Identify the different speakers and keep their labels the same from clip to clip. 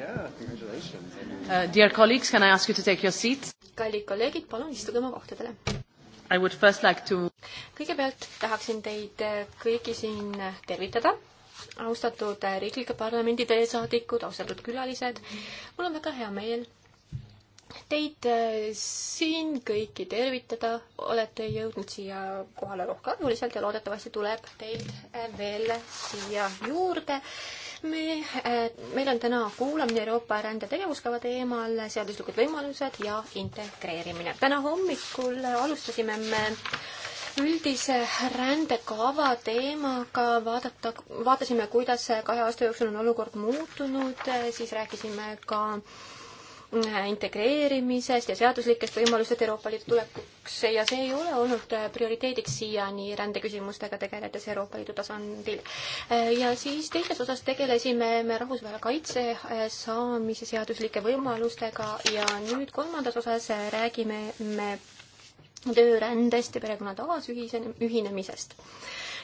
Speaker 1: Yeah, congratulations. Uh, dear
Speaker 2: colleagues, can I ask you to take your seats?
Speaker 1: kallid kolleegid, palun istuge oma kohtadele.
Speaker 2: I would first like to
Speaker 1: kõigepealt tahaksin teid äh, kõiki siin äh, tervitada, austatud äh, riiklike parlamendide saadikud, austatud külalised. mul on väga hea meel teid siin kõiki tervitada, olete jõudnud siia kohale rohkearvuliselt ja loodetavasti tuleb teid veel siia juurde me, äh, meil on täna kuulamine Euroopa rändetegevuskava teemal, seaduslikud võimalused ja integreerimine. täna hommikul alustasime me üldise rändekava teemaga vaadata, vaatasime, kuidas kahe aasta jooksul on olukord muutunud, siis rääkisime ka äh, integreerimisest ja seaduslikest võimalustest Euroopa Liidu tulekuks ja see ei ole olnud äh, prioriteediks siiani rändeküsimustega tegeledes Euroopa Liidu tasandil. Äh, ja siis teises osas tegelesime me rahvusvahelise kaitse äh, saamise seaduslike võimalustega ja nüüd kolmandas osas räägime me töörändest ja perekonna taasühinemisest. Ühinemisest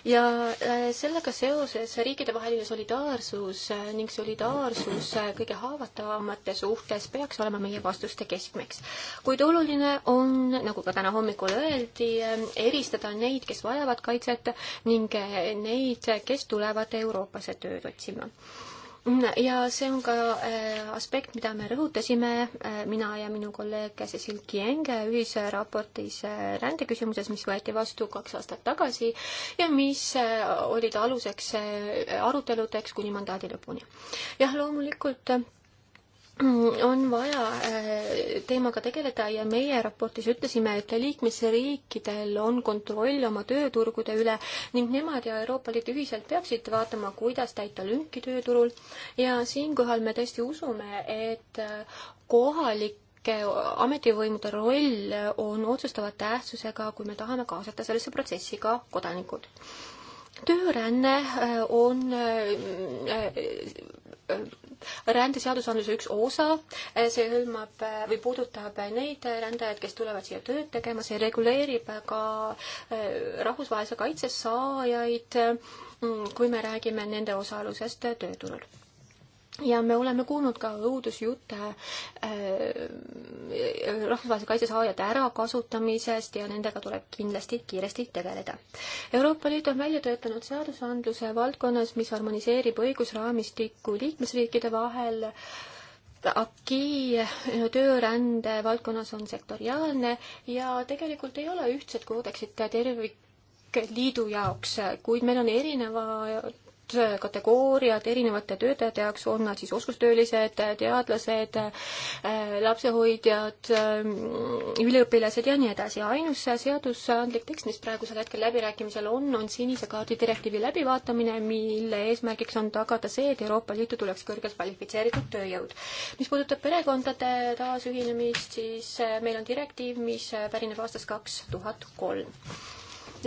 Speaker 1: ja äh, sellega seoses riikidevaheline solidaarsus äh, ning solidaarsus äh, kõige haavatavamate suhtes peaks olema meie vastuste keskmeks. kuid oluline on, nagu ka täna hommikul öeldi, eristada neid, kes vajavad kaitset ning neid, kes tulevad Euroopasse tööd otsima ja see on ka äh, aspekt, mida me rõhutasime, äh, mina ja minu kolleeg Cecil Kienge ühisraportis äh, rändeküsimuses, mis võeti vastu kaks aastat tagasi ja mis olid aluseks aruteludeks kuni mandaadi lõpuni. jah, loomulikult on vaja äh, teemaga tegeleda ja meie raportis ütlesime, et liikmesriikidel on kontroll oma tööturgude üle ning nemad ja Euroopa Liit ühiselt peaksid vaatama, kuidas täita lünki tööturul ja siinkohal me tõesti usume, et äh, kohalike ametivõimude roll on otsustava tähtsusega, kui me tahame kaasata sellesse protsessi ka kodanikud. tööränne äh, on rändeseadusandluse üks osa, see hõlmab või puudutab neid rändajaid, kes tulevad siia tööd tegema, see reguleerib ka äh, rahvusvahelise kaitse saajaid, mm, kui me räägime nende osalusest tööturul ja me oleme kuulnud ka õudusjutte äh, rahvusvahelise kaitse saajate ärakasutamisest ja nendega tuleb kindlasti kiiresti tegeleda. Euroopa Liit on välja töötanud seadusandluse valdkonnas, mis harmoniseerib õigusraamistikku liikmesriikide vahel. AKI töörände valdkonnas on sektoriaalne ja tegelikult ei ole ühtset koodeksit tervikliidu jaoks, kuid meil on erinevad kategooriad erinevate töötajate jaoks, on nad siis oskustöölised, teadlased, lapsehoidjad, üliõpilased ja nii edasi. ainus seadusandlik tekst, mis praegusel hetkel läbirääkimisel on, on sinise kaardi direktiivi läbivaatamine, mille eesmärgiks on tagada see, et Euroopa Liitu tuleks kõrgelt kvalifitseeritud tööjõud. mis puudutab perekondade taasühinemist, siis meil on direktiiv, mis pärineb aastast kaks tuhat kolm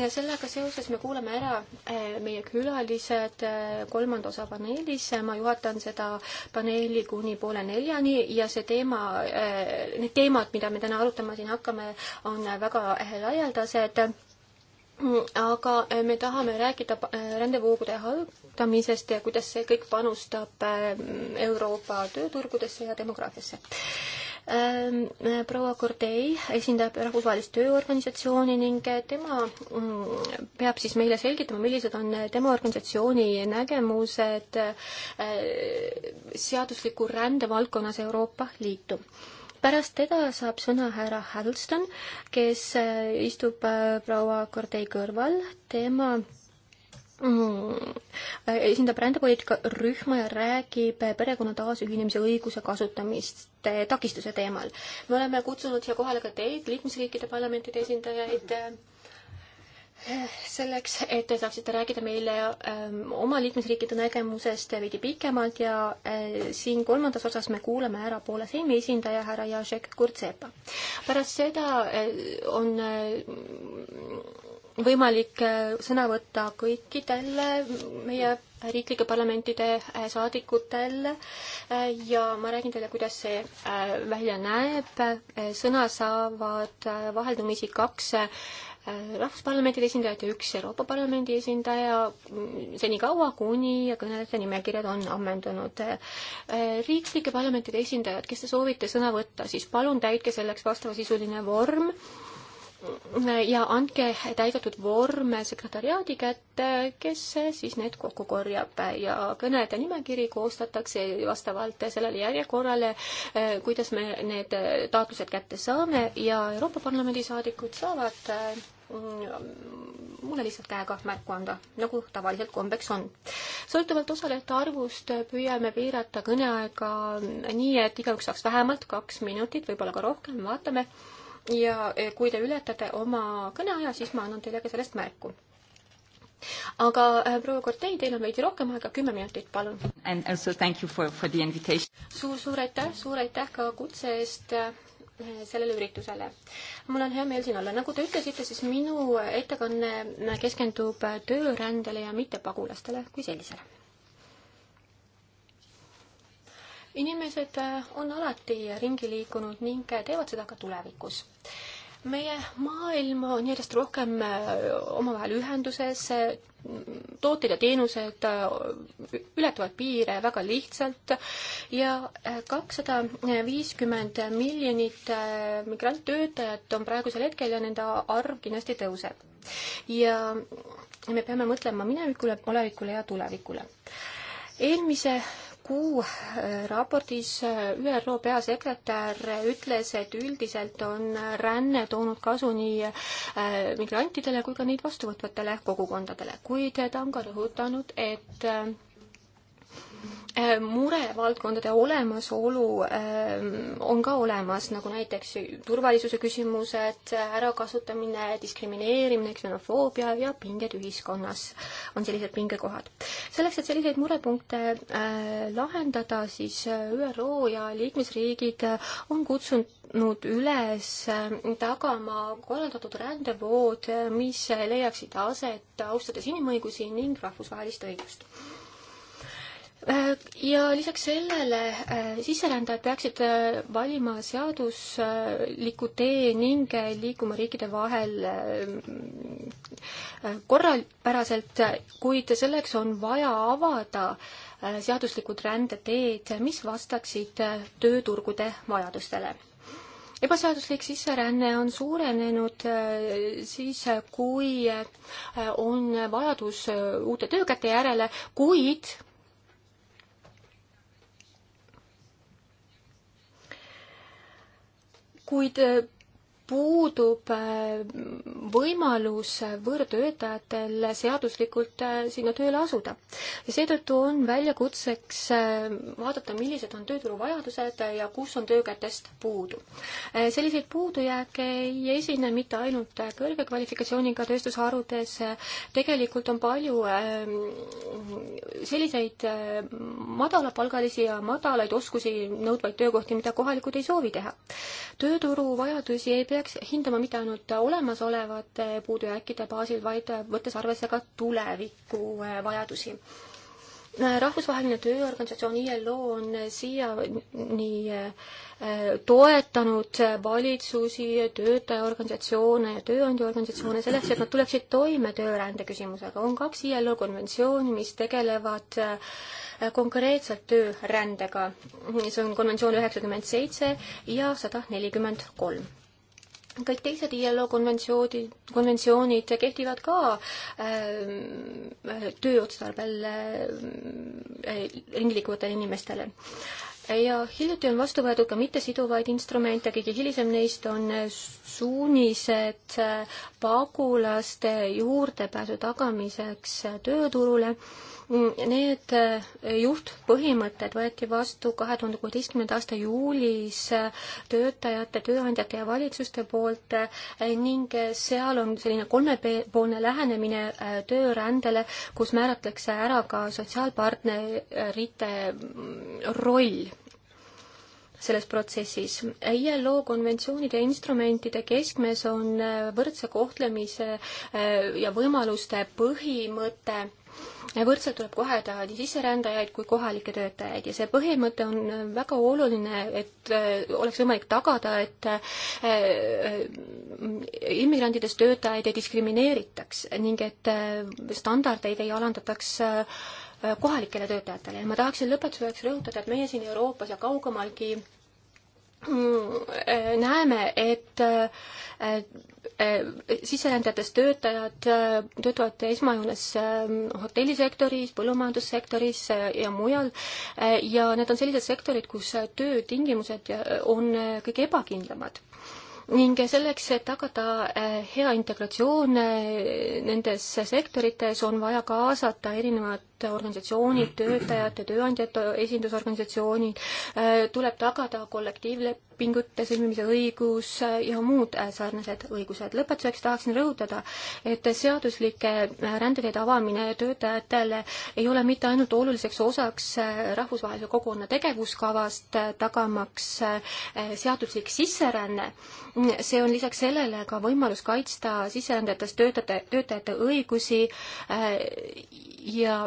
Speaker 1: ja sellega seoses me kuulame ära eh, meie külalised eh, kolmanda osa paneelis. ma juhatan seda paneeli kuni poole neljani ja see teema, eh, need teemad, mida me täna arutama siin hakkame, on väga laialdased aga me tahame rääkida rändevoogude haldamisest ja kuidas see kõik panustab Euroopa tööturgudesse ja demograafiasse. Ähm, äh, proua Kordei esindab Rahvusvahelist Tööorganisatsiooni ning äh, tema mm, peab siis meile selgitama, millised on äh, tema organisatsiooni nägemused seadusliku rände valdkonnas Euroopa Liitu pärast teda saab sõna härra Huddleston, kes istub proua Kordei kõrval, tema Mm. Äh, esindab rändepoliitika rühma ja räägib perekonna taasühinemise õiguse kasutamist takistuse teemal. me oleme kutsunud siia kohale ka teid, liikmesriikide parlamentide esindajaid, äh, selleks, et te saaksite rääkida meile ähm, oma liikmesriikide nägemusest veidi pikemalt ja äh, siin kolmandas osas me kuulame ära Poola Seimi esindaja härra Jašek Kurtsepa. pärast seda on võimalik äh, sõna võtta kõikidel äh, meie riiklike parlamentide äh, saadikutel ja ma räägin teile, kuidas see välja näeb. sõna saavad vaheldumisi kaks rahvusparlamentide esindajat ja üks Euroopa Parlamendi esindaja senikaua, kuni kõnelejate nimekirjad on ammendunud. riiklike parlamentide esindajad, kes te soovite sõna võtta, siis palun täitke selleks vastavasisuline vorm ja andke täidetud vorm sekretäriaadi kätte, kes siis need kokku korjab ja kõnede nimekiri koostatakse vastavalt sellele järjekorrale, eh, kuidas me need taotlused kätte saame ja Euroopa Parlamendi saadikud saavad eh, mulle lihtsalt käega märku anda, nagu tavaliselt kombeks on. sõltuvalt osalejate arvust püüame piirata kõneaega nii, et igaüks saaks vähemalt kaks minutit, võib-olla ka rohkem, vaatame ja eh, kui te ületate oma kõneaja, siis ma annan teile ka sellest märku. aga eh, proua Kortei, teil on veidi rohkem aega, kümme minutit, palun. suur-suur aitäh, suur aitäh ka kutse eest eh, sellele üritusele. mul on hea meel siin olla. nagu te ütlesite, siis minu ettekanne keskendub töörändele ja mitte pagulastele kui sellisele inimesed äh, on alati ringi liikunud ning äh, teevad seda ka tulevikus meie maailm on järjest rohkem äh, omavahel ühenduses, tooted ja teenused ületavad piire väga lihtsalt ja kakssada viiskümmend miljonit migranttöötajat on praegusel hetkel ja nende arv kindlasti tõuseb. ja me peame mõtlema minevikule, olevikule ja tulevikule. eelmise kuu äh, raportis äh, ÜRO peasekretär ütles, et üldiselt on ränne toonud kasu nii äh, migrantidele kui ka neid vastuvõtvatele kogukondadele, kuid ta on ka rõhutanud, et Äh, murevaldkondade olemasolu ähm, on ka olemas, nagu näiteks turvalisuse küsimused, ärakasutamine, diskrimineerimine, ksenofoobia ja pinged ühiskonnas on sellised pingekohad. selleks, et selliseid murepunkte äh, lahendada, siis äh, ÜRO ja liikmesriigid on kutsunud üles tagama korraldatud rändevood, mis leiaksid aset austades inimõigusi ning rahvusvahelist õigust Äh, ja lisaks sellele äh, sisserändajad peaksid äh, valima seadusliku tee ning liikuma riikide vahel korrapäraselt, kuid selleks on vaja avada seaduslikud rändeteed, mis vastaksid tööturgude vajadustele ebaseaduslik sisseränne on suurenenud siis, kui on vajadus uute töökäte järele, kuid kuid eh, puudub äh, võimalus võõrtöötajatel seaduslikult äh, sinna tööle asuda. ja seetõttu on väljakutseks äh, vaadata, millised on tööturu vajadused ja kus on töökätest puudu. selliseid puudujääke ei esine mitte ainult kõrge kvalifikatsiooniga tööstusharudes, tegelikult on palju selliseid madalapalgalisi ja madalaid oskusi nõudvaid töökohti, mida kohalikud ei soovi teha. tööturu vajadusi ei pea peaks hindama mitte ainult olemasolevate puudujääkide baasil, vaid võttes arvesse ka tuleviku äh, vajadusi äh, rahvusvaheline tööorganisatsioon ILO on siiani äh, toetanud valitsusi, töötajaorganisatsioone ja tööandjaorganisatsioone selleks, et nad tuleksid toime töörände küsimusega. on kaks ILO konventsiooni, mis tegelevad konkreetselt töörändega. see on konventsioon üheksakümmend seitse ja sada nelikümmend kolm kõik teised ILO konventsioonid, konventsioonid kehtivad ka äh, tööotstarbel äh, ringlikutele inimestele. ja hiljuti on vastu võetud ka mittesiduvaid instrumente, kõige hilisem neist on suunised pagulaste juurdepääsu tagamiseks tööturule äh, Need äh, juhtpõhimõtted võeti vastu kahe tuhande kuueteistkümnenda aasta juulis äh, töötajate, tööandjate ja valitsuste poolt äh, ning seal on selline kolmepoolne lähenemine töörändele, kus määratakse ära ka sotsiaalpartnerite mm, roll selles protsessis. ILO konventsioonide ja instrumentide keskmes on võrdse kohtlemise ja võimaluste põhimõte võrdselt tuleb kohelda nii sisserändajaid kui kohalikke töötajaid ja see põhimõte on väga oluline, et äh, oleks võimalik tagada, et äh, immigrantidest töötajaid ei diskrimineeritaks ning et äh, standardeid ei alandataks kohalikele töötajatele ja ma tahaksin lõpetuseks rõhutada, et meie siin Euroopas ja kaugemalgi näeme, et äh, sisserändajatest töötajad töötavad esmajoones ähm, hotellisektoris, põllumajandussektoris äh, ja mujal äh, ja need on sellised sektorid, kus töötingimused on kõige ebakindlamad ning selleks, et tagada hea integratsioon nendes sektorites, on vaja kaasata erinevad organisatsioonid, töötajate, tööandjate esindusorganisatsioonid, äh, tuleb tagada kollektiivlepingute sõlmimise õigus äh, ja muud äh, sarnased õigused. lõpetuseks tahaksin rõhutada, et seaduslike rändeteede avamine töötajatele ei ole mitte ainult oluliseks osaks rahvusvahelise kogukonna tegevuskavast, tagamaks seaduslik sisseränne, see on lisaks sellele ka võimalus kaitsta sisserändajates töötajate, töötajate õigusi ja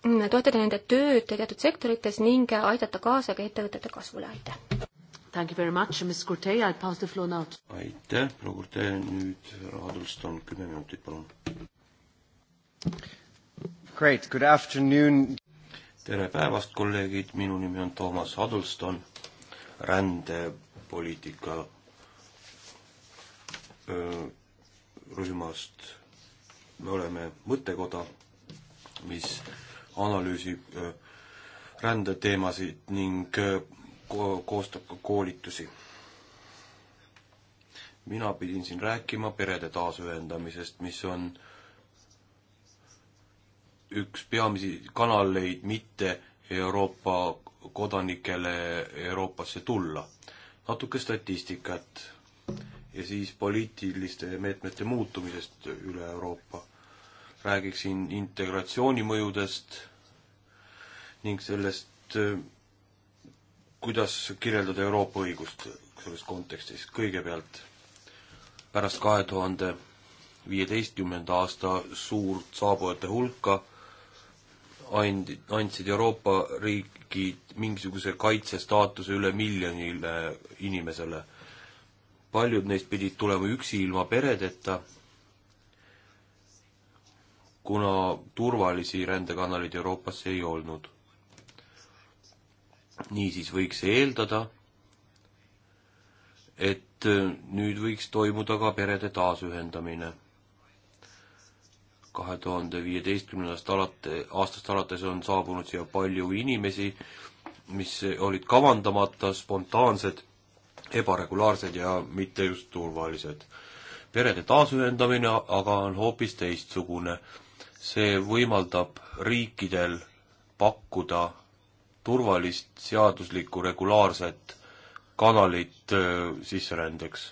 Speaker 1: Mm, toetada nende tööd teatud sektorites ning aidata kaasa ka ettevõtete kasvule, aitäh! Thank you very much, Ms Cortei, I
Speaker 3: pass the floor now. aitäh, proua Cortei, nüüd Adelston, kümme minutit, palun.
Speaker 2: Great, good afternoon.
Speaker 3: tere päevast, kolleegid, minu nimi on Toomas Adelston, rändepoliitika rühmast. me oleme mõttekoda, mis analüüsib äh, rändeteemasid ning äh, ko koostab ka koolitusi. mina pidin siin rääkima perede taasühendamisest, mis on üks peamisi kanaleid mitte Euroopa kodanikele Euroopasse tulla. natuke statistikat ja siis poliitiliste meetmete muutumisest üle Euroopa räägiksin integratsiooni mõjudest ning sellest, äh, kuidas kirjeldada Euroopa õigust selles kontekstis. kõigepealt pärast kahe tuhande viieteistkümnenda aasta suurt saabujate hulka and-, andsid Euroopa riigid mingisuguse kaitsestaatuse üle miljonile inimesele. paljud neist pidid tulema üksi ilma peredeta kuna turvalisi rändekanaleid Euroopasse ei olnud. niisiis võiks eeldada, et äh, nüüd võiks toimuda ka perede taasühendamine. kahe tuhande viieteistkümnendast alate, aastast alates on saabunud siia palju inimesi, mis olid kavandamata, spontaansed, ebaregulaarsed ja mitte just turvalised. perede taasühendamine aga on hoopis teistsugune see võimaldab riikidel pakkuda turvalist, seaduslikku, regulaarset kanalit äh, sisserändeks.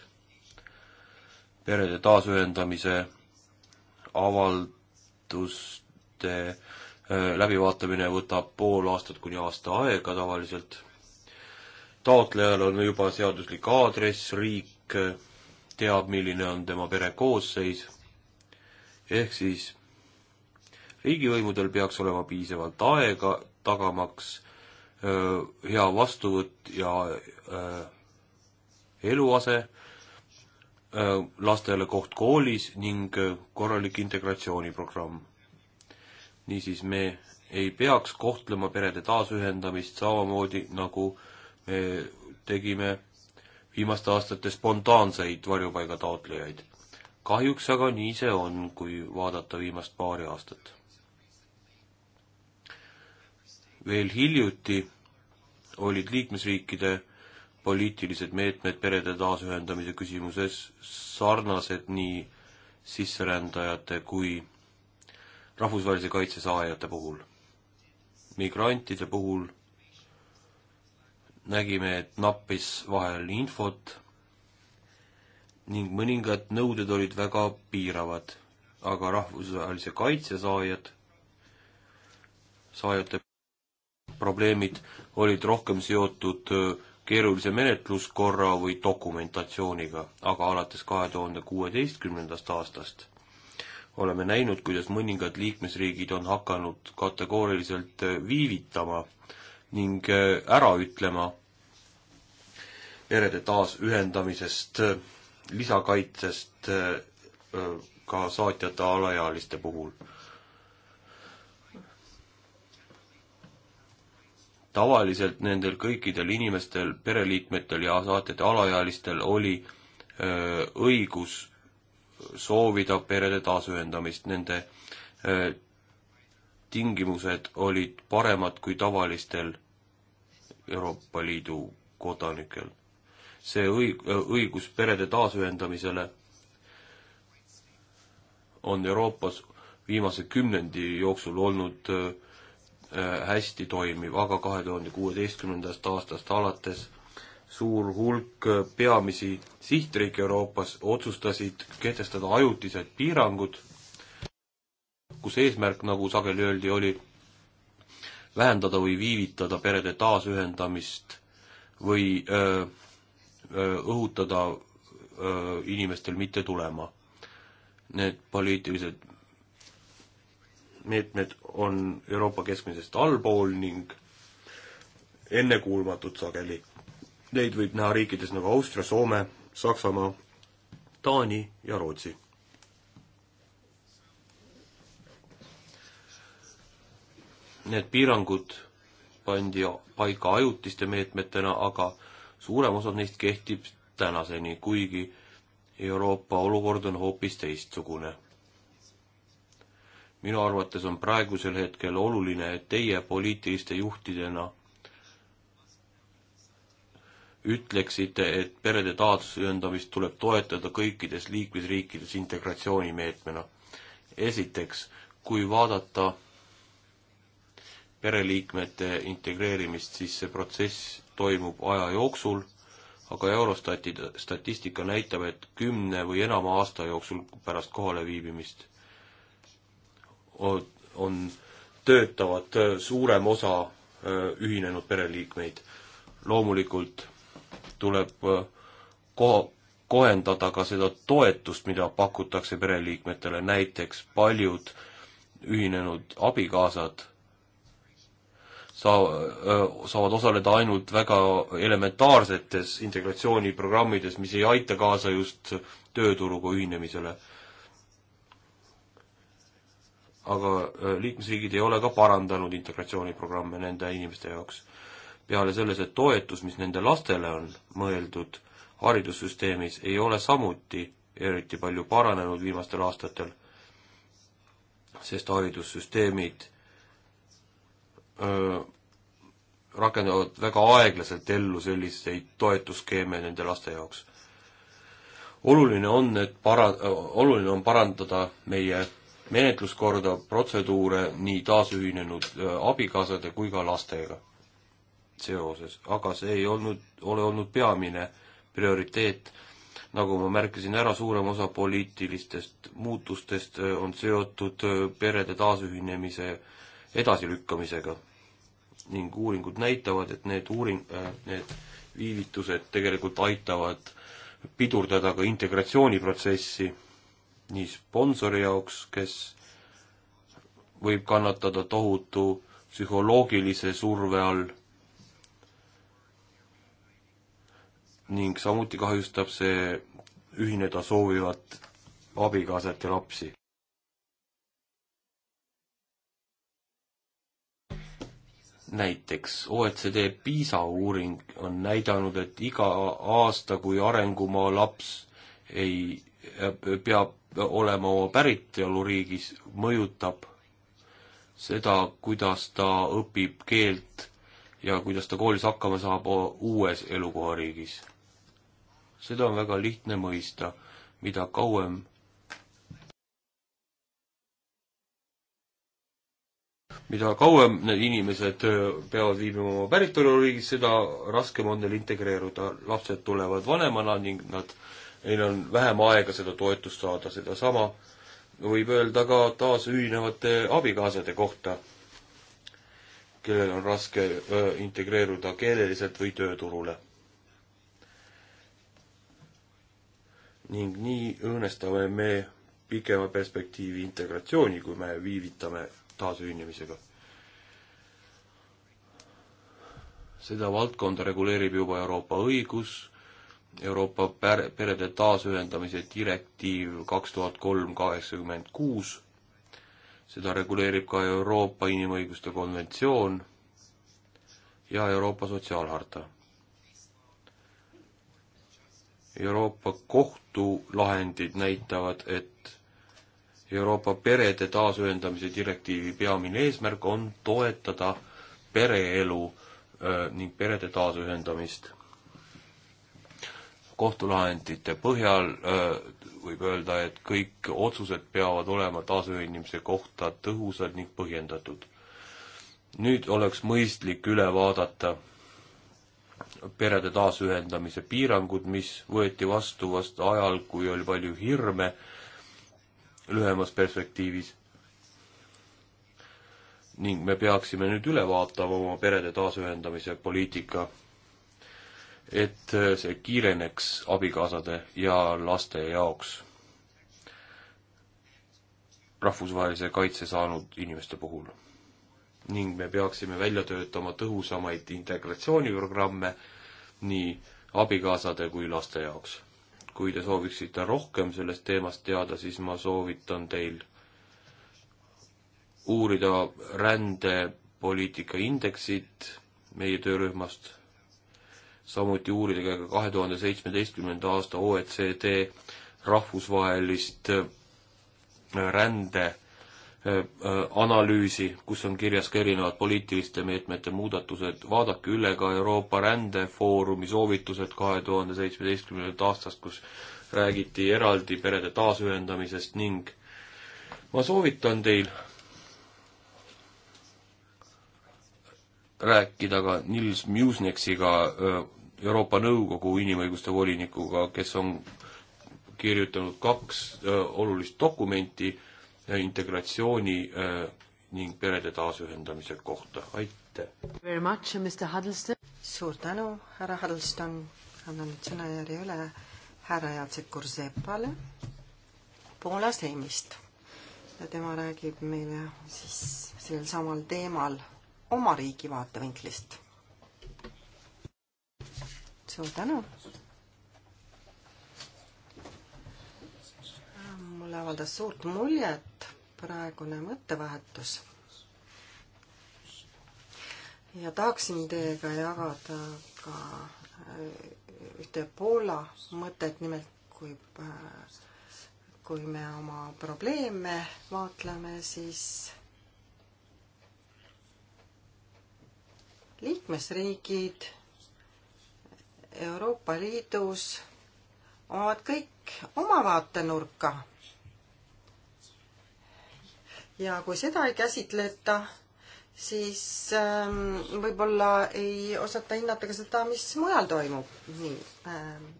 Speaker 3: perede taasühendamise avalduste äh, läbivaatamine võtab pool aastat kuni aasta aega tavaliselt. taotlejal on juba seaduslik aadress, riik äh, teab, milline on tema pere koosseis, ehk siis riigivõimudel peaks olema piisavalt aega, tagamaks öö, hea vastuvõtt ja öö, eluase, lastele koht koolis ning korralik integratsiooniprogramm. niisiis, me ei peaks kohtlema perede taasühendamist samamoodi, nagu me tegime viimaste aastate spontaanseid varjupaigataotlejaid. kahjuks aga nii see on, kui vaadata viimast paari aastat veel hiljuti olid liikmesriikide poliitilised meetmed perede taasühendamise küsimuses sarnased nii sisserändajate kui rahvusvahelise kaitse saajate puhul. migrantide puhul nägime, et nappis vahel infot ning mõningad nõuded olid väga piiravad, aga rahvusvahelise kaitse saajad, saajate probleemid olid rohkem seotud äh, keerulise menetluskorra või dokumentatsiooniga, aga alates kahe tuhande kuueteistkümnendast aastast oleme näinud, kuidas mõningad liikmesriigid on hakanud kategooriliselt äh, viivitama ning äh, ära ütlema perede taasühendamisest, lisakaitsest ka saatjate alaealiste puhul tavaliselt nendel kõikidel inimestel, pereliikmetel ja saatjate alaealistel oli öö, õigus soovida perede taasühendamist, nende öö, tingimused olid paremad kui tavalistel Euroopa Liidu kodanikel. see õig-, õigus perede taasühendamisele on Euroopas viimase kümnendi jooksul olnud öö, Äh, hästi toimiv, aga kahe tuhande kuueteistkümnendast aastast alates suur hulk äh, peamisi sihtriike Euroopas otsustasid kehtestada ajutised piirangud, kus eesmärk, nagu sageli öeldi, oli vähendada või viivitada perede taasühendamist või öö, äh, öö, õhutada öö, inimestel mitte tulema. Need poliitilised meetmed on Euroopa keskmisest allpool ning ennekuulmatud sageli. Neid võib näha riikides nagu Austria, Soome, Saksamaa, Taani ja Rootsi. Need piirangud pandi paika ajutiste meetmetena, aga suurem osa neist kehtib tänaseni, kuigi Euroopa olukord on hoopis teistsugune minu arvates on praegusel hetkel oluline, et teie poliitiliste juhtidena ütleksite, et perede taasühendamist tuleb toetada kõikides liikmesriikides integratsioonimeetmena. esiteks, kui vaadata pereliikmete integreerimist, siis see protsess toimub aja jooksul, aga Eurostati statistika näitab, et kümne või enama aasta jooksul pärast kohaleviibimist on, on, töötavad suurem osa ühinenud pereliikmeid. loomulikult tuleb koha, kohendada ka seda toetust, mida pakutakse pereliikmetele, näiteks paljud ühinenud abikaasad saa-, saavad osaleda ainult väga elementaarsetes integratsiooniprogrammides, mis ei aita kaasa just tööturuga ühinemisele aga äh, liikmesriigid ei ole ka parandanud integratsiooniprogramme nende inimeste jaoks. peale selle see toetus, mis nende lastele on mõeldud haridussüsteemis, ei ole samuti eriti palju paranenud viimastel aastatel, sest haridussüsteemid öö, äh, rakendavad väga aeglaselt ellu selliseid toetusskeeme nende laste jaoks. oluline on, et para-, oluline on parandada meie menetluskorda, protseduure nii taasühinenud äh, abikaasade kui ka lastega seoses, aga see ei olnud, ole olnud peamine prioriteet. nagu ma märkisin ära, suurem osa poliitilistest muutustest äh, on seotud äh, perede taasühinemise edasilükkamisega ning uuringud näitavad, et need uuring äh,, need viivitused tegelikult aitavad pidurdada ka integratsiooniprotsessi nii sponsori jaoks, kes võib kannatada tohutu psühholoogilise surve all ning samuti kahjustab see ühineda soovivat abikaasat ja lapsi. näiteks OECD PISA uuring on näidanud, et iga aasta, kui arengumaa laps ei, peab olema oma päritoluriigis, mõjutab seda, kuidas ta õpib keelt ja kuidas ta koolis hakkama saab uues elukohariigis. seda on väga lihtne mõista, mida kauem mida kauem need inimesed äh, peavad viibima oma päritoluriigis, seda raskem on neil integreeruda. lapsed tulevad vanemana ning nad neil on vähem aega seda toetust saada, sedasama võib öelda ka taasühinevate abikaasade kohta, kellel on raske integreeruda keeleliselt või tööturule. ning nii õõnestame me pikema perspektiivi integratsiooni, kui me viivitame taasühinemisega. seda valdkonda reguleerib juba Euroopa õigus Euroopa perede taasühendamise direktiiv kaks tuhat kolm kaheksakümmend kuus, seda reguleerib ka Euroopa Inimõiguste konventsioon ja Euroopa Sotsiaalharta. Euroopa Kohtu lahendid näitavad, et Euroopa perede taasühendamise direktiivi peamine eesmärk on toetada pereelu äh, ning perede taasühendamist kohtulahendite põhjal äh, võib öelda, et kõik otsused peavad olema taasühendamise kohta tõhusad ning põhjendatud. nüüd oleks mõistlik üle vaadata perede taasühendamise piirangud, mis võeti vastu vast ajal, kui oli palju hirme lühemas perspektiivis. ning me peaksime nüüd üle vaatama oma perede taasühendamise poliitika et see kiireneks abikaasade ja laste jaoks rahvusvahelise kaitse saanud inimeste puhul. ning me peaksime välja töötama tõhusamaid integratsiooniprogramme nii abikaasade kui laste jaoks. kui te sooviksite rohkem sellest teemast teada, siis ma soovitan teil uurida rändepoliitika indeksit meie töörühmast samuti uurida ka kahe tuhande seitsmeteistkümnenda aasta OECD rahvusvahelist äh, rände äh, äh, analüüsi, kus on kirjas ka erinevad poliitiliste meetmete muudatused, vaadake üle ka Euroopa rändefoorumi soovitused kahe tuhande seitsmeteistkümnendast aastast, kus räägiti eraldi perede taasühendamisest ning ma soovitan teil rääkida ka Nils Museneksiga, Euroopa Nõukogu inimõiguste volinikuga, kes on kirjutanud kaks öö, olulist dokumenti integratsiooni öö, ning perede taasühendamise kohta, aitäh!
Speaker 2: suur tänu, härra Huddleston, annan nüüd sõnajärje üle härra Jacek Kurzepale Poola seimist ja tema räägib meile siis sellel samal teemal oma riigi vaatevinklist. suur tänu. mulle avaldas suurt muljet praegune mõttevahetus. ja tahaksin teiega jagada ka äh, ühte Poola mõtet, nimelt kui äh, kui me oma probleeme vaatleme, siis liikmesriigid Euroopa Liidus omavad kõik oma vaatenurka. ja kui seda ei käsitleta, siis ähm, võib-olla ei osata hinnata ka seda, mis mujal toimub. nii ähm,.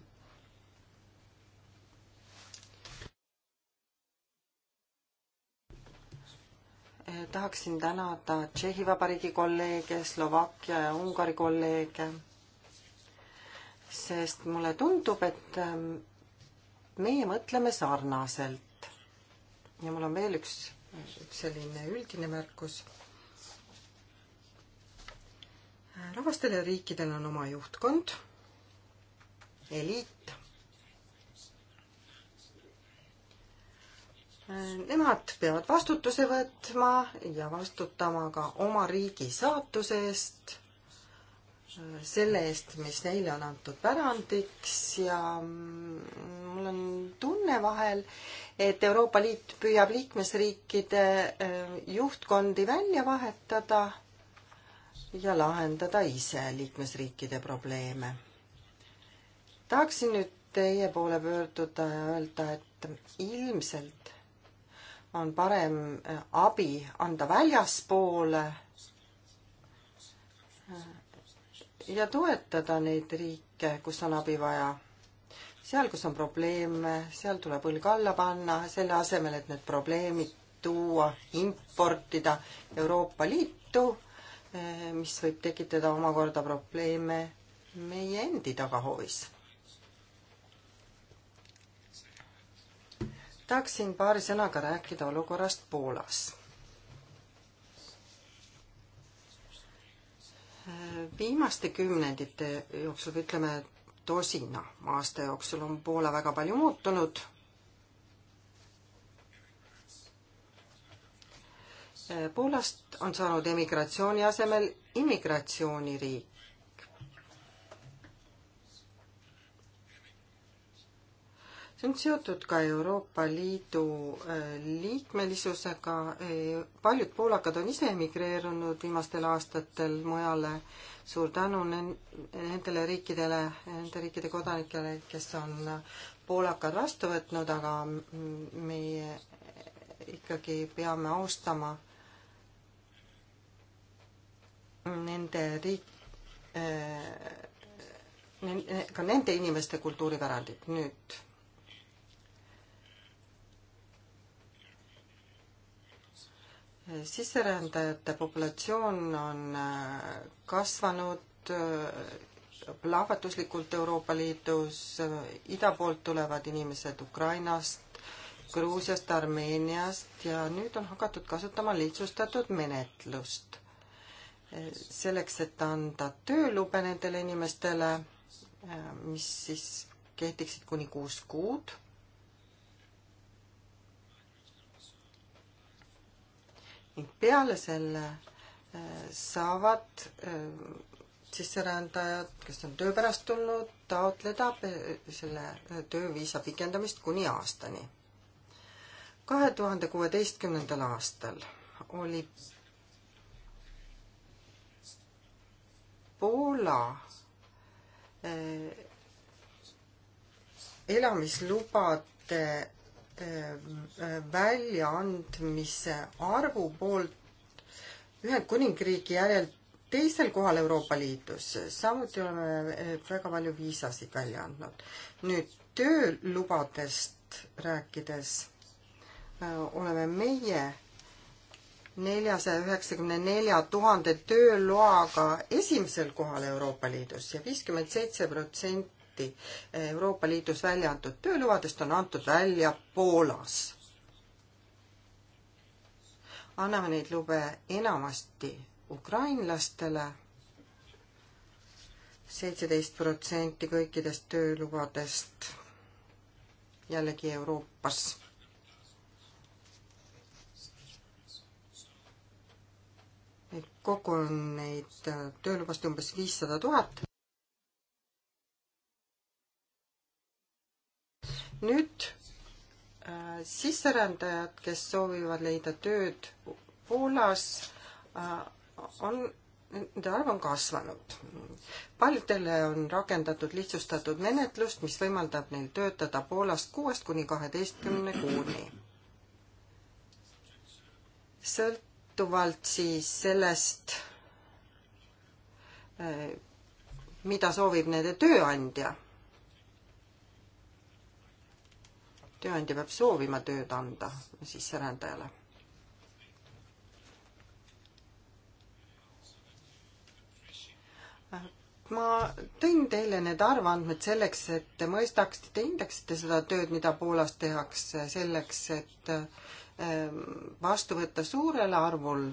Speaker 2: tahaksin tänada Tšehhi Vabariigi kolleege, Slovakkia ja Ungari kolleege, sest mulle tundub, et ähm, meie mõtleme sarnaselt. ja mul on veel üks, üks selline üldine märkus. Äh, rahvastel ja riikidel on oma juhtkond, eliit Nemad peavad vastutuse võtma ja vastutama ka oma riigi saatuse eest, selle eest, mis neile on antud pärandiks ja mul on tunne vahel, et Euroopa Liit püüab liikmesriikide eh, juhtkondi välja vahetada ja lahendada ise liikmesriikide probleeme. tahaksin nüüd teie poole pöörduda ja öelda, et ilmselt on parem äh, abi anda väljaspoole äh, ja toetada neid riike, kus on abi vaja. seal, kus on probleeme, seal tuleb õlg alla panna, selle asemel, et need probleemid tuua, importida Euroopa Liitu, äh, mis võib tekitada omakorda probleeme meie endi tagahoovis tahaksin paari sõnaga rääkida olukorrast Poolas. viimaste kümnendite jooksul või ütleme, tosina aasta jooksul on Poola väga palju muutunud. Poolast on saanud emigratsiooni asemel immigratsiooniriik see on seotud ka Euroopa Liidu äh, liikmelisusega, äh, paljud poolakad on ise emigreerunud viimastel aastatel mujale, suur tänu nendele riikidele, nende riikide kodanikele, kes on poolakad vastu võtnud, aga meie ikkagi peame austama nende riik-, äh, ka nende inimeste kultuuripärandit nüüd sisserändajate populatsioon on äh, kasvanud äh, plahvatuslikult Euroopa Liidus, ida poolt tulevad inimesed Ukrainast, Gruusiast, Armeeniast ja nüüd on hakatud kasutama lihtsustatud menetlust. selleks, et anda töölube nendele inimestele, äh, mis siis kehtiksid kuni kuus kuud ning peale selle äh, saavad äh, sisserändajad, kes on töö pärast tulnud, taotleda äh, selle tööviisa pikendamist kuni aastani. kahe tuhande kuueteistkümnendal aastal oli Poola elamislubade Äh, väljaandmise arvu poolt Ühendkuningriigi järel teisel kohal Euroopa Liidus, samuti oleme äh, väga palju viisasid välja andnud. nüüd töölubadest rääkides äh, oleme meie neljasaja üheksakümne nelja tuhande tööloaga esimesel kohal Euroopa Liidus ja viiskümmend seitse protsenti protsenti eh, Euroopa Liidus välja antud töölubadest on antud välja Poolas. anname neid lube enamasti ukrainlastele, seitseteist protsenti kõikidest töölubadest jällegi Euroopas et kokku on neid eh, töölubasid umbes viissada tuhat. nüüd äh, sisserändajad, kes soovivad leida tööd Poolas, äh, on, nende arv on kasvanud. paljudele on rakendatud lihtsustatud menetlust, mis võimaldab neil töötada Poolast kuuest kuni kaheteistkümne kuuni. sõltuvalt siis sellest, äh, mida soovib nende tööandja tööandja peab soovima tööd anda sisserändajale. ma tõin teile need arvandmed selleks, et te mõistaksite, te hindaksite seda tööd, mida Poolas tehakse, selleks, et ehm, vastu võtta suurel arvul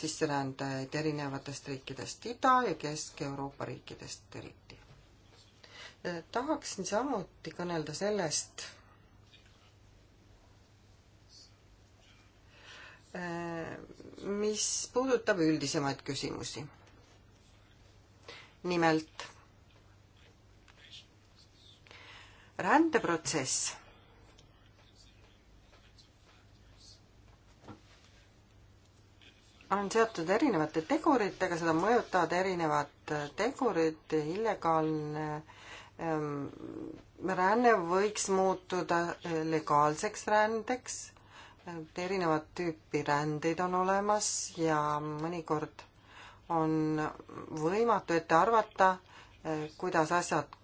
Speaker 2: sisserändajaid erinevatest riikidest, Ida- ja Kesk-Euroopa riikidest eriti tahaksin samuti kõnelda sellest, Äh, mis puudutab üldisemaid küsimusi. nimelt rändeprotsess on seotud erinevate teguritega, seda mõjutavad erinevad tegurid, illegaalne ähm, ränne võiks muutuda legaalseks rändeks erinevat tüüpi rändeid on olemas ja mõnikord on võimatu ette arvata, eh, kuidas asjad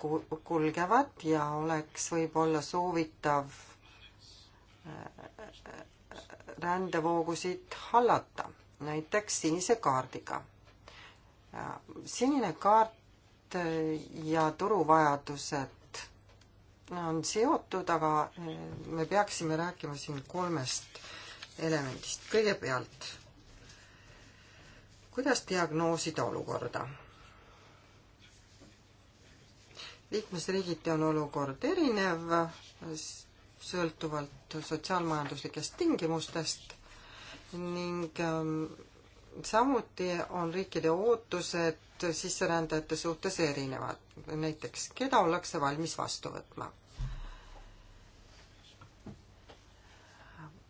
Speaker 2: kulgevad ja oleks võib-olla soovitav eh, rändevoogusid hallata, näiteks sinise kaardiga. sinine kaart eh, ja turuvajadused on seotud, aga eh, me peaksime rääkima siin kolmest elemendist. kõigepealt, kuidas diagnoosida olukorda? liikmesriigiti on olukord erinev, sõltuvalt sotsiaalmajanduslikest tingimustest ning ähm, samuti on riikide ootused sisserändajate suhtes erinevad, näiteks keda ollakse valmis vastu võtma.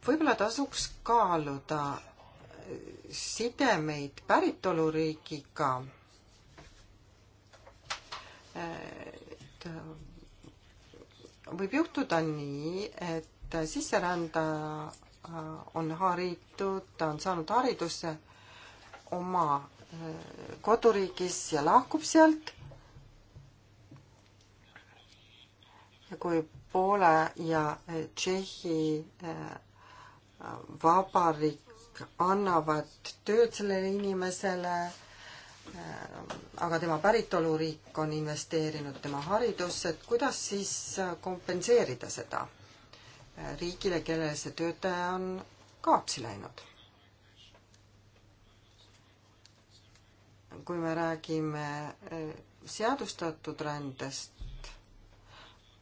Speaker 2: võib-olla tasuks kaaluda äh, sidemeid päritoluriigiga äh, et äh, võib juhtuda nii, et sisserändaja on haritud, ta on saanud hariduse oma koduriigis ja lahkub sealt. ja kui Poola ja Tšehhi vabariik annavad tööd sellele inimesele, aga tema päritoluriik on investeerinud tema haridusse, et kuidas siis kompenseerida seda riigile, kellele see töötaja on kaotsi läinud? kui me räägime e, seadustatud rändest,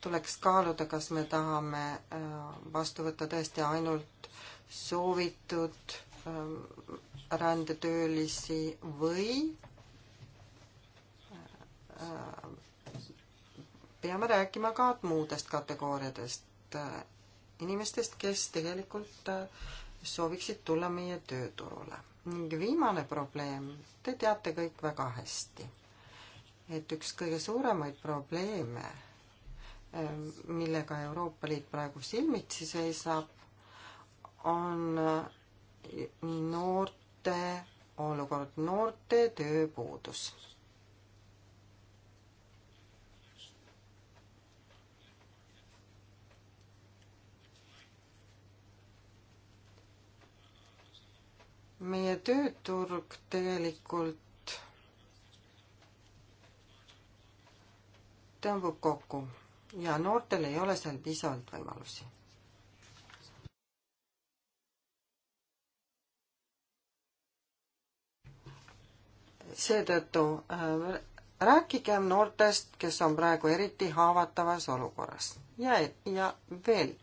Speaker 2: tuleks kaaluda, kas me tahame e, vastu võtta tõesti ainult soovitud ähm, rändetöölisi või äh, peame rääkima ka muudest kategooriadest, äh, inimestest, kes tegelikult äh, sooviksid tulla meie tööturule. ning viimane probleem, te teate kõik väga hästi, et üks kõige suuremaid probleeme, millega Euroopa Liit praegu silmitsi seisab, on noorte olukord, noorte tööpuudus. meie tööturg tegelikult tõmbub kokku ja noortel ei ole seal piisavalt võimalusi seetõttu äh, rääkigem noortest, kes on praegu eriti haavatavas olukorras ja, ja veel.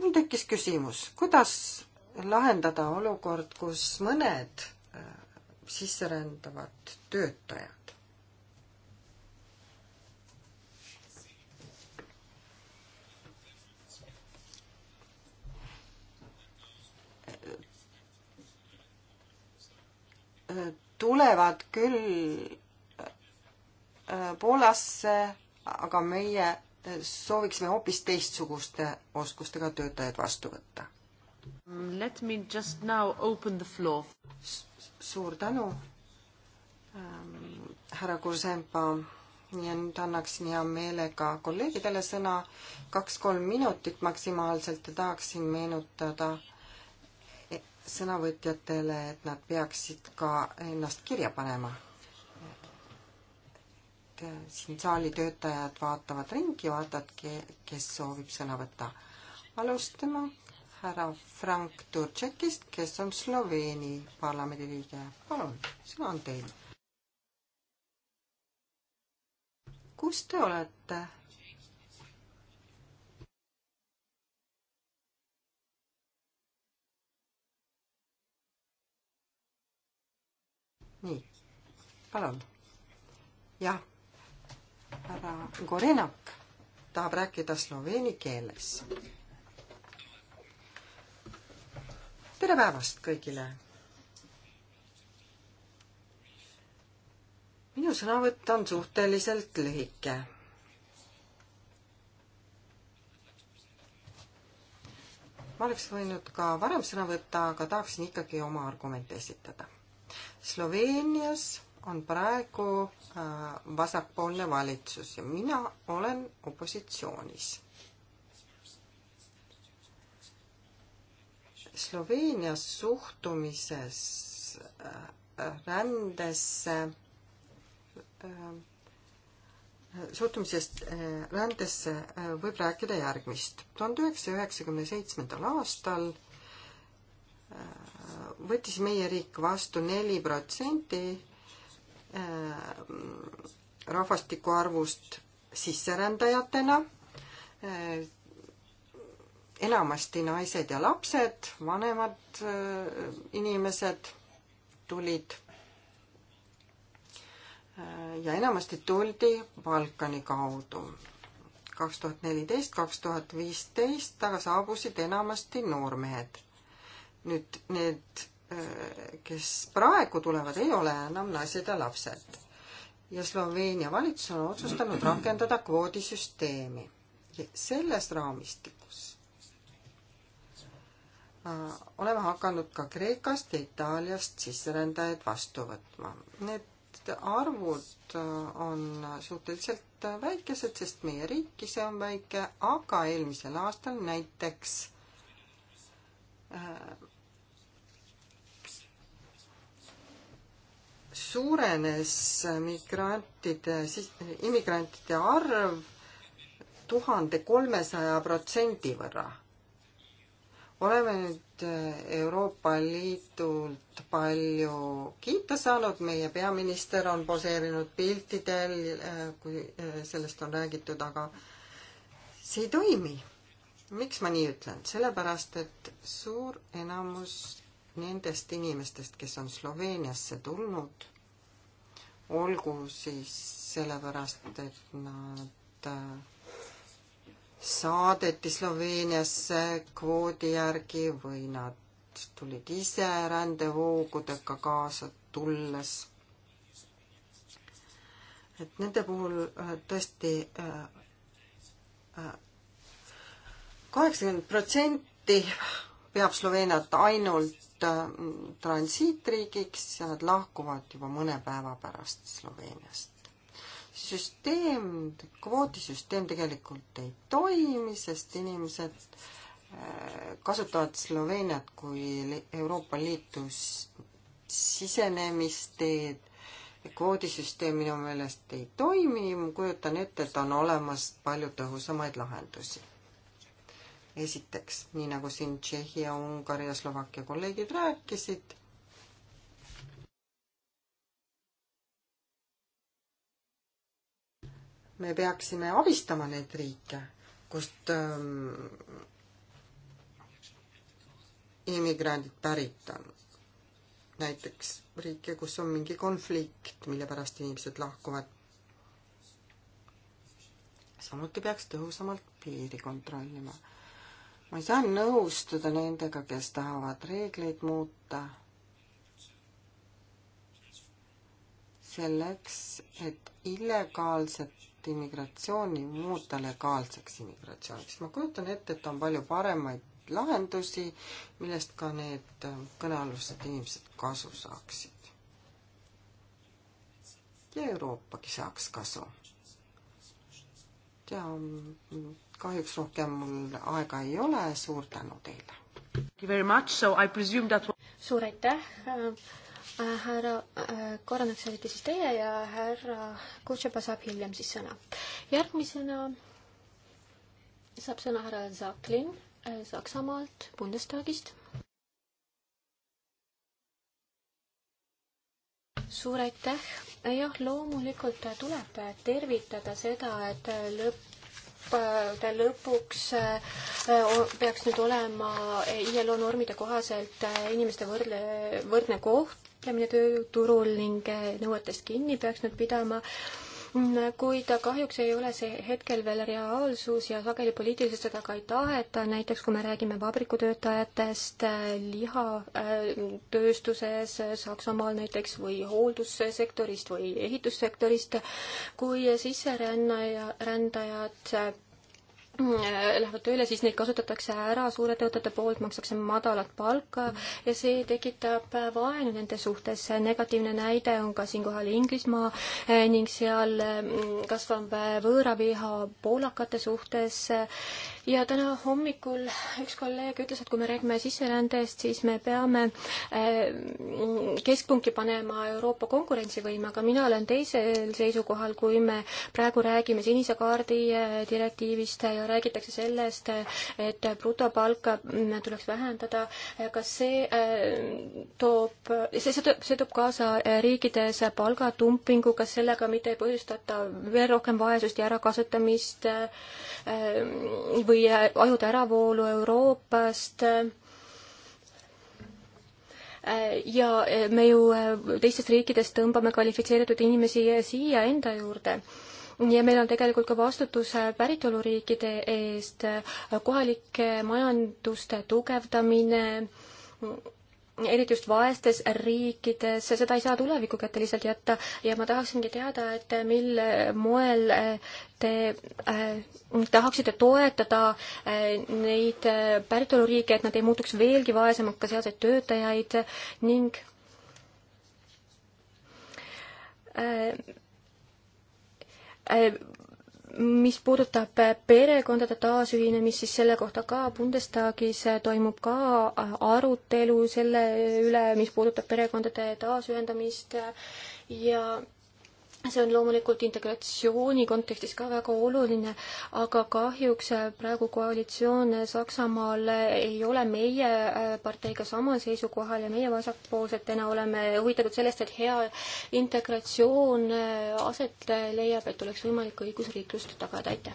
Speaker 2: mul tekkis küsimus, kuidas lahendada olukord, kus mõned äh, sisserändavad töötajad tulevad küll äh, Poolasse, aga meie äh, sooviksime hoopis teistsuguste oskustega töötajaid vastu võtta.
Speaker 1: Let me just
Speaker 2: now open the floor. suur tänu ähm,, härra Kursempa ja nüüd annaksin hea meelega kolleegidele sõna, kaks-kolm minutit maksimaalselt ja tahaksin meenutada sõnavõtjatele, et nad peaksid ka ennast kirja panema. et äh, siin saali töötajad vaatavad ringi, vaatavad, kes soovib sõna võtta. alustame härra Frank Turčekist, kes on Sloveeni parlamendi liige. palun, sõna on teil. kus te olete? nii, palun. jah, härra Gorenak tahab rääkida sloveeni keeles. tere päevast kõigile. minu sõnavõtt on suhteliselt lühike ma oleks võinud ka varem sõna võtta, aga tahaksin ikkagi oma argumente esitada. Sloveenias on praegu äh, vasakpoolne valitsus ja mina olen opositsioonis. Sloveenias suhtumises äh, rändesse äh, suhtumisest rändesse võib rääkida järgmist. tuhande üheksasaja üheksakümne seitsmendal aastal võttis meie riik vastu neli protsenti äh, rahvastiku arvust sisserändajatena, äh, enamasti naised ja lapsed, vanemad äh, inimesed tulid ja enamasti tuldi Balkani kaudu. kaks tuhat neliteist, kaks tuhat viisteist aga saabusid enamasti noormehed. nüüd need kes praegu tulevad, ei ole enam naised ja lapsed. ja Sloveenia valitsus on otsustanud rakendada kvoodisüsteemi. selles raamistikus äh, oleme hakanud ka Kreekast ja Itaaliast sisserändajaid vastu võtma. Need arvud äh, on suhteliselt väikesed, sest meie riik ise on väike, aga eelmisel aastal näiteks äh, suurenes migrantide, immigrantide arv tuhande kolmesaja protsendi võrra. oleme nüüd äh, Euroopa Liidult palju kiita saanud, meie peaminister on poseerinud piltidel, äh, kui äh, sellest on räägitud, aga see ei toimi. miks ma nii ütlen? sellepärast, et suur enamus nendest inimestest, kes on Sloveeniasse tulnud olgu siis sellepärast, et nad äh, saadeti Sloveeniasse kvoodi järgi või nad tulid ise rändevoogudega kaasa tulles. et nende puhul äh, tõesti äh, kaheksakümmend protsenti peab Sloveeniat ainult Äh, transiitriigiks ja nad lahkuvad juba mõne päeva pärast Sloveeniast. süsteem, kvoodisüsteem tegelikult ei toimi, sest inimesed äh, kasutavad Sloveeniat kui Euroopa Liitu sisenemisteed kvoodisüsteem minu meelest ei toimi, ma kujutan ette, et on olemas palju tõhusamaid lahendusi esiteks, nii nagu siin Tšehhi ja Ungari ja Slovakkia kolleegid rääkisid, me peaksime abistama neid riike, kust ähm, immigrandid pärit on. näiteks riike, kus on mingi konflikt, mille pärast inimesed lahkuvad. samuti peaks tõhusamalt piiri kontrollima ma ei saa nõustuda nendega, kes tahavad reegleid muuta selleks, et illegaalset immigratsiooni muuta legaalseks immigratsiooniks. ma kujutan ette, et on palju paremaid lahendusi, millest ka need kõnealused inimesed kasu saaksid. ja Euroopagi saaks kasu ja mm, kahjuks rohkem mul aega ei ole, suur tänu teile. That...
Speaker 1: suur aitäh äh,, äh härra äh, Koranets olite siis teie ja härra Kutšepa saab hiljem siis sõna. järgmisena saab sõna härra Zaklin äh, Saksamaalt Bundestagist. suur aitäh jah, loomulikult tuleb tervitada seda, et lõpp lõppude lõpuks eh, peaks nüüd olema ILO normide kohaselt inimeste võrdle, võrdne kohtlemine tööturul ning nõuetest kinni peaks nüüd pidama kuid kahjuks ei ole see hetkel veel reaalsus ja sageli poliitiliselt seda ka ei taheta, näiteks kui me räägime vabrikutöötajatest lihatööstuses äh, Saksamaal näiteks või hooldussektorist või ehitussektorist, kui sisserännaja, rändajad lähevad tööle, siis neid kasutatakse ära suurettevõtete poolt, makstakse madalat palka ja see tekitab vaenu nende suhtes. negatiivne näide on ka siinkohal Inglismaa eh, ning seal mm, kasvab eh, võõraviha poolakate suhtes ja täna hommikul üks kolleeg ütles, et kui me räägime sisserändest, siis me peame äh, keskpunkti panema Euroopa konkurentsivõime, aga mina olen teisel seisukohal, kui me praegu räägime sinise kaardi äh, direktiivist ja räägitakse sellest, et brutopalka mm, tuleks vähendada, kas see äh, toob, see, see toob, see toob kaasa riikides palgatumpingu, kas sellega mitte ei põhjustata veel rohkem vaesust ja ärakasutamist või ajude äravoolu Euroopast ja me ju teistest riikidest tõmbame kvalifitseeritud inimesi siia enda juurde ja meil on tegelikult ka vastutus päritoluriikide eest, kohalike majanduste tugevdamine, eriti just vaestes riikides, seda ei saa tuleviku kätte lihtsalt jätta ja ma tahaksingi teada, et mil moel äh, te äh, tahaksite toetada äh, neid äh, päritoluriike, et nad ei muutuks veelgi vaesemaks, ka sealseid töötajaid ning äh, äh mis puudutab perekondade taasühinemist, siis selle kohta ka Bundestagis toimub ka arutelu selle üle, mis puudutab perekondade taasühendamist ja see on loomulikult integratsiooni kontekstis ka väga oluline, aga kahjuks äh, praegu koalitsioon äh, Saksamaal äh, ei ole meie parteiga samal seisukohal ja meie vasakpoolsetena oleme huvitatud sellest, et hea integratsioon aset leiab, et oleks võimalik õigusriiklust tagada, aitäh!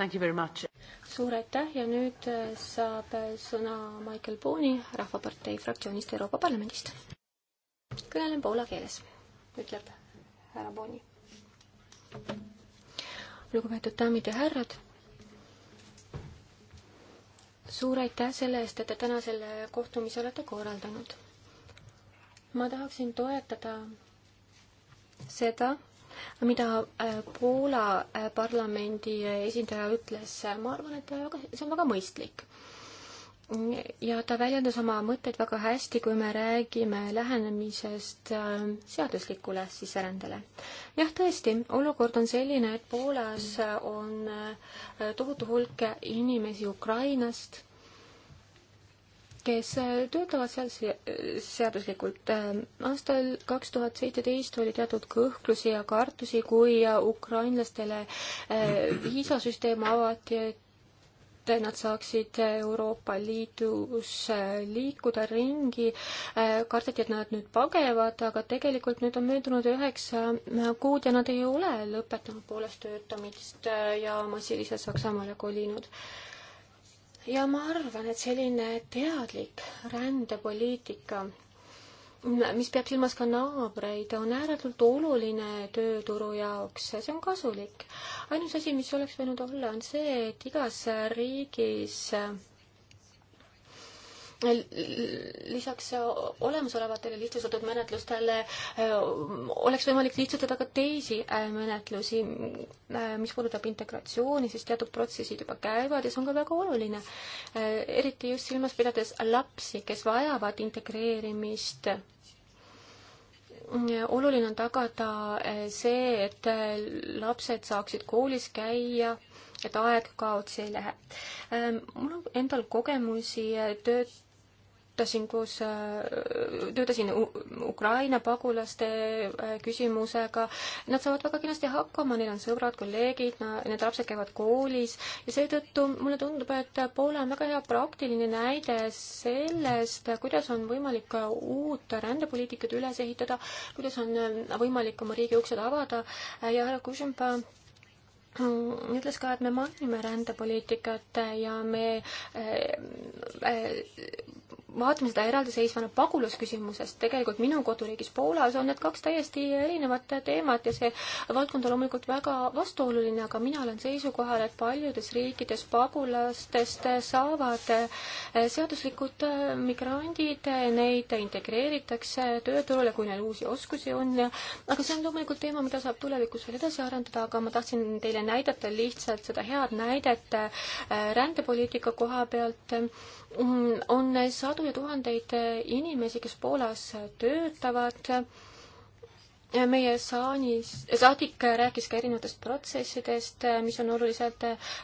Speaker 1: Thank you very much. suur aitäh ja nüüd saab sõna Michael Booni Rahvapartei fraktsioonist Euroopa Parlamendist. kõnelen poola keeles ütleb härra Bonni. lugupeetud daamid ja härrad, suur aitäh selle eest, et te täna selle kohtumise olete korraldanud. ma tahaksin toetada seda, mida äh, Poola äh, parlamendi esindaja ütles, ma arvan, et see on väga mõistlik ja ta väljendas oma mõtteid väga hästi, kui me räägime lähenemisest ähm, seaduslikule sisserändele. jah, tõesti, olukord on selline, et Poolas on äh, tohutu hulk inimesi Ukrainast, kes äh, töötavad seal seaduslikult. Ähm, aastal kaks tuhat seitseteist oli teatud kõhklusi ja kartusi, kui äh, ukrainlastele viisasüsteem avati, et et nad saaksid Euroopa Liidus äh, liikuda ringi. Äh, kardeti, et nad nüüd pagevad, aga tegelikult nüüd on möödunud üheksa äh, kuud ja nad ei ole lõpetanud pooles töötamist ja massiliselt Saksamaale kolinud ja ma arvan, et selline teadlik rändepoliitika mis peab silmas ka naabreid, on ääretult oluline tööturu jaoks, see on kasulik. ainus asi, mis oleks võinud olla, on see, et igas riigis äh, lisaks olemasolevatele lihtsustatud menetlustele äh, oleks võimalik lihtsustada ka teisi äh, menetlusi, äh, mis puudutab integratsiooni, siis teatud protsessid juba käivad ja see on ka väga oluline. eriti just silmas pidades lapsi, kes vajavad integreerimist oluline on tagada see, et lapsed saaksid koolis käia, et aeg kaotsi ei lähe. mul on endal kogemusi tööd töötasin koos, äh, töötasin Ukraina pagulaste äh, küsimusega. Nad saavad väga kenasti hakkama, neil on sõbrad, kolleegid, need lapsed käivad koolis ja seetõttu mulle tundub, et Poola on väga hea praktiline näide sellest, kuidas on võimalik uut rändepoliitikat üles ehitada, kuidas on äh, võimalik oma riigi uksed avada ja härra Kušenpa mm, ütles ka, et me mainime rändepoliitikat ja me vaatame seda eraldiseisvana pagulasküsimusest, tegelikult minu koduriigis Poolas on need kaks täiesti erinevat teemat ja see valdkond on loomulikult väga vastuoluline, aga mina olen seisukohal, et paljudes riikides pagulastest saavad eh, seaduslikud eh, migrandid, eh, neid integreeritakse tööturule, kui neil uusi oskusi on, aga see on loomulikult teema, mida saab tulevikus veel edasi arendada, aga ma tahtsin teile näidata lihtsalt seda head näidet rändepoliitika koha pealt Mm, on sadu ja tuhandeid inimesi, kes Poolas töötavad. meie saanis, saadik rääkis ka erinevatest protsessidest, mis on olulised.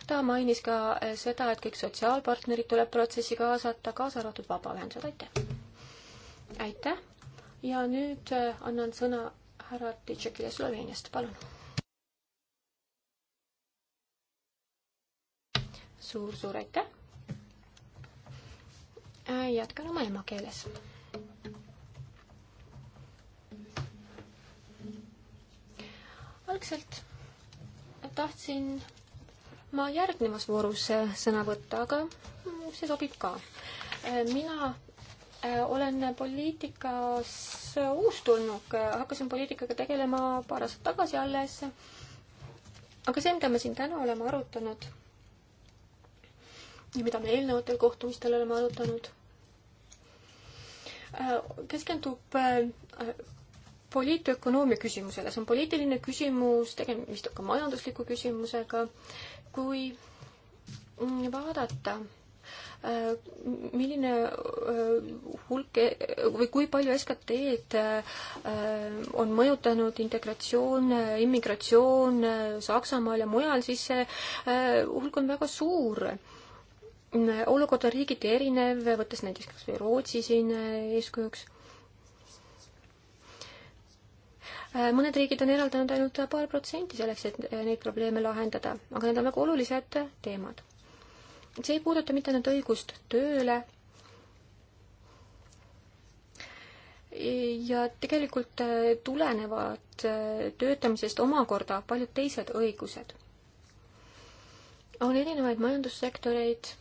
Speaker 1: ta mainis ka seda, et kõik sotsiaalpartnerid tuleb protsessi kaasata, kaasa arvatud vabaühendused, aitäh! aitäh ja nüüd äh, annan sõna härra Tšekile Sloveeniast, palun! suur-suur aitäh! Äh, jätkan oma emakeeles. algselt tahtsin ma järgnevas voorus sõna võtta, aga see sobib ka. Äh, mina äh, olen poliitikas uustulnuk, hakkasin poliitikaga tegelema paar aastat tagasi alles. aga see, mida me siin täna oleme arutanud mida me eelnevatel kohtumistel oleme arutanud, äh, keskendub äh, poliitökonoomia küsimusele, see on poliitiline küsimus, tegemist on ka majandusliku küsimusega, kui vaadata, äh, milline hulk e, või kui palju SKT-d on mõjutanud integratsioon, immigratsioon Saksamaal ja mujal, siis see hulk on väga suur Mm, olukord on riigiti erinev, võttes näiteks kas või Rootsi siin äh, eeskujuks. Äh, mõned riigid on eraldanud ainult paar protsenti selleks, et äh, neid probleeme lahendada, aga need on väga olulised teemad. see ei puuduta mitte ainult õigust tööle, ja tegelikult tulenevad töötamisest omakorda paljud teised õigused. on erinevaid majandussektoreid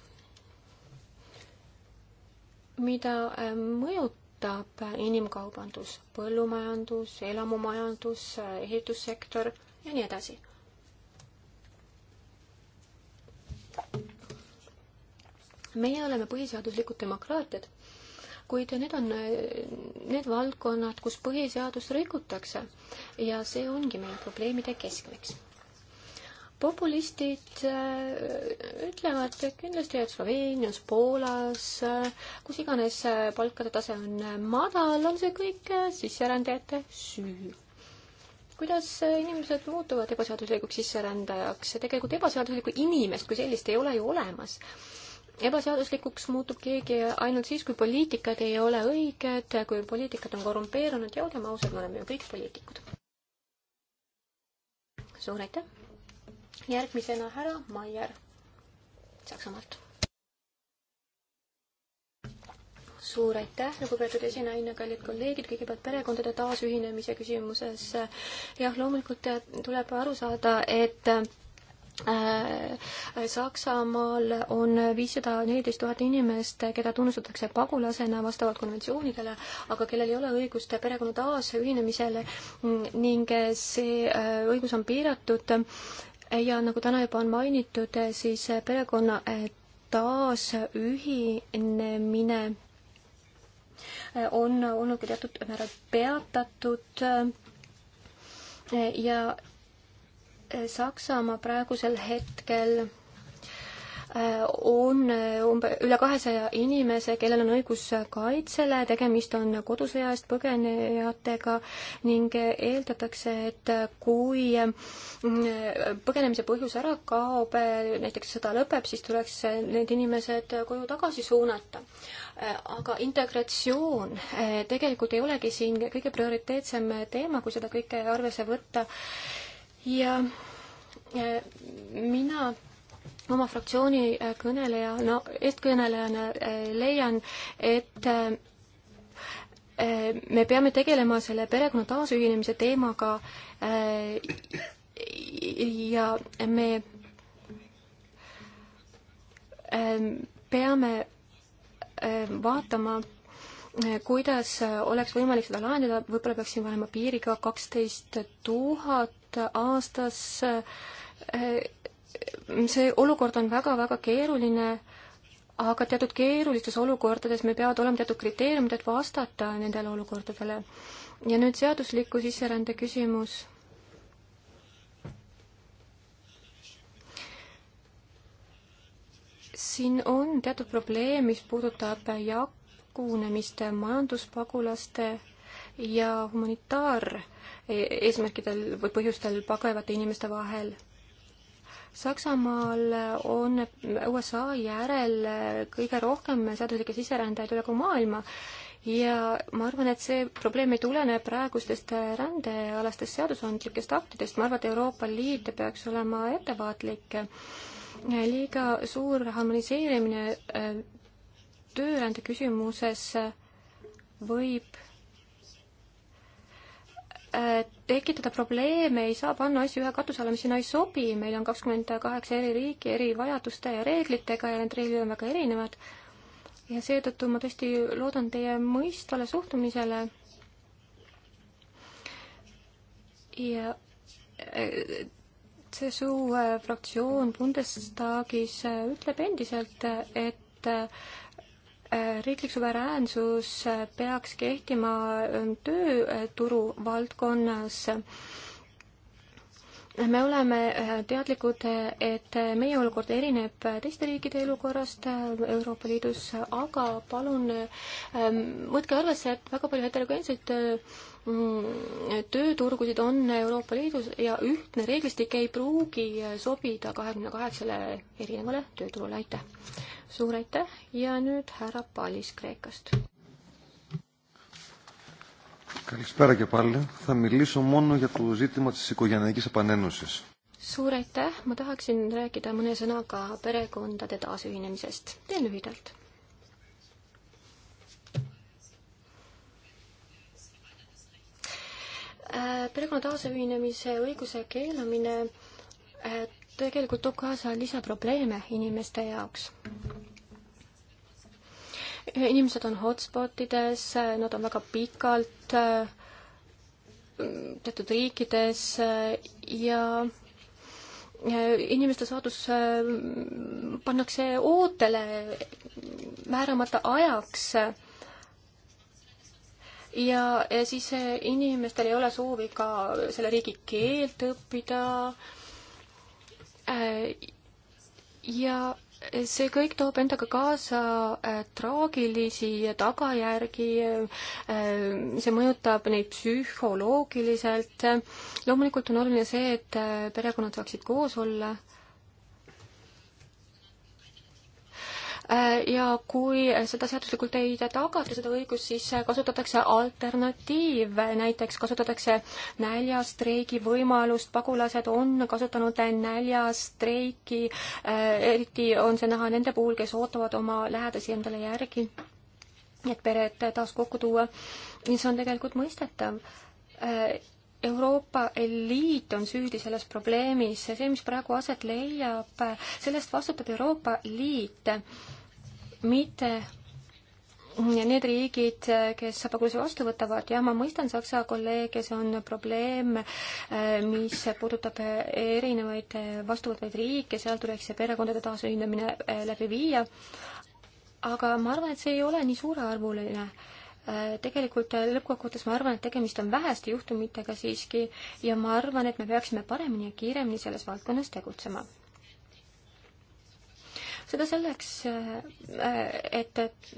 Speaker 1: mida äh, mõjutab inimkaubandus, põllumajandus, elamumajandus, äh, ehitussektor ja nii edasi. meie oleme põhiseaduslikud demokraatiad, kuid need on äh, need valdkonnad, kus põhiseadust rikutakse ja see ongi meie probleemide keskmeks populistid äh, ütlevad kindlasti, et Sloveenias, Poolas, äh, kus iganes äh, palkade tase on madal, on see kõik sisserändajate süü. kuidas inimesed muutuvad ebaseaduslikuks sisserändajaks? tegelikult ebaseaduslikku inimest kui sellist ei ole ju olemas ebaseaduslikuks muutub keegi ainult siis, kui poliitikad ei ole õiged, kui poliitikad on korrumpeerunud ja olgem ausad, me oleme ju kõik poliitikud. suur aitäh! järgmisena härra Maier Saksamaalt. suur aitäh, lugupeetud esinaine, kallid kolleegid, kõigepealt perekondade taasühinemise küsimuses. jah, loomulikult tuleb aru saada, et äh, Saksamaal on viissada neliteist tuhat inimest, keda tunnustatakse pagulasena vastavalt konventsioonidele, aga kellel ei ole õigust perekonna taasühinemisele ning see äh, õigus on piiratud ja nagu täna juba on mainitud, siis perekonna eh, taasühinemine eh, on olnud ka teatud määral peatatud eh, ja Saksamaa praegusel hetkel on äh, umbe, üle kahesaja inimese, kellel on õigus kaitsele, tegemist on kodusõja eest põgenejatega ning eeldatakse, et kui mm, põgenemise põhjus ära kaob, näiteks sõda lõpeb, siis tuleks need inimesed koju tagasi suunata. aga integratsioon äh, tegelikult ei olegi siin kõige prioriteetsem teema, kui seda kõike arvesse võtta. ja äh, mina oma fraktsiooni äh, kõneleja, no eestkõnelejana äh, leian, et äh, me peame tegelema selle perekonna taasühinemise teemaga ja me peame vaatama, kuidas oleks võimalik seda lahendada, võib-olla peaks siin olema piiriga kaksteist tuhat aastas see olukord on väga-väga keeruline, aga teatud keerulistes olukordades meil peavad olema teatud kriteeriumid, et vastata nendele olukordadele. ja nüüd seadusliku sisserände küsimus. siin on teatud probleem, mis puudutab jagunemist majanduspagulaste ja humanitaar eesmärkidel või põhjustel pagevate inimeste vahel Saksamaal on USA järel kõige rohkem seaduslikke sisserändajaid üle kogu maailma ja ma arvan, et see probleem ei tulene praegustest rändealastest seadusandlikest aktidest, ma arvan, et Euroopa Liit peaks olema ettevaatlik. liiga suur harmoniseerimine äh, töörände küsimuses võib tekitada probleeme, ei saa panna asju ühe katuse alla, mis sinna ei sobi, meil on kakskümmend kaheksa eri riiki eri vajaduste ja reeglitega ja need reeglid on väga erinevad. ja seetõttu ma tõesti loodan teie mõistvale suhtumisele ja CSU äh, fraktsioon Bundestagis äh, ütleb endiselt, et äh, Äh, riiklik suveräänsus äh, peaks kehtima ähm, tööturu valdkonnas. me oleme äh, teadlikud, et meie olukord erineb teiste riikide olukorrast Euroopa Liidus, aga palun ähm, võtke arvesse, et väga palju heterogeenseid tööturgusid on Euroopa Liidus ja ühtne reeglistik ei pruugi sobida kahekümne kaheksale erinevale tööturule, aitäh! suur aitäh ja nüüd härra Palis Kreekast.
Speaker 3: Καλησπέρα και πάλι. Θα μιλήσω μόνο για το ζήτημα της οικογενειακής επανένωσης.
Speaker 1: Suur aitäh, ma tahaksin rääkida mõne sõnaga perekondade taasühinemisest. teen lühidalt. Äh, perekonna taasühinemise õiguse keelamine äh, tegelikult toob kaasa lisaprobleeme inimeste jaoks. inimesed on hotspotides, nad on väga pikalt mm, teatud riikides ja inimeste saatus mm, pannakse ootele määramata ajaks ja siis eh, inimestel ei ole soovi ka selle riigi keelt õppida, Äh, ja see kõik toob endaga kaasa äh, traagilisi tagajärgi, äh, see mõjutab neid psühholoogiliselt. loomulikult on oluline see, et perekonnad saaksid koos olla Äh, ja kui seda seaduslikult ei tagata, seda õigust, siis kasutatakse alternatiive, näiteks kasutatakse näljastreigi võimalust, pagulased on kasutanud näljastreiki, äh, eriti on see näha nende puhul, kes ootavad oma lähedasi endale järgi, et peret taas kokku tuua, see on tegelikult mõistetav äh, Euroopa Liit on süüdi selles probleemis, see, mis praegu aset leiab, sellest vastutab Euroopa Liit, mitte ja need riigid, kes pagulasi vastu võtavad, jah, ma mõistan Saksa kolleege, see on probleem, mis puudutab erinevaid vastuvõtvaid riike, seal tuleks see perekondade taasühinemine läbi viia, aga ma arvan, et see ei ole nii suurearvuline Äh, tegelikult äh, lõppkokkuvõttes ma arvan, et tegemist on väheste juhtumitega siiski ja ma arvan, et me peaksime paremini ja kiiremini selles valdkonnas tegutsema. seda selleks, äh, et, et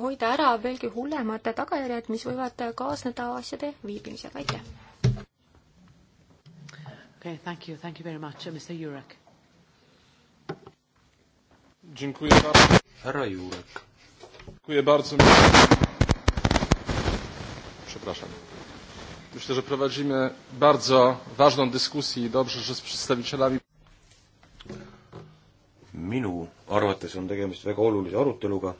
Speaker 1: hoida ära veelgi hullemad tagajärjed, mis võivad kaasneda asjade viibimisega, aitäh! Okay, thank you. Thank you very much. Uh, Mr. Jurek.
Speaker 3: Dziękuję bardzo. Härra Jurek Przepraszam. Myślę,
Speaker 2: że prowadzimy bardzo ważną dyskusję i dobrze, że z przedstawicielami
Speaker 3: minu arvates on tegemist väga olulise aruteluga.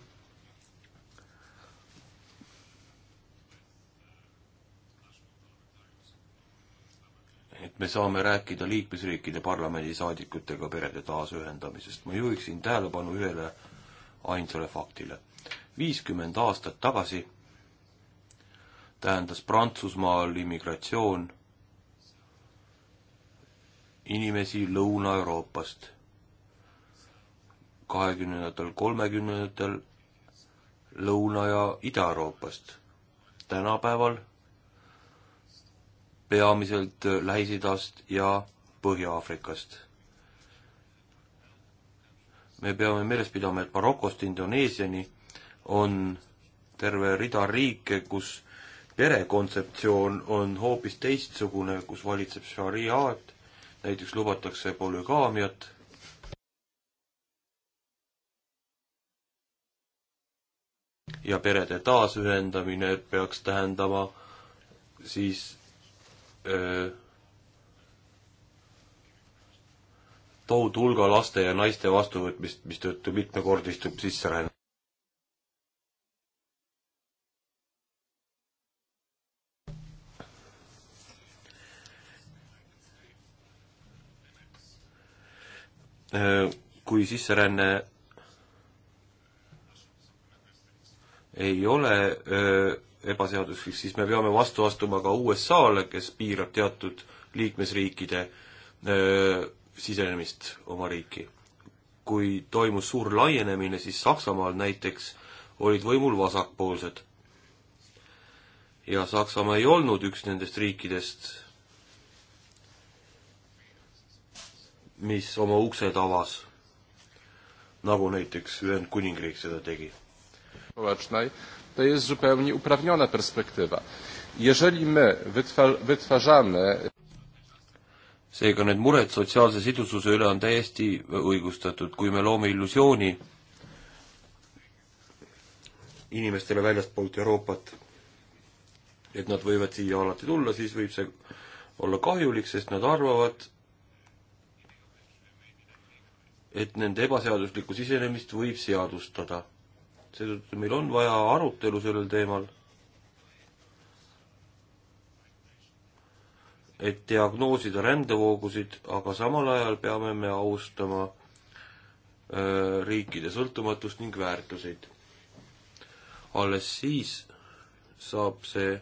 Speaker 3: et me saame rääkida liikmesriikide parlamendisaadikutega perede taasühendamisest. ma juhiksin tähelepanu ühele ainsale faktile viiskümmend aastat tagasi tähendas Prantsusmaal immigratsioon inimesi Lõuna-Euroopast. kahekümnendatel, kolmekümnendatel Lõuna- ja Ida-Euroopast. tänapäeval peamiselt Lähis-Idast ja Põhja-Aafrikast. me peame meeles pidama, et Marokost Indoneesiani on terve rida riike, kus perekontseptsioon on hoopis teistsugune, kus valitseb šariaat, näiteks lubatakse polügaamiat. ja perede taasühendamine peaks tähendama siis öö, äh, tohutu hulga laste ja naiste vastuvõtmist, mistõttu mitmekordistub sisseränne. Äh, kui sisseränne ei ole öö, äh, ebaseaduslik, siis me peame vastu astuma ka USA-le, kes piirab teatud liikmesriikide öö, äh, sisenemist oma riiki. kui toimus suur laienemine, siis Saksamaal näiteks olid võimul vasakpoolsed. ja Saksamaa ei olnud üks nendest riikidest, mis oma uksed avas, nagu näiteks Ühendkuningriik seda tegi. To jest zupełnie uprawniona perspektywa. Jeżeli my wytwar wytwarzamy seega need mured sotsiaalse sidususe üle on täiesti õigustatud, kui me loome illusiooni inimestele väljastpoolt Euroopat, et nad võivad siia alati tulla, siis võib see olla kahjulik, sest nad arvavad, et nende ebaseaduslikku sisenemist võib seadustada. seetõttu meil on vaja arutelu sellel teemal. et diagnoosida rändevoogusid, aga samal ajal peame me austama öö, äh, riikide sõltumatust ning väärtuseid. alles siis saab see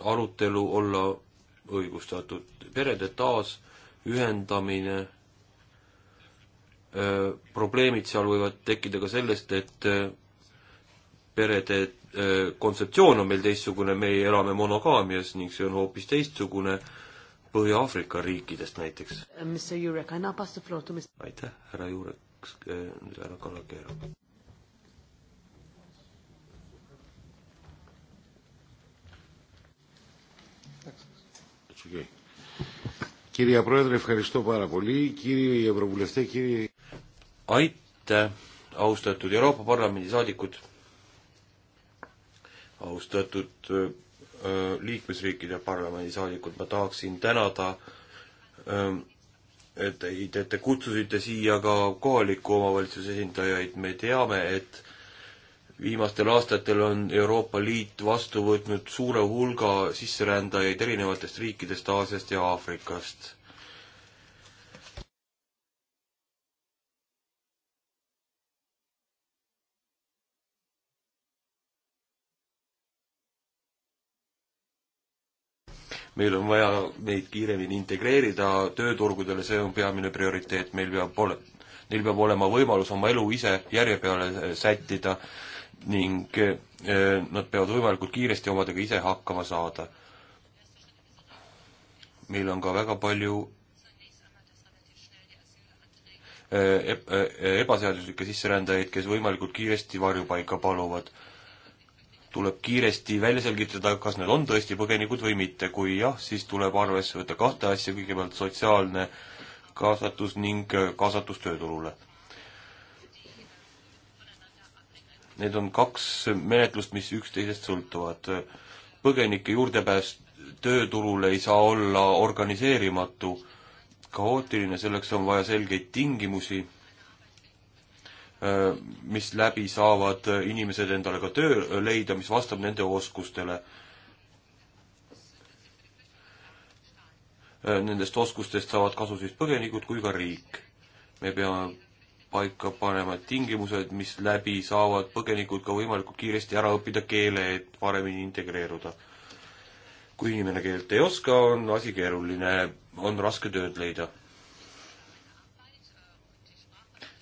Speaker 3: arutelu olla õigustatud. perede taasühendamine Äh, probleemid seal võivad tekkida ka sellest, et äh, perede äh, kontseptsioon on meil teistsugune, meie elame monogaamias ning see on hoopis teistsugune Põhja-Aafrika riikidest näiteks. aitäh, härra Jurek, nüüd härra Kalakeera. Okay. Kirja Proedre, ευχαριστώ πάρα πολύ. Κύριοι Ευρωβουλευτέ, κύριοι... Aitäh, austatud Euroopa Parlamendi saadikud, austatud äh, liikmesriikide parlamendi saadikud, ma tahaksin tänada, ähm, et teid, et te kutsusite siia ka kohaliku omavalitsuse esindajaid, me teame, et viimastel aastatel on Euroopa Liit vastu võtnud suure hulga sisserändajaid erinevatest riikidest Aasiast ja Aafrikast. meil on vaja neid kiiremini integreerida tööturgudele, see on peamine prioriteet, meil peab ole-, neil peab olema võimalus oma elu ise järje peale sättida äh, ning eh, nad peavad võimalikult kiiresti omadega ise hakkama saada. meil on ka väga palju eh, eh, ebaseaduslikke sisserändajaid, kes võimalikult kiiresti varjupaika paluvad. tuleb kiiresti välja selgitada, kas need on tõesti põgenikud või mitte, kui jah, siis tuleb arvesse võtta kahte asja, kõigepealt sotsiaalne kaasatus ning kaasatus tööturule Need on kaks menetlust, mis üksteisest sõltuvad. põgenike juurdepääs tööturule ei saa olla organiseerimatu, kaootiline, selleks on vaja selgeid tingimusi, äh, mis läbi saavad inimesed endale ka töö leida, mis vastab nende oskustele. Äh, nendest oskustest saavad kasu siis põgenikud kui ka riik. me peame paika panema tingimused, mis läbi saavad põgenikud ka võimalikult kiiresti ära õppida keele, et paremini integreeruda. kui inimene keelt ei oska, on asi keeruline, on raske tööd leida.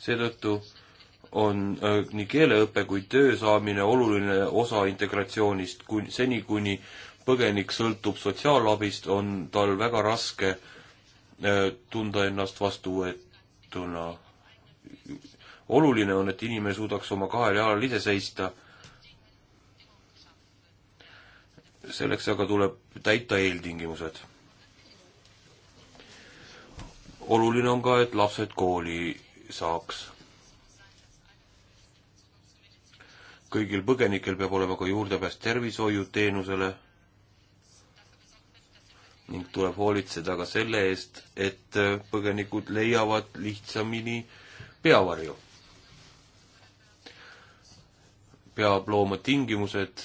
Speaker 3: seetõttu on äh, nii keeleõpe kui töö saamine oluline osa integratsioonist, kui seni, kuni põgenik sõltub sotsiaalabist, on tal väga raske äh, tunda ennast vastuvõetuna oluline on, et inimene suudaks oma kahel jalal ise seista. selleks aga tuleb täita eeltingimused. oluline on ka, et lapsed kooli saaks. kõigil põgenikel peab olema ka juurdepääs tervishoiuteenusele ning tuleb hoolitseda ka selle eest, et põgenikud leiavad lihtsamini äh, peavarju. peab looma tingimused,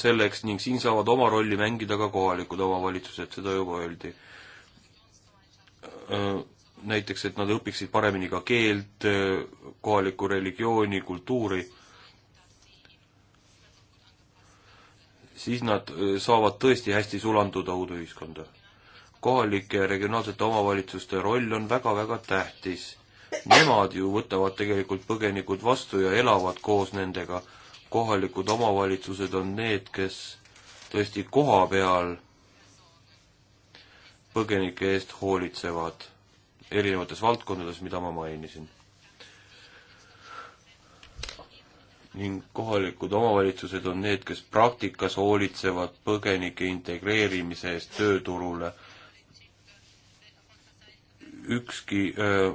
Speaker 3: selleks ning siin saavad oma rolli mängida ka kohalikud omavalitsused, seda juba öeldi. näiteks, et nad õpiksid paremini ka keelt, kohalikku religiooni, kultuuri siis nad saavad tõesti hästi sulanduda uude ühiskonda. kohalike ja regionaalsete omavalitsuste roll on väga-väga tähtis. Nemad ju võtavad tegelikult põgenikud vastu ja elavad koos nendega. kohalikud omavalitsused on need, kes tõesti koha peal põgenike eest hoolitsevad erinevates valdkondades, mida ma mainisin ning kohalikud omavalitsused on need, kes praktikas hoolitsevad põgenike integreerimise eest tööturule. ükski äh,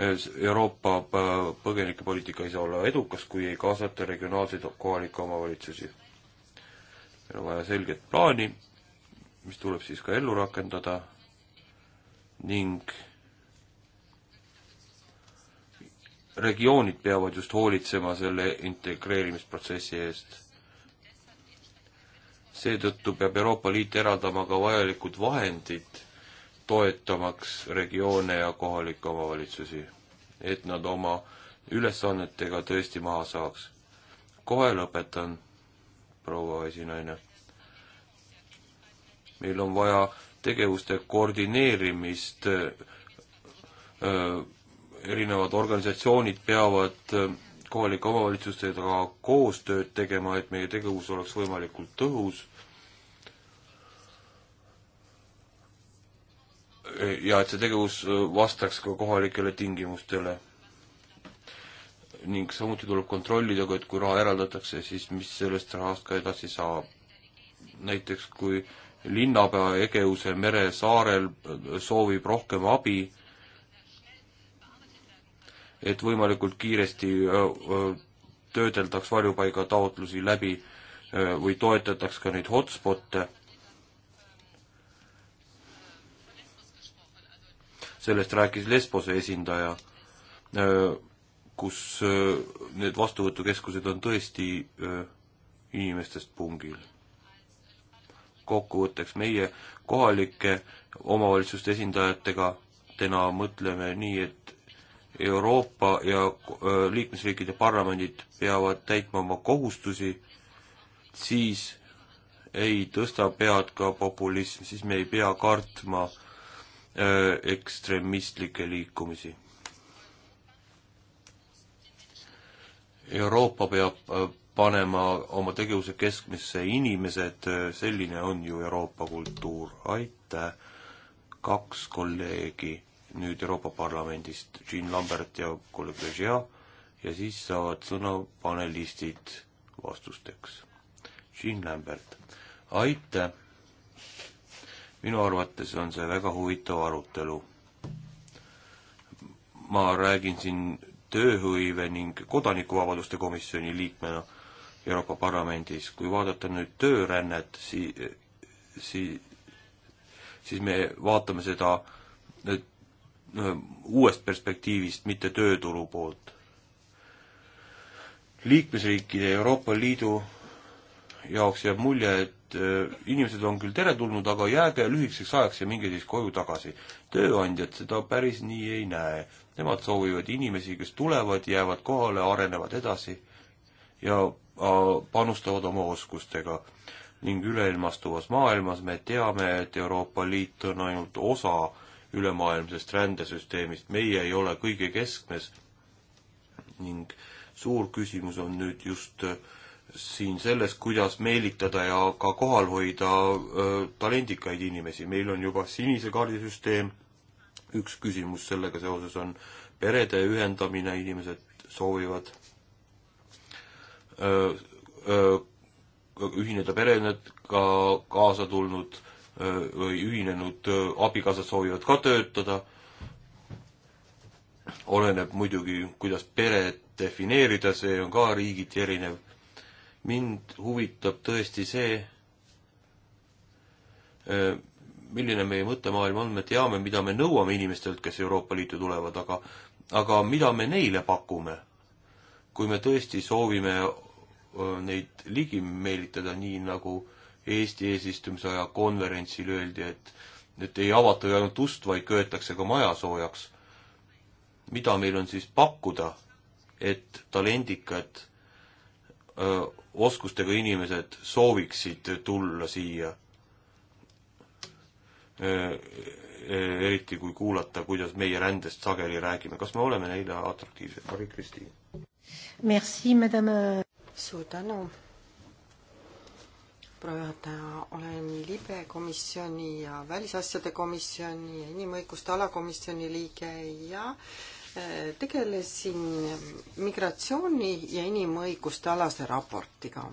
Speaker 3: äh, Euroopa äh, põgenikepoliitika ei saa olla edukas, kui ei kaasata regionaalseid kohalikke omavalitsusi. meil on vaja selget plaani, mis tuleb siis ka ellu rakendada ning regioonid peavad just hoolitsema selle integreerimisprotsessi eest. seetõttu peab Euroopa Liit eraldama ka vajalikud vahendid, toetamaks regioone ja kohalikke omavalitsusi, et nad oma ülesannetega tõesti maha saaks. kohe lõpetan, proua esinaine. meil on vaja tegevuste koordineerimist öö, äh, erinevad organisatsioonid peavad äh, kohalike omavalitsustega koostööd tegema, et meie tegevus oleks võimalikult tõhus. ja et see tegevus äh, vastaks ka kohalikele tingimustele. ning samuti tuleb kontrollida ka, et kui raha eraldatakse, siis mis sellest rahast ka edasi saab. näiteks kui linnapea Egeuse mere saarel soovib rohkem abi, et võimalikult kiiresti töödeldaks varjupaigataotlusi läbi või toetataks ka neid hotspot'e. sellest rääkis Lesbose esindaja, kus need vastuvõtukeskused on tõesti inimestest pungil. kokkuvõtteks meie kohalike omavalitsuste esindajatega täna mõtleme nii, et Euroopa ja äh, liikmesriikide parlamendid peavad täitma oma kohustusi, siis ei tõsta pead ka populism, siis me ei pea kartma öö, äh, ekstremistlikke liikumisi. Euroopa peab öö, äh, panema oma tegevuse keskmesse inimesed, selline on ju Euroopa kultuur, aitäh, kaks kolleegi nüüd Euroopa Parlamendist Jean Lambert ja kolleeg Legia ja siis saavad sõna panelistid vastusteks. Jean Lambert, aitäh! minu arvates on see väga huvitav arutelu. ma räägin siin tööhõive ning kodanikuvabaduste komisjoni liikmena Euroopa Parlamendis, kui vaadata nüüd töörännet, sii-, sii-, siis me vaatame seda Äh, uuest perspektiivist, mitte tööturu poolt. liikmesriikide ja Euroopa Liidu jaoks jääb mulje, et äh, inimesed on küll teretulnud, aga jääge lühikeseks ajaks ja minge siis koju tagasi. tööandjad seda päris nii ei näe. Nemad soovivad inimesi, kes tulevad, jäävad kohale, arenevad edasi ja äh, panustavad oma oskustega. ning üleilmastuvas maailmas me teame, et Euroopa Liit on ainult osa ülemaailmsest rändesüsteemist, meie ei ole kõige keskmes ning suur küsimus on nüüd just äh, siin selles, kuidas meelitada ja ka kohal hoida äh, talendikaid inimesi, meil on juba sinise kaardi süsteem, üks küsimus sellega seoses on perede ühendamine, inimesed soovivad öö, äh, öö, ühineda peredega kaasa tulnud Äh, või ühinenud äh, abikaasad soovivad ka töötada, oleneb muidugi, kuidas peret defineerida, see on ka riigiti erinev. mind huvitab tõesti see, äh, milline meie mõttemaailm on, me teame, mida me nõuame inimestelt, kes Euroopa Liitu tulevad, aga aga mida me neile pakume? kui me tõesti soovime neid ligi meelitada, nii nagu Eesti eesistumise aja konverentsil öeldi, et, et ei avata ju ainult ust, vaid köetakse ka maja soojaks. mida meil on siis pakkuda, et talendikad, oskustega inimesed sooviksid tulla siia? eriti kui kuulata, kuidas meie rändest sageli räägime, kas me oleme neile atraktiivsed, Mari-Kristiin?
Speaker 1: Merci, madame.
Speaker 2: suur tänu proua juhataja, olen libe komisjoni ja välisasjade komisjoni ja inimõiguste alakomisjoni liige ja eh, tegelesin migratsiooni ja inimõiguste alase raportiga.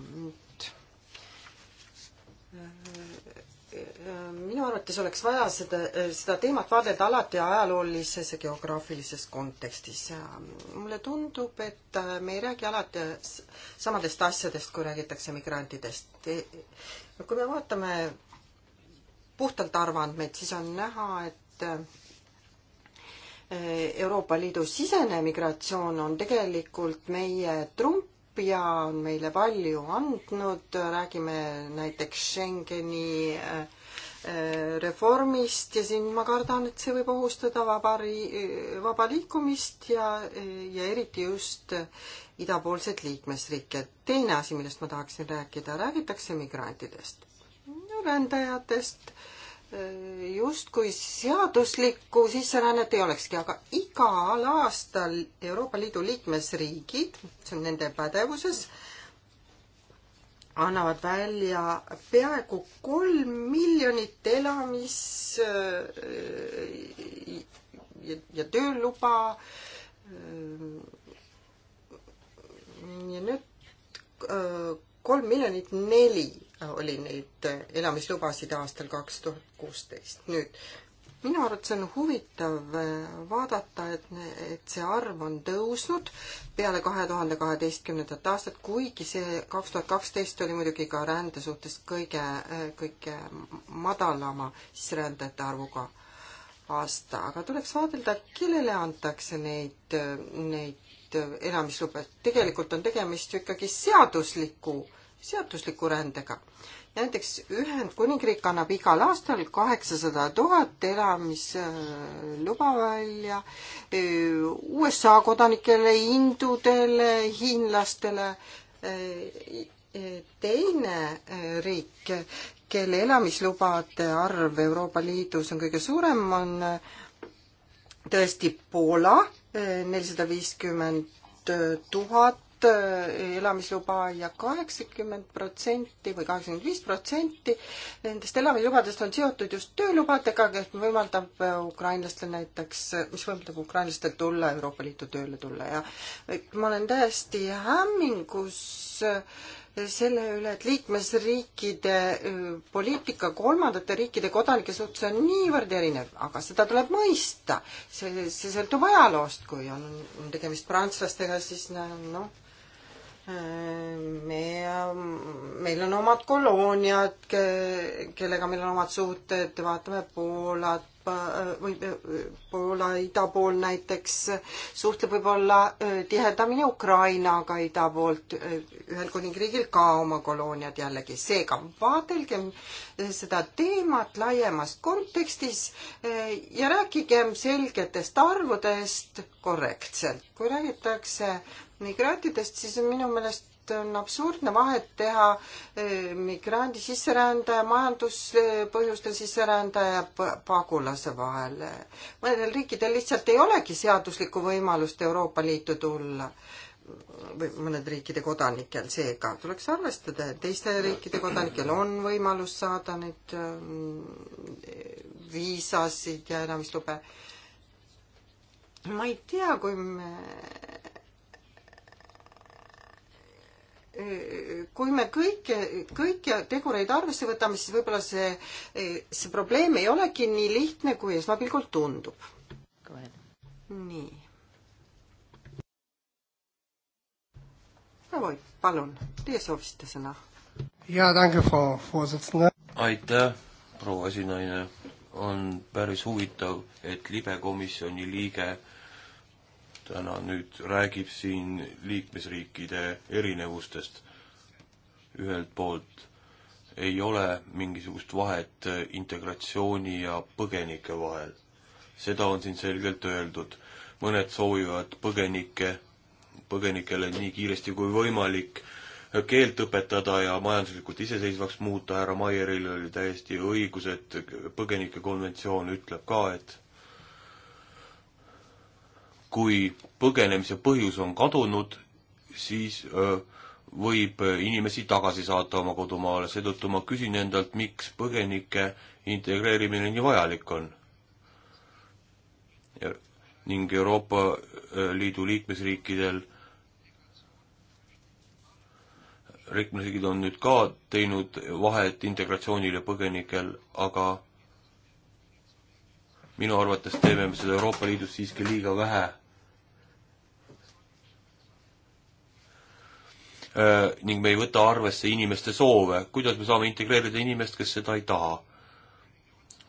Speaker 2: Eh, Äh, minu arvates oleks vaja seda, äh, seda teemat vaadelda alati ajaloolises ja geograafilises kontekstis. Äh, mulle tundub, et me ei räägi alati samadest asjadest, kui räägitakse migrantidest. kui me vaatame puhtalt arvandmeid, siis on näha, et Euroopa Liidu sisene migratsioon on tegelikult meie trump, Serbia on meile palju andnud, räägime näiteks Schengeni äh, äh, reformist ja siin ma kardan, et see võib ohustada vabari, vaba liikumist ja, ja eriti just idapoolset liikmesriike. teine asi, millest ma tahaksin rääkida, räägitakse migrantidest, rändajatest justkui seaduslikku sisserännet ei olekski, aga igal aastal Euroopa Liidu liikmesriigid, see on nende pädevuses, annavad välja peaaegu kolm miljonit elamis- äh, ja tööluba. Äh, ja nüüd äh, kolm miljonit neli oli neid äh, elamislubasid aastal kaks tuhat kuusteist. nüüd minu arvates on huvitav äh, vaadata, et, et see arv on tõusnud peale kahe tuhande kaheteistkümnendat aastat, kuigi see kaks tuhat kaksteist oli muidugi ka rände suhtes kõige, äh, kõige madalama sisserändajate arvuga aasta, aga tuleks vaadelda, kellele antakse neid, neid elamislube. tegelikult on tegemist ju ikkagi seadusliku äh, seadusliku rändega. näiteks Ühendkuningriik annab igal aastal kaheksasada tuhat elamisluba välja e, USA kodanikele, hindudele, hiinlastele. E, e, teine riik, kelle elamislubade arv Euroopa Liidus on kõige suurem, on tõesti Poola, nelisada viiskümmend tuhat tuhat eh, elamisluba ja kaheksakümmend protsenti või kaheksakümmend viis protsenti nendest elamislubadest on seotud just töölubadega, kes võimaldab eh, ukrainlastel näiteks, eh, mis võimaldab ukrainlastel tulla Euroopa Liitu tööle tulla ja ma olen täiesti hämmingus selle üle, et liikmesriikide poliitika kolmandate riikide kodanike suhtes on niivõrd erinev, aga seda tuleb mõista. see, see sõltub ajaloost, kui on, on tegemist prantslastega, siis noh, Äh, me, ähm, meil on omad kolooniad, kellega meil on omad suhted, vaatame Poolat äh, või äh, Poola ida pool näiteks suhtleb võib-olla tihedamini Ukrainaga ida poolt, Ühendkuningriigil ka oma kolooniad jällegi, seega vaadelgem seda teemat laiemas kontekstis ja rääkigem selgetest arvudest korrektselt. kui räägitakse migrantidest, siis minu meelest on absurdne vahet teha eh, migrandi sisserändaja, majanduspõhjustel sisserändaja ja pagulase vahel. mõnedel riikidel lihtsalt ei olegi seaduslikku võimalust Euroopa Liitu tulla või mõned riikide kodanikel seega tuleks arvestada, et teiste riikide kodanikel on võimalus saada neid mm, viisasid ja elamislube. ma ei tea, kui me kui me kõike, kõiki tegureid arvesse võtame, siis võib-olla see, see probleem ei olegi nii lihtne, kui esmapilgul tundub. nii. Oi, palun, teie soovisite sõna.
Speaker 3: jaa, tänke, Frau Vorsitzende. aitäh, proua esinaine. on päris huvitav, et libekomisjoni liige täna nüüd räägib siin liikmesriikide erinevustest. ühelt poolt ei ole mingisugust vahet integratsiooni ja põgenike vahel. seda on siin selgelt öeldud. mõned soovivad põgenikke, põgenikele nii kiiresti kui võimalik keelt õpetada ja majanduslikult iseseisvaks muuta, härra Maieril oli täiesti õigus, et põgenike konventsioon ütleb ka, et kui põgenemise põhjus on kadunud, siis öö, võib inimesi tagasi saata oma kodumaale, seetõttu ma küsin endalt, miks põgenike integreerimine nii vajalik on. ning Euroopa Liidu liikmesriikidel, liikmesriigid on nüüd ka teinud vahet integratsioonil ja põgenikel, aga minu arvates teeme me seda Euroopa Liidus siiski liiga vähe Äh, ning me ei võta arvesse inimeste soove. kuidas me saame integreerida inimest, kes seda ei taha?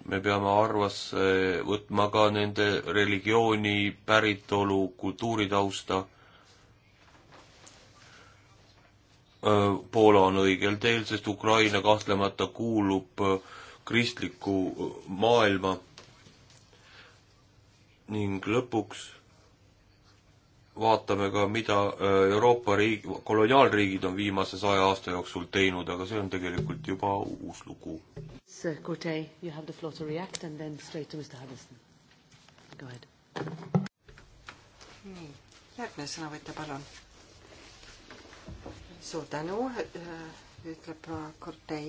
Speaker 3: me peame arvesse võtma ka nende religiooni, päritolu, kultuuritausta. Äh, Poola on õigel teel, sest Ukraina kahtlemata kuulub äh, kristlikku maailma. ning lõpuks vaatame ka, mida äh, Euroopa riik, koloniaalriigid on viimase saja aasta jooksul teinud, aga see on tegelikult juba uus lugu.
Speaker 2: Sir Corte, you have the floor to react and then straight to Mr Harrison. Go ahead. nii, järgmine sõnavõtja, palun. suur tänu, äh, ütleb proua Corte.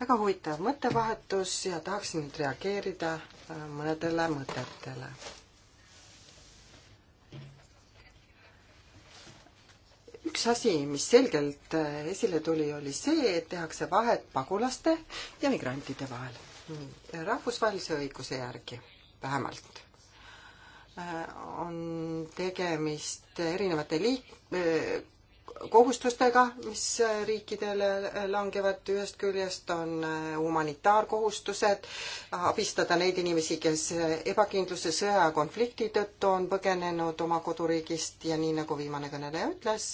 Speaker 2: väga huvitav mõttevahetus ja tahaksin nüüd reageerida äh, mõnedele mõtetele üks asi, mis selgelt äh, esile tuli, oli see, et tehakse vahet pagulaste ja migrantide vahel. nii, rahvusvahelise õiguse järgi vähemalt äh, on tegemist erinevate liik-, äh, kohustustega, mis riikidele langevad, ühest küljest on humanitaarkohustused, abistada neid inimesi, kes ebakindluse, sõja ja konflikti tõttu on põgenenud oma koduriigist ja nii, nagu viimane kõneleja ütles,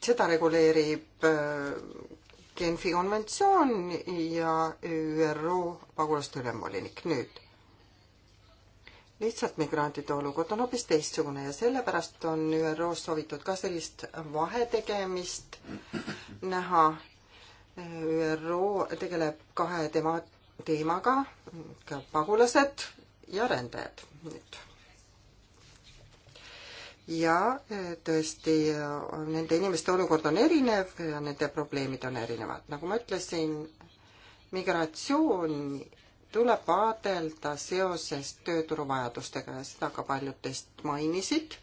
Speaker 2: seda reguleerib äh, Genfi konventsioon ja ÜRO pagulaste ülemvolinik. nüüd lihtsalt migrantide olukord on hoopis teistsugune ja sellepärast on ÜRO-s soovitud ka sellist vahetegemist näha. ÜRO tegeleb kahe tema teemaga, ka pagulased ja rändajad nüüd ja e, tõesti e, nende inimeste olukord on erinev ja nende probleemid on erinevad. nagu ma ütlesin, migratsiooni tuleb vaadelda seoses tööturuvajadustega ja seda ka paljud teist mainisid.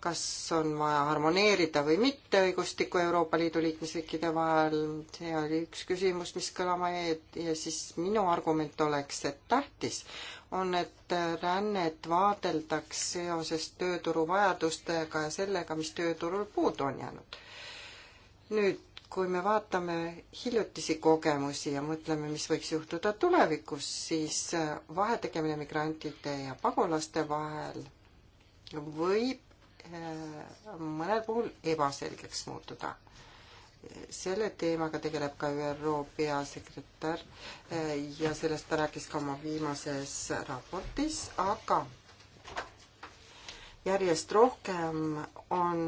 Speaker 2: kas on vaja harmoneerida või mitte õigustikku Euroopa Liidu liikmesriikide vahel, see oli üks küsimus, mis kõlama jäi ja siis minu argument oleks, et tähtis on, et rännet vaadeldaks seoses tööturu vajadustega ja sellega, mis tööturul puudu on jäänud. nüüd, kui me vaatame hiljutisi kogemusi ja mõtleme, mis võiks juhtuda tulevikus, siis vahetegemine migrantide ja pagulaste vahel võib eh, mõnel puhul ebaselgeks muutuda selle teemaga tegeleb ka ÜRO peasekretär eh, ja sellest ta rääkis ka oma viimases raportis, aga järjest rohkem on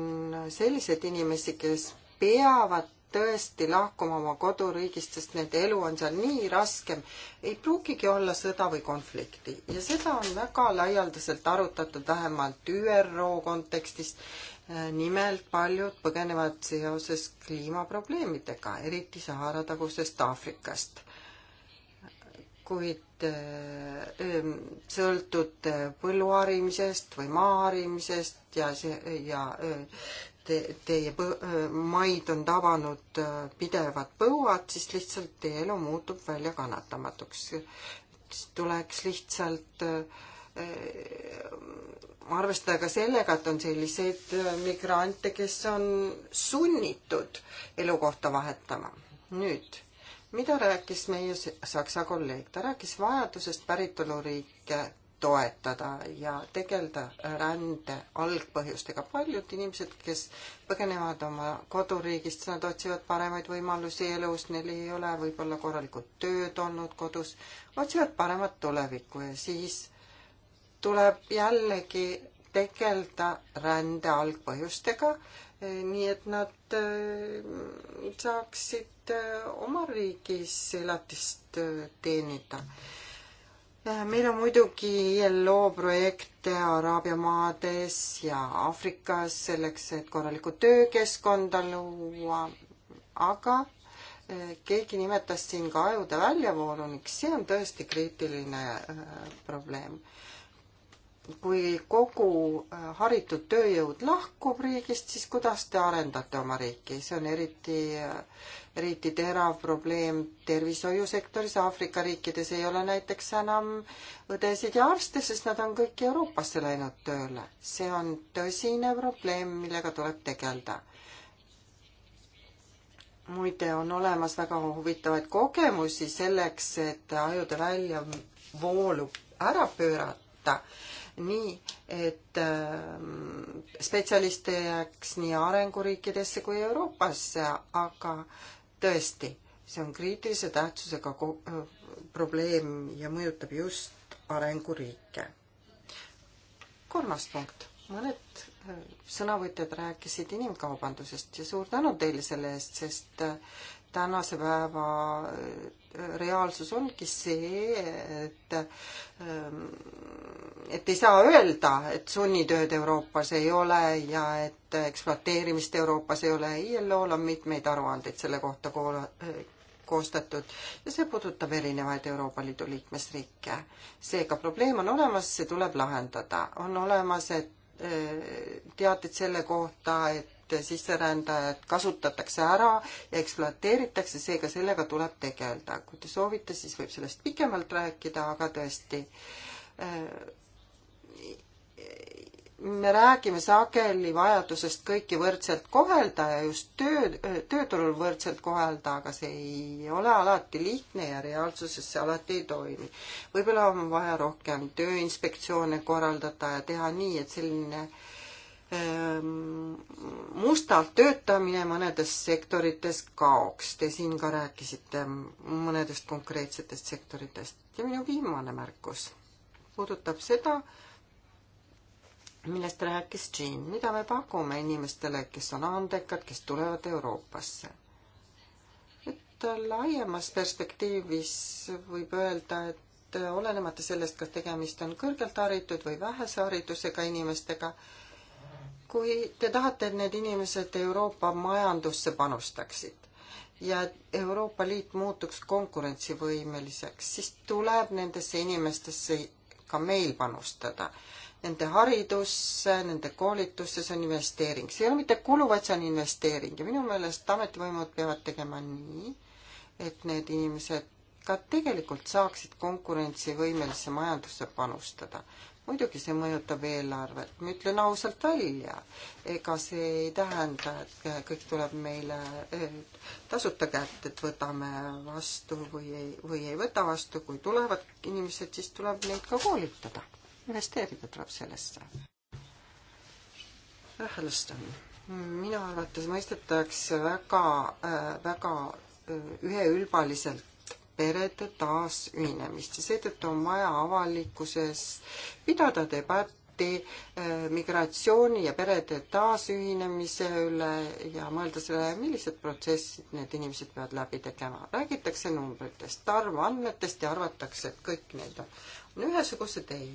Speaker 2: selliseid inimesi, kes peavad tõesti lahkuma oma koduriigist, sest nende elu on seal nii raske. ei pruugigi olla sõda või konflikti ja seda on väga laialdaselt arutatud vähemalt ÜRO kontekstis nimelt paljud põgenevad seoses kliimaprobleemidega, eriti Sahara tagusest Aafrikast. kuid eh, sõltute eh, põllu harimisest või maa harimisest ja see ja eh, te, teie põ-, maid on tabanud pidevad põuad, siis lihtsalt teie elu muutub väljakannatamatuks. tuleks lihtsalt arvestada ka sellega, et on selliseid äh, migrante, kes on sunnitud elukohta vahetama. nüüd, mida rääkis meie saksa kolleeg, ta rääkis vajadusest päritoluriike toetada ja tegeleda rände algpõhjustega. paljud inimesed, kes põgenevad oma koduriigist, nad otsivad paremaid võimalusi elus, neil ei ole võib-olla korralikult tööd olnud kodus, otsivad paremat tulevikku ja siis tuleb jällegi tegeleda rände algpõhjustega, nii et nad äh, saaksid äh, oma riigis elatist äh, teenida. meil on muidugi ILO projekte Araabia maades ja Aafrikas selleks, et korralikku töökeskkonda luua, aga keegi nimetas siin ka ajude väljavoolu ning see on tõesti kriitiline probleem kui kogu äh, haritud tööjõud lahkub riigist, siis kuidas te arendate oma riiki, see on eriti, äh, eriti terav probleem tervishoiusektoris, Aafrika riikides ei ole näiteks enam õdesid ja arste, sest nad on kõik Euroopasse läinud tööle. see on tõsine probleem, millega tuleb tegeleda muide, on olemas väga huvitavaid kogemusi selleks, et ajude väljavoolu ära pöörata nii, et ähm, spetsialiste jääks nii arenguriikidesse kui Euroopasse, aga tõesti, see on kriitilise tähtsusega äh, probleem ja mõjutab just arenguriike. kolmas punkt, mõned äh, sõnavõtjad rääkisid inimkaubandusest ja suur tänu teile selle eest, sest äh, tänase päeva äh, reaalsus ongi see, et ähm, et ei saa öelda, et sunnitööd Euroopas ei ole ja et ekspluateerimist Euroopas ei ole. ILO-l on mitmeid aruandeid selle kohta koostatud ja see puudutab erinevaid Euroopa Liidu liikmesriike. seega probleem on olemas, see tuleb lahendada. on olemas, et äh, teated selle kohta, et sisserändajat kasutatakse ära ja ekspluateeritakse, seega sellega tuleb tegeleda. kui te soovite, siis võib sellest pikemalt rääkida, aga tõesti, äh, me räägime sageli vajadusest kõiki võrdselt kohelda ja just töö, tööturul võrdselt kohelda, aga see ei ole alati lihtne ja reaalsuses see alati ei toimi. võib-olla on vaja rohkem tööinspektsioone korraldada ja teha nii, et selline äh, Ehm, mustalt töötamine mõnedes sektorites kaoks. Te siin ka rääkisite mõnedest konkreetsetest sektoritest. ja minu viimane märkus puudutab seda, millest rääkis Jean, mida me pakume inimestele, kes on andekad, kes tulevad Euroopasse. et laiemas perspektiivis võib öelda, et olenemata sellest, kas tegemist on kõrgelt haritud või vähese haridusega inimestega, kui te tahate, et need inimesed Euroopa majandusse panustaksid ja Euroopa Liit muutuks konkurentsivõimeliseks, siis tuleb nendesse inimestesse ka meil panustada. Nende haridusse, nende koolitusse, see on investeering. see ei ole mitte kulu, vaid see on investeering ja minu meelest ametivõimud peavad tegema nii, et need inimesed ka tegelikult saaksid konkurentsivõimelisse majandusse panustada muidugi see mõjutab eelarvet, ma ütlen ausalt välja, ega see ei tähenda, et kõik tuleb meile tasuta kätte, et võtame vastu või ei, või ei võta vastu, kui tulevad inimesed, siis tuleb neid ka koolitada, investeerida tuleb sellesse. Häälestan, minu arvates mõistetakse väga, väga üheülbaliselt perede taasühinemist ja seetõttu on vaja avalikkuses pidada debatti äh, migratsiooni ja perede taasühinemise üle ja mõelda selle, millised protsessid need inimesed peavad läbi tegema. räägitakse numbritest, arvandmetest ja arvatakse, et kõik need on ühesugused, ei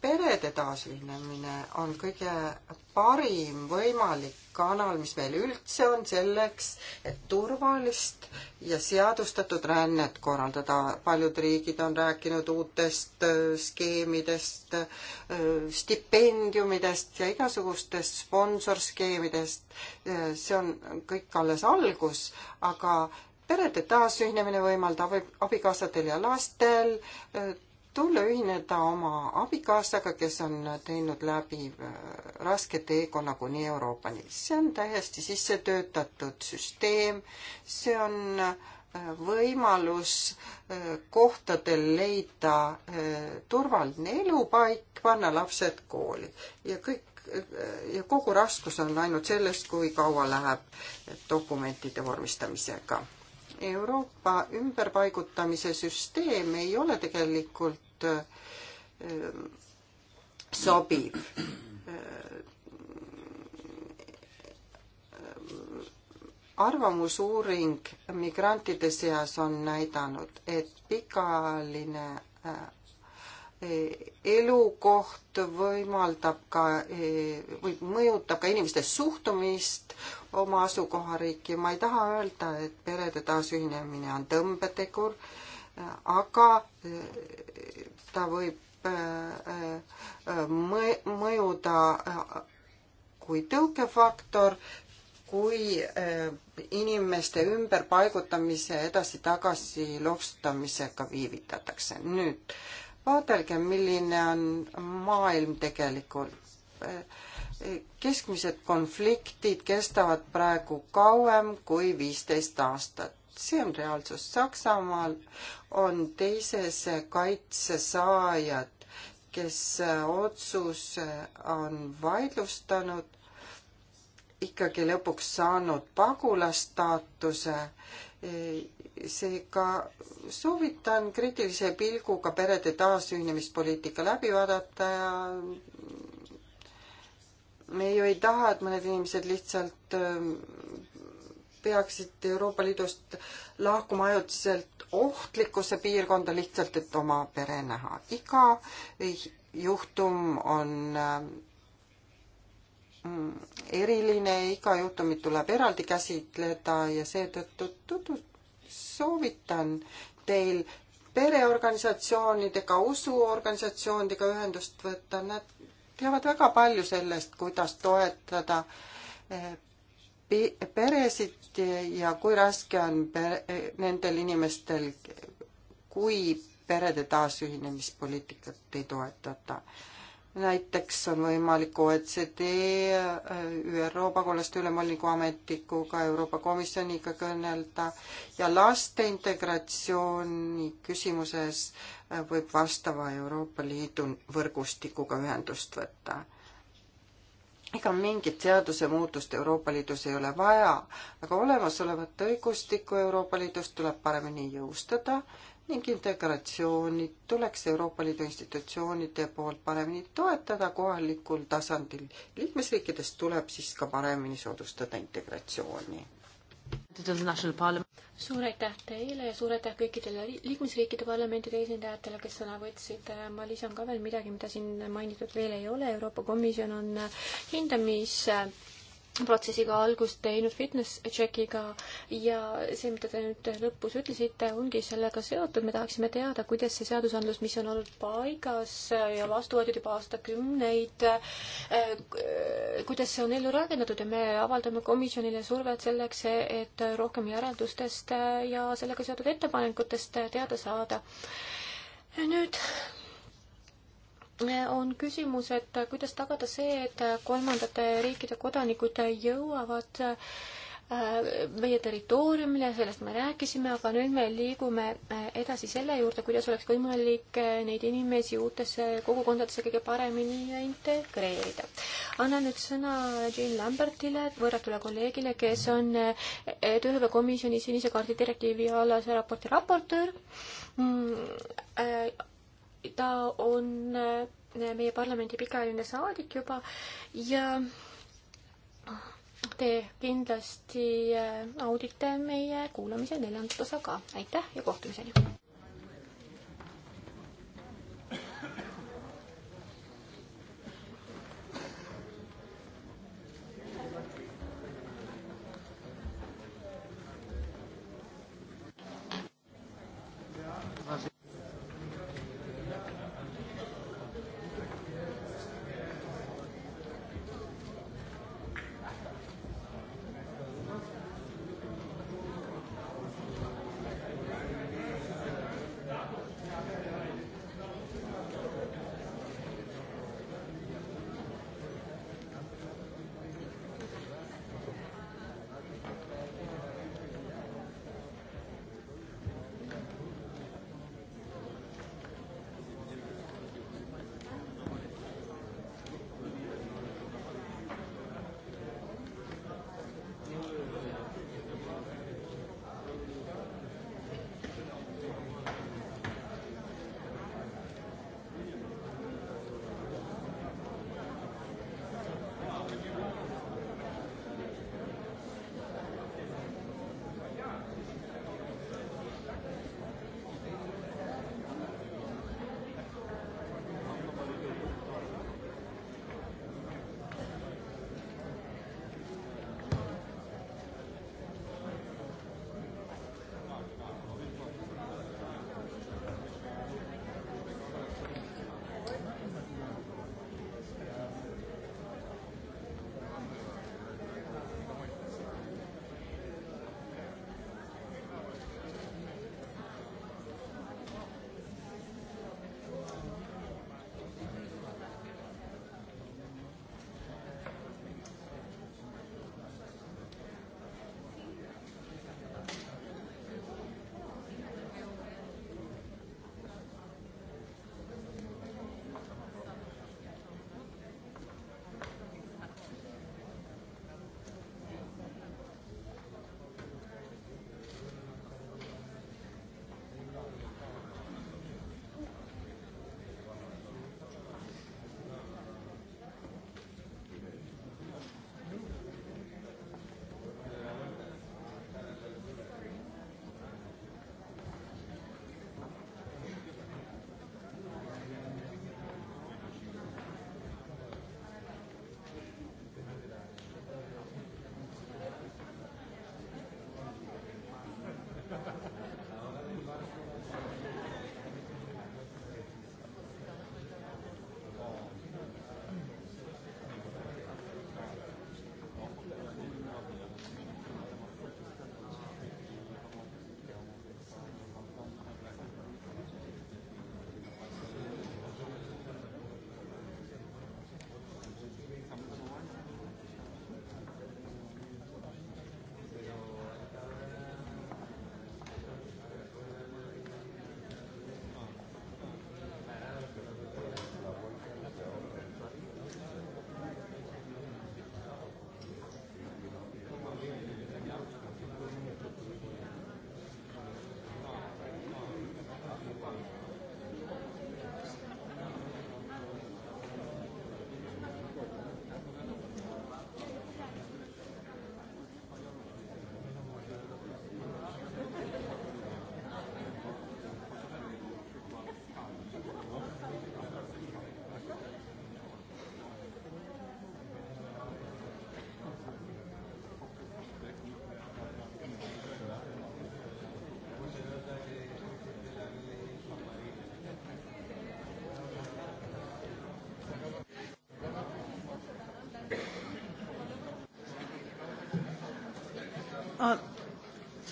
Speaker 2: perede taasühinemine on kõige parim võimalik kanal, mis meil üldse on selleks, et turvalist ja seadustatud rännet korraldada. paljud riigid on rääkinud uutest äh, skeemidest, äh, stipendiumidest ja igasugustest sponsorskeemidest. Äh, see on kõik alles algus, aga perede taasühinemine võimaldab abikaasadel ja lastel tulla ühineda oma abikaasaga, kes on teinud läbi äh, raske teekonna kuni Euroopani. see on täiesti sisse töötatud süsteem, see on äh, võimalus äh, kohtadel leida turvaline elupaik, panna lapsed kooli ja kõik ja kogu raskus on ainult selles, kui kaua läheb dokumentide vormistamisega Euroopa ümberpaigutamise süsteem ei ole tegelikult ainult ähm, sobiv. Ähm, arvamusuuring migrantide seas on näidanud, et pikaajaline äh, elukoht võimaldab ka äh, või mõjutab ka inimeste suhtumist oma asukohariiki. ma ei taha öelda, et perede taasühinemine on tõmbetegur aga eh, ta võib eh, eh, mõjuda kui tõukefaktor, kui inimeste ümberpaigutamise edasi-tagasi loksutamisega viivitatakse. nüüd vaadelge, milline on maailm tegelikult. keskmised konfliktid kestavad praegu kauem kui viisteist aastat see on reaalsus. Saksamaal on teisese kaitse saajad, kes äh, otsuse äh, on vaidlustanud, ikkagi lõpuks saanud pagulasstaatuse. E, seega soovitan kriitilise pilguga perede taasühinemispoliitika läbi vaadata ja me ju ei taha, et mõned inimesed lihtsalt ähm, peaksid Euroopa Liidust lahkuma ajutiselt ohtlikusse piirkonda lihtsalt, et oma pere näha. iga juhtum on mm, eriline, iga juhtumit tuleb eraldi käsitleda ja seetõttu tutu-, soovitan teil pereorganisatsioonidega, usuorganisatsioonidega ühendust võtta, nad teavad väga palju sellest, kuidas toetada eh, peresid ja kui raske on per-, nendel inimestel, kui perede taasühinemispoliitikat ei toetata. näiteks on võimalik OECD, ÜRO pagulaste ülemvoliniku ametikuga, Euroopa Komisjoniga kõnelda ja laste integratsiooni küsimuses võib vastava Euroopa Liidu võrgustikuga ühendust võtta ega mingit seadusemuutust Euroopa Liidus ei ole vaja, aga olemasolevat õigustikku Euroopa Liidus tuleb paremini jõustada ning integratsiooni tuleks Euroopa Liidu institutsioonide poolt paremini toetada kohalikul tasandil. liikmesriikides tuleb siis ka paremini soodustada integratsiooni
Speaker 1: suur aitäh teile ja suur aitäh kõikidele liikmesriikide parlamentide esindajatele, kes sõna võtsid. ma lisan ka veel midagi, mida siin mainitud veel ei ole. Euroopa Komisjon on hindamis protsessiga algust teinud fitness checkiga ja see, mida te nüüd lõpus ütlesite, ongi sellega seotud, me tahaksime teada, kuidas see seadusandlus, mis on olnud paigas ja vastu võetud juba aastakümneid, eh, kuidas see on ellu rakendatud ja me avaldame komisjonile survet selleks, et rohkem järeldustest ja sellega seotud ettepanekutest teada saada. nüüd on küsimus, et kuidas tagada see, et kolmandate riikide kodanikud jõuavad äh, meie territooriumile, sellest me rääkisime, aga nüüd me liigume äh, edasi selle juurde, kuidas oleks võimalik äh, neid inimesi uutesse kogukondadesse kõige paremini integreerida. annan nüüd sõna Jean Lambertile, võrratule kolleegile, kes on tööhõivekomisjoni sinise kaardi direktiivi alase raporti raportöör mm, ta on äh, meie parlamendi pikaajaline saadik juba ja te kindlasti äh, audite meie kuulamise neljandat osa ka. aitäh ja kohtumiseni!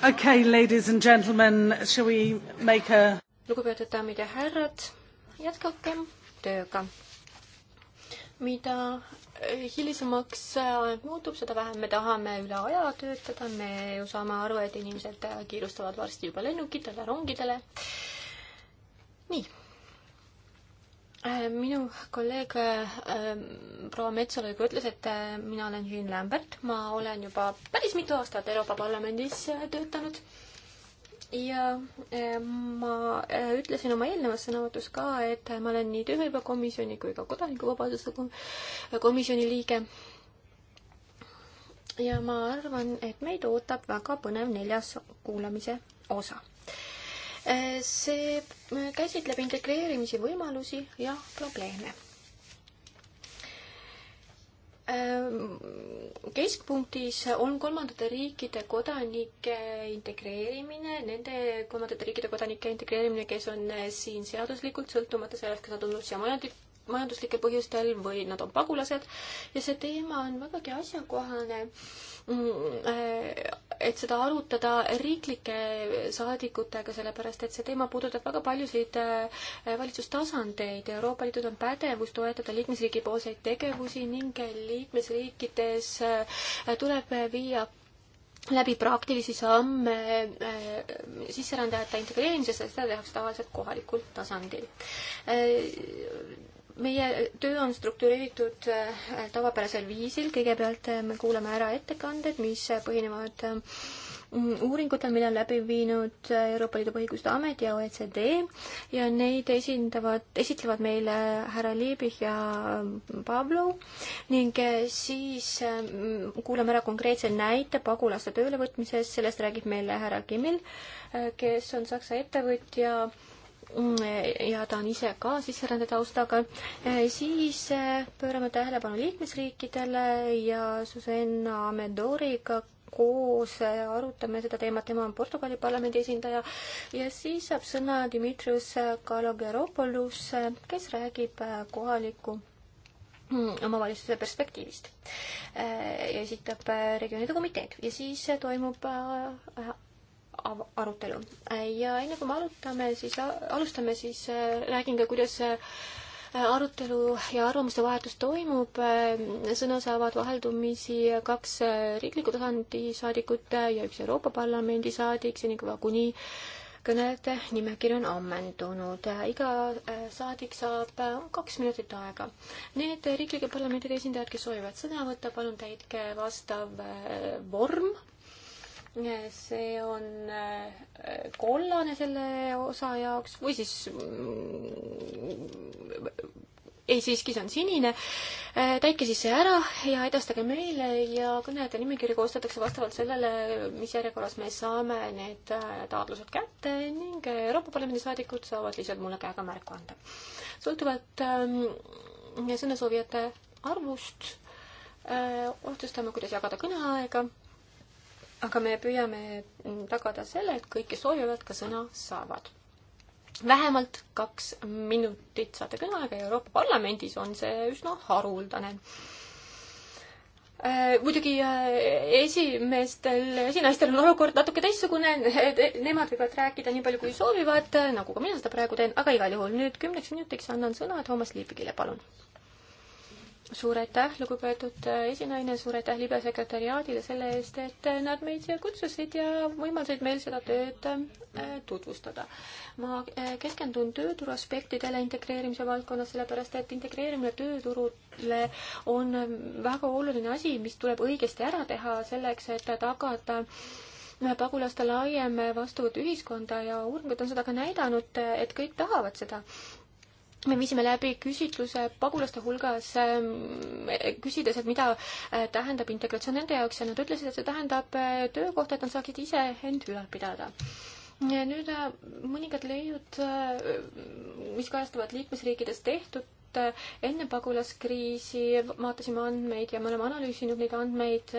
Speaker 2: okay, ladies and gentlemen, shall we make a
Speaker 1: lugupeetud daamid ja härrad, jätkakem tööga. mida hilisemaks aeg äh, muutub, seda vähem me tahame üle aja töötada, me ju saame aru, et inimesed äh, kiirustavad varsti juba lennukitele, rongidele. nii äh, minu kolleeg proua Metsalu juba ütles, et äh, mina olen Jean Lambert, ma olen juba päris mitu aastat Euroopa Parlamendis äh, töötanud. ja äh, ma ütlesin oma eelnevas sõnavõtus ka, et ma olen nii tööhõivekomisjoni kui ka kodanikuvabaduste komisjoni liige. ja ma arvan, et meid ootab väga põnev neljas kuulamise osa see käsitleb integreerimise võimalusi ja probleeme Ehm, keskpunktis on kolmandate riikide kodanike integreerimine, nende kolmandate riikide kodanike integreerimine, kes on eh, siin seaduslikult, sõltumata sellest, kas nad on Russia majandit-, majanduslikel põhjustel või nad on pagulased ja see teema on vägagi asjakohane, mm, äh, et seda arutada riiklike saadikutega, sellepärast et see teema puudutab väga paljusid äh, valitsustasandeid. Euroopa Liidul on pädevus toetada liikmesriigi poolseid tegevusi ning liikmesriikides äh, tuleb viia läbi praktilisi samme äh, sisserändajate integreerimisest, seda tehakse tavaliselt kohalikul tasandil äh, meie töö on struktureeritud äh, tavapärasel viisil, kõigepealt äh, me kuulame ära ettekanded, mis äh, põhinevad uuringutel, mille on läbi viinud Euroopa Liidu Põhiõiguste Amet ja OECD ja neid esindavad, esitlevad meile härra Liebich ja Pavlov ning siis kuulame ära konkreetse näite pagulaste töölevõtmisest, sellest räägib meile härra Kimmel, kes on Saksa ettevõtja ja ta on ise ka sisserände taustaga, siis eh, pöörame tähelepanu liikmesriikidele ja Susanna Amendoriga koos eh, arutame seda teemat, tema on Portugali parlamendi esindaja ja siis saab sõna Dimitrios Kalogeropoulos, kes räägib eh, kohaliku mm, omavalitsuse perspektiivist ja esitab regioonide komiteed ja siis toimub arutelu. ja enne kui me arutame, siis alustame, siis äh, räägin ka, kuidas äh, arutelu ja arvamuste vahetus toimub, äh, sõna saavad vaheldumisi kaks riikliku tasandi saadikut ja üks Euroopa Parlamendi saadik, senikaua kuni kõnede nimekiri on ammendunud. iga saadik saab kaks minutit aega. Need riiklike parlamentide esindajad, kes soovivad sõna võtta, palun täitke vastav vorm see on äh, kollane selle osa jaoks või siis mm, ei siiski, see on sinine. Äh, täitke siis see ära ja edastage meile ja kõnede nimekiri koostatakse vastavalt sellele, mis järjekorras me saame need äh, taotlused kätte ning Euroopa Parlamendi saadikud saavad lihtsalt mulle käega märku anda. sõltuvalt ähm, sõnasoovijate arvust äh, otsustame, kuidas jagada kõneaega aga me püüame tagada selle, et kõik, kes soovivad, ka sõna saavad. vähemalt kaks minutit saate kõneaega ja Euroopa Parlamendis on see üsna haruldane äh, muidugi äh, esimeestel, esinaistel on olukord natuke teistsugune, nemad võivad rääkida nii palju, kui soovivad, nagu ka mina seda praegu teen, aga igal juhul nüüd kümneks minutiks annan sõna Toomas Liipigile, palun suur aitäh, lugupeetud äh, esinaine, suur aitäh libesekretäriaadile selle eest, et äh, nad meid siia kutsusid ja võimaldasid meil seda tööd äh, tutvustada. ma keskendun tööturu aspektidele integreerimise valdkonnas, sellepärast et integreerimine tööturule on väga oluline asi, mis tuleb õigesti ära teha selleks, et tagada pagulaste laiem vastuvõtt ühiskonda ja uuringud on seda ka näidanud, et kõik tahavad seda me viisime läbi küsitluse pagulaste hulgas, ähm, küsides, et mida äh, tähendab integratsioon nende jaoks ja nad ütlesid, et see tähendab äh, töökohta, et nad saaksid ise end ülal pidada. nüüd äh, mõningad leiud, mis kajastuvad liikmesriikides tehtud enne pagulaskriisi, vaatasime andmeid ja me oleme analüüsinud neid andmeid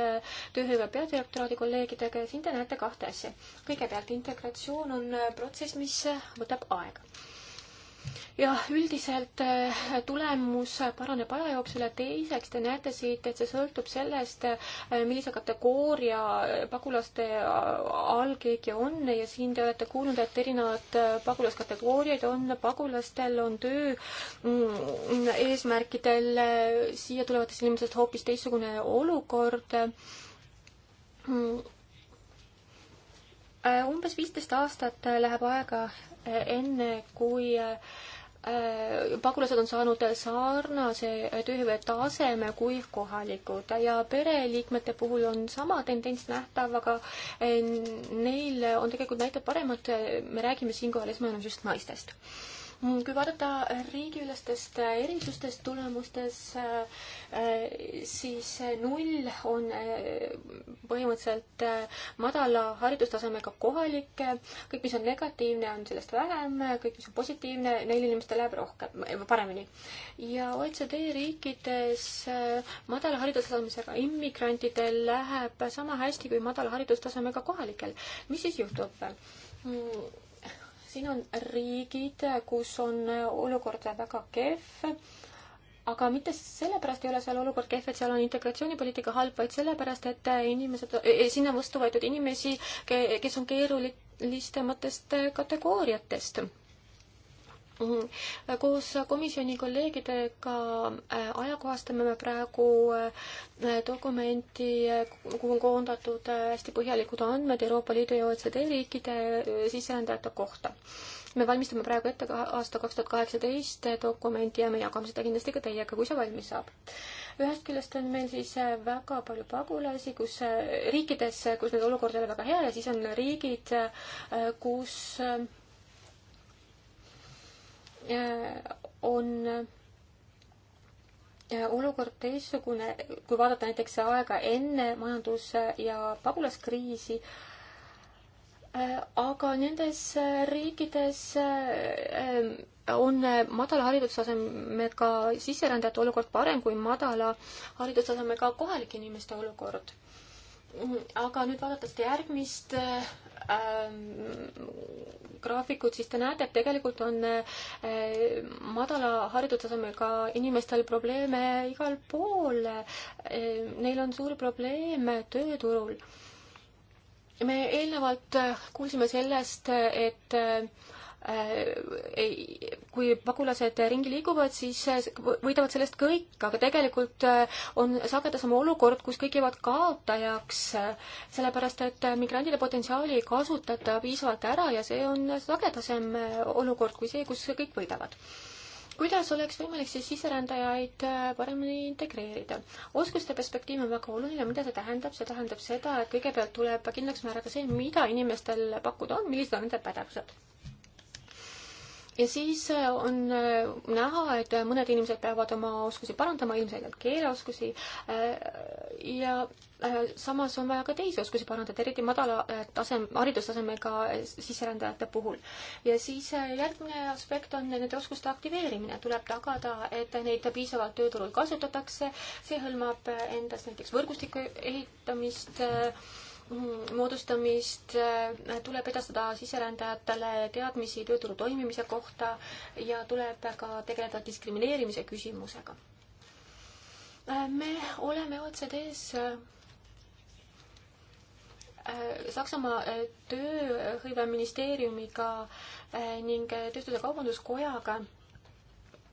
Speaker 1: tööhõive peadirektoraadi kolleegidega ja siin te näete kahte asja. kõigepealt integratsioon on protsess, mis võtab aega jah, üldiselt eh, tulemus paraneb aja jooksul ja teiseks te näete siit, et see sõltub sellest, eh, millise kategooria eh, pagulaste all keegi on ja siin te olete kuulnud, et erinevad pagulaskategooriad on, pagulastel on töö mm, eesmärkidel siia tulevatest inimesest hoopis teistsugune olukord mm. umbes viisteist aastat läheb aega enne kui äh, pagulased on saanud sarnase tööhõive taseme kui kohalikud ja pereliikmete puhul on sama tendents nähtav, aga äh, neil on tegelikult näited paremad, me räägime siinkohal esmajoones just naistest kui vaadata riigiülestest erisustest tulemustes, äh, siis null on äh, põhimõtteliselt äh, madala haridustasemega kohalikke, kõik, mis on negatiivne, on sellest vähem, kõik, mis on positiivne, neil inimestel läheb rohkem, paremini. ja OECD riikides madala haridustasemega immigrantidel läheb sama hästi kui madala haridustasemega kohalikel. mis siis juhtub? Mm siin on riigid, kus on olukord väga kehv, aga mitte sellepärast ei ole seal olukord kehv, et seal on integratsioonipoliitika halb, vaid sellepärast, et inimesed, e, e, sinna on vastu võetud inimesi, kes on keerulisematest kategooriatest Mhm. koos komisjoni kolleegidega äh, ajakohastame me praegu äh, dokumenti, kuhu on koondatud äh, hästi põhjalikud andmed Euroopa Liidu ja OECD riikide sisserändajate kohta. me valmistame praegu ette ka aasta kaks tuhat kaheksateist dokumenti ja me jagame seda kindlasti ka teiega, kui see valmis saab. ühest küljest on meil siis väga palju pagulasi, kus riikides, kus nende olukord ei ole väga hea ja siis on riigid, kus Äh, on äh, olukord teistsugune, kui vaadata näiteks aega enne majandus- ja pagulaskriisi, äh, aga nendes riikides on madala haridustasemega sisserändajate olukord parem kui madala haridustasemega kohalike inimeste olukord. aga nüüd vaadates järgmist Ähm, graafikut, siis te näete, et tegelikult on äh, madala haridustasemega inimestel probleeme igal pool. Äh, neil on suuri probleeme tööturul. me eelnevalt äh, kuulsime sellest, et Äh, kui pagulased ringi liiguvad, siis äh, võidavad sellest kõik, aga tegelikult äh, on sagedasem olukord, kus kõik jäävad kaotajaks, sellepärast et migrandide potentsiaali ei kasutata piisavalt ära ja see on sagedasem olukord kui see, kus kõik võidavad kuidas oleks võimalik siis sisserändajaid paremini integreerida? oskuste perspektiiv on väga oluline, mida see tähendab, see tähendab seda, et kõigepealt tuleb kindlaks määrata see, mida inimestel pakkuda on, millised on nende pädevused ja siis äh, on äh, näha, et mõned inimesed peavad oma oskusi parandama, ilmselgelt keeleoskusi, äh, ja samas on vaja ka teisi oskusi parandada, eriti madala tasem, haridustasemega sisserändajate puhul. ja siis järgmine aspekt on nende oskuste aktiveerimine, tuleb tagada, et neid piisavalt tööturul kasutatakse, see hõlmab endas näiteks võrgustiku ehitamist, moodustamist, äh, tuleb edastada sisserändajatele teadmisi tööturu toimimise kohta ja tuleb ka tegeleda diskrimineerimise küsimusega. Äh, me oleme OECD-s äh, Saksamaa tööhõiveministeeriumiga ning Tööstuse Kaubanduskojaga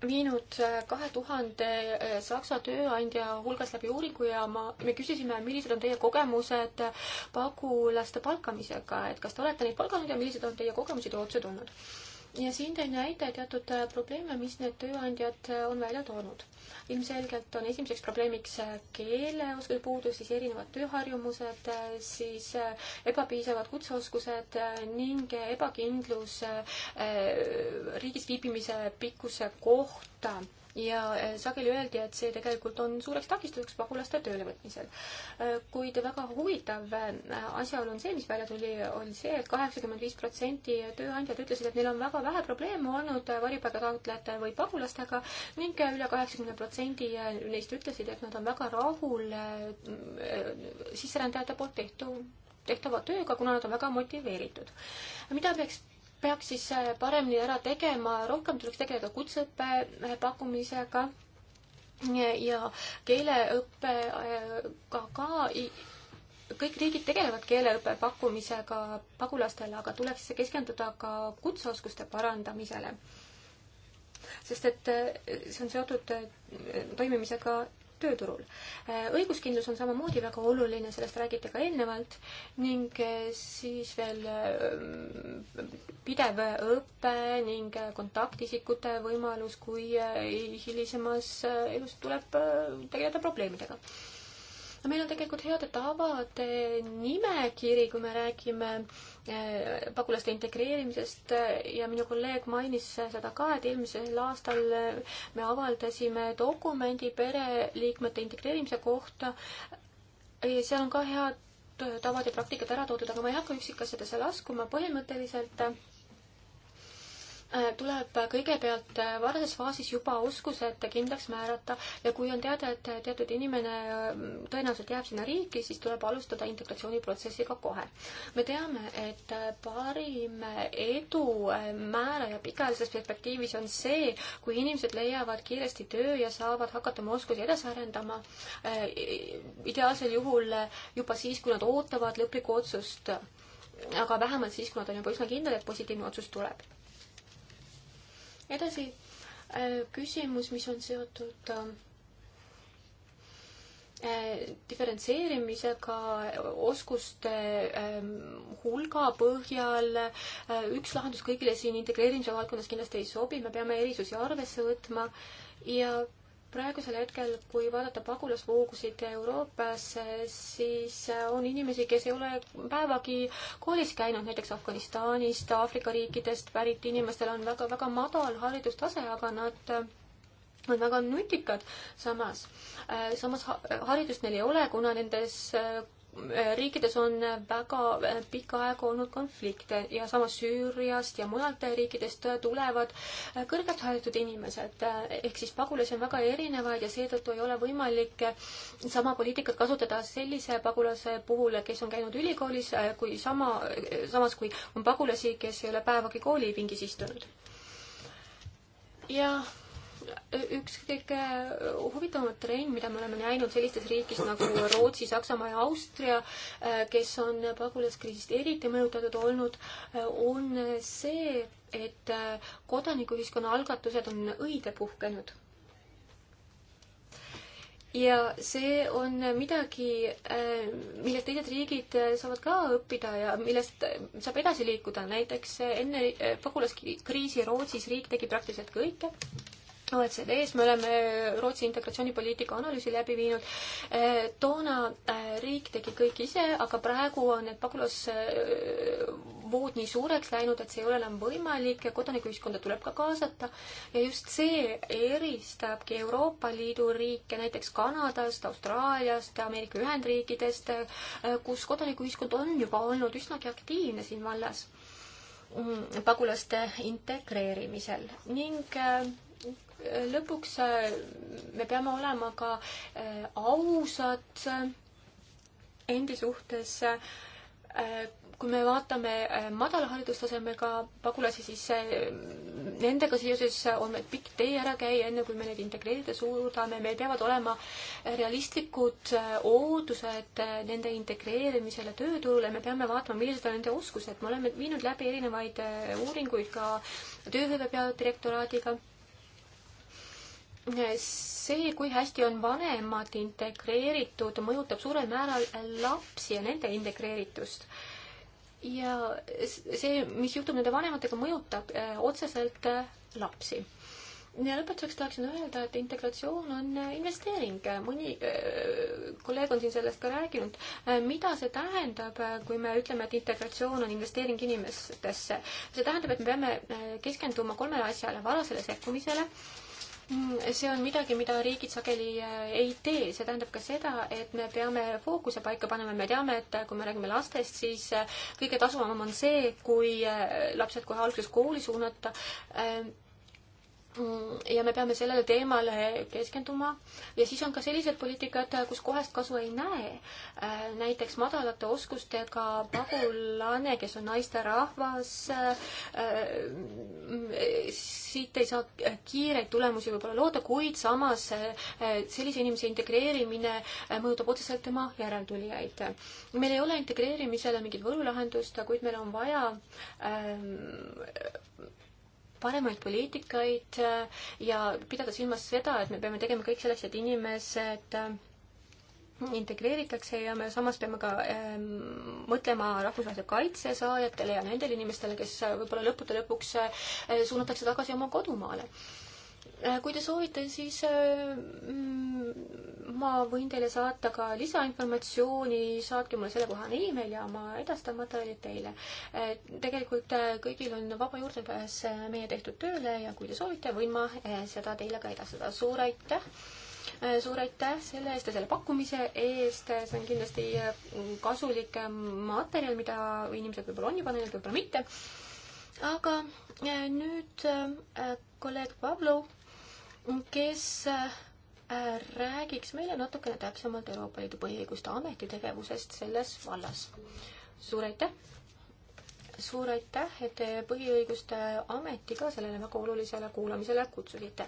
Speaker 1: viinud äh, kahe tuhande äh, Saksa tööandja hulgas läbi uuringu ja ma, me küsisime, millised on teie kogemused äh, pagulaste palkamisega, et kas te olete neid palganud ja millised on teie kogemused ja ootused olnud ja siin tõi näide teatud äh, probleeme, mis need tööandjad äh, on välja toonud. ilmselgelt on esimeseks probleemiks äh, keeleoskuse puudus, siis erinevad tööharjumused, siis ebapiisavad kutseoskused ning ebakindlus riigis viibimise pikkuse kohta ja eh, sageli öeldi, et see tegelikult on suureks takistuseks pagulaste töölevõtmisel. Eh, kuid väga huvitav eh, asjaolu on see, mis välja tuli, oli see et, et kaheksakümmend viis protsenti tööandjad ütlesid, et neil on väga vähe probleeme olnud varjupaigataotlejate või pagulastega ning üle kaheksakümne protsendi neist ütlesid, et nad on väga rahul sisserändajate poolt tehtu, tehtava tööga, kuna nad on väga motiveeritud. mida peaks peaks siis äh, paremini ära tegema, rohkem tuleks tegeleda kutseõppe äh, pakkumisega ja keeleõppega äh, ka, ka kõik riigid tegelevad keeleõppe pakkumisega pagulastele, aga tuleks keskenduda ka kutseoskuste parandamisele. sest et see on seotud toimimisega tööturul. Äh, õiguskindlus on samamoodi väga oluline, sellest räägiti ka eelnevalt, ning äh, siis veel äh, pidev õpe ning kontaktisikute võimalus, kui hilisemas elus tuleb tegeleda probleemidega no meil on tegelikult heade tavade nimekiri, kui me räägime äh, Eh, pagulaste integreerimisest eh, ja minu kolleeg mainis seda ka, et eelmisel aastal eh, me avaldasime dokumendi pereliikmete integreerimise kohta. seal on ka head tavad ja praktikad ära toodud, aga ma ei hakka üksikasjadesse laskuma, põhimõtteliselt Äh, tuleb kõigepealt äh, varases faasis juba oskused kindlaks määrata ja kui on teada, et teatud inimene äh, tõenäoliselt jääb sinna riiki, siis tuleb alustada integratsiooniprotsessiga kohe. me teame, et parim edu määraja pikaajalises perspektiivis on see, kui inimesed leiavad kiiresti töö ja saavad hakata oma oskusi edasi arendama. ideaalsel juhul juba siis, kui nad ootavad lõplikku otsust aga vähemalt siis, kui nad on juba üsna kindlad, et positiivne otsus tuleb edasi äh, küsimus, mis on seotud äh, diferentseerimisega oskuste ähm, hulga põhjal. Äh, üks lahendus kõigile siin integreerimise valdkonnas kindlasti ei sobi, me peame erisusi arvesse võtma ja praegusel hetkel, kui vaadata pagulasvoogusid Euroopas, siis on inimesi, kes ei ole päevagi koolis käinud, näiteks Afganistanist, Aafrika riikidest pärit inimestel on väga-väga madal haridustase, aga nad on väga nutikad samas. samas haridust neil ei ole, kuna nendes riikides on väga pikka aega olnud konflikte ja samas Süüriast ja mujalt riikidest tulevad kõrgelt haritud inimesed. ehk siis pagulasi on väga erinevaid ja seetõttu ei ole võimalik sama poliitikat kasutada sellise pagulase puhul, kes on käinud ülikoolis, kui sama, samas kui on pagulasi, kes ei ole päevagi koolipingis istunud. ja üks kõige äh, huvitavamat trend, mida me oleme näinud sellistes riikides nagu Rootsi, Saksamaa ja Austria, äh, kes on pagulaskriisist eriti mõjutatud olnud, äh, on see, et kodanikuühiskonna algatused on õide puhkenud. ja see on midagi, millest teised riigid saavad ka õppida ja millest saab edasi liikuda. näiteks enne pagulaskriisi Rootsis riik tegi praktiliselt kõike OECD-s, me oleme Rootsi integratsioonipoliitika analüüsi läbi viinud. Eh, toona eh, riik tegi kõik ise, aga praegu on need pagulasvood eh, nii suureks läinud, et see ei ole enam võimalik ja kodanikuühiskonda tuleb ka kaasata. ja just see eristabki Euroopa Liidu riike näiteks Kanadast, Austraaliast, Ameerika Ühendriikidest, kus kodanikuühiskond on juba olnud üsnagi aktiivne siin vallas mm, pagulaste integreerimisel ning lõpuks äh, me peame olema ka äh, ausad äh, endi suhtes. kui me vaatame madala haridustasemega pagulasi, siis nendega seoses on meil pikk tee ära käia, enne kui me neid integreerida suudame. meil peavad olema realistlikud ootused nende integreerimisele tööturule. me peame vaatama, millised on nende oskused. me oleme viinud läbi erinevaid uuringuid ka tööhõive peadirektoraadiga see, kui hästi on vanemad integreeritud, mõjutab suurel määral lapsi ja nende integreeritust. ja see, mis juhtub nende vanematega, mõjutab eh, otseselt eh, lapsi. ja lõpetuseks tahaksin öelda, et integratsioon on eh, investeering. mõni kolleeg on siin sellest ka rääkinud. mida see tähendab, kui me ütleme, et integratsioon on investeering inimestesse? see tähendab, et me peame keskenduma kolmele asjale. varasele sekkumisele Mm, see on midagi, mida riigid sageli äh, ei tee, see tähendab ka seda, et me peame fookuse paika panema, me teame, et äh, kui me räägime lastest, siis äh, kõige tasuvam on see, kui lapsed kohe alguses kooli suunata ähm, ja me peame sellele teemale keskenduma ja siis on ka sellised poliitikad, kus kohest kasu ei näe. Äh, näiteks madalate oskustega pagulane, kes on naisterahvas. Äh, siit ei saa kiireid tulemusi võib-olla loota, kuid samas äh, sellise inimese integreerimine mõjutab otseselt tema järeltulijaid. meil ei ole integreerimisele mingit võlulahendust, kuid meil on vaja ähm, paremaid poliitikaid äh, ja pidada silmas seda, et me peame tegema kõik selleks, et inimesed äh, integreeritakse ja me samas peame ka ähm, mõtlema rahvusvahelise kaitse saajatele ja nendele inimestele, kes äh, võib-olla lõppude lõpuks äh, suunatakse tagasi oma kodumaale äh, Äh, kui te soovite, siis äh, mm, ma võin teile saata ka lisainformatsiooni, saatke mulle sellekohane email ja ma edastan materjalid teile. Äh, tegelikult kõigil on vaba juurdepääs meie tehtud tööle ja kui te soovite, võin ma seda teile ka edastada. suur aitäh! suur aitäh selle eest ja selle pakkumise eest, see on kindlasti kasulik materjal, mida inimesed võib-olla on juba näinud, võib-olla mitte. aga nüüd kolleeg Pavlov kes äh, räägiks meile natukene täpsemalt Euroopa Liidu põhiõiguste ameti tegevusest selles vallas. suur aitäh! suur aitäh, et te Põhiõiguste Ameti ka sellele väga olulisele kuulamisele kutsusite.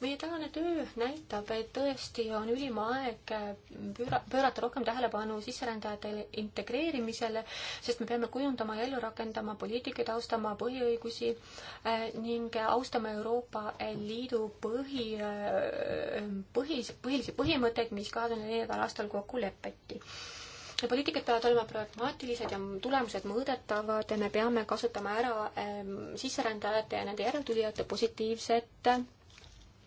Speaker 1: meie tänane töö näitab, et tõesti on ülim aeg pööra, pöörata rohkem tähelepanu sisserändajatele integreerimisele, sest me peame kujundama ja ellu rakendama poliitikaid, austama põhiõigusi äh, ning austama Euroopa Liidu põhi, äh, põhi, põhilisi põhimõtteid, mis kahe tuhande neljandal aastal kokku lepiti poliitikad peavad olema pragmaatilised ja tulemused mõõdetavad ja me peame kasutama ära ähm, sisserändajate ja nende järeltulijate positiivset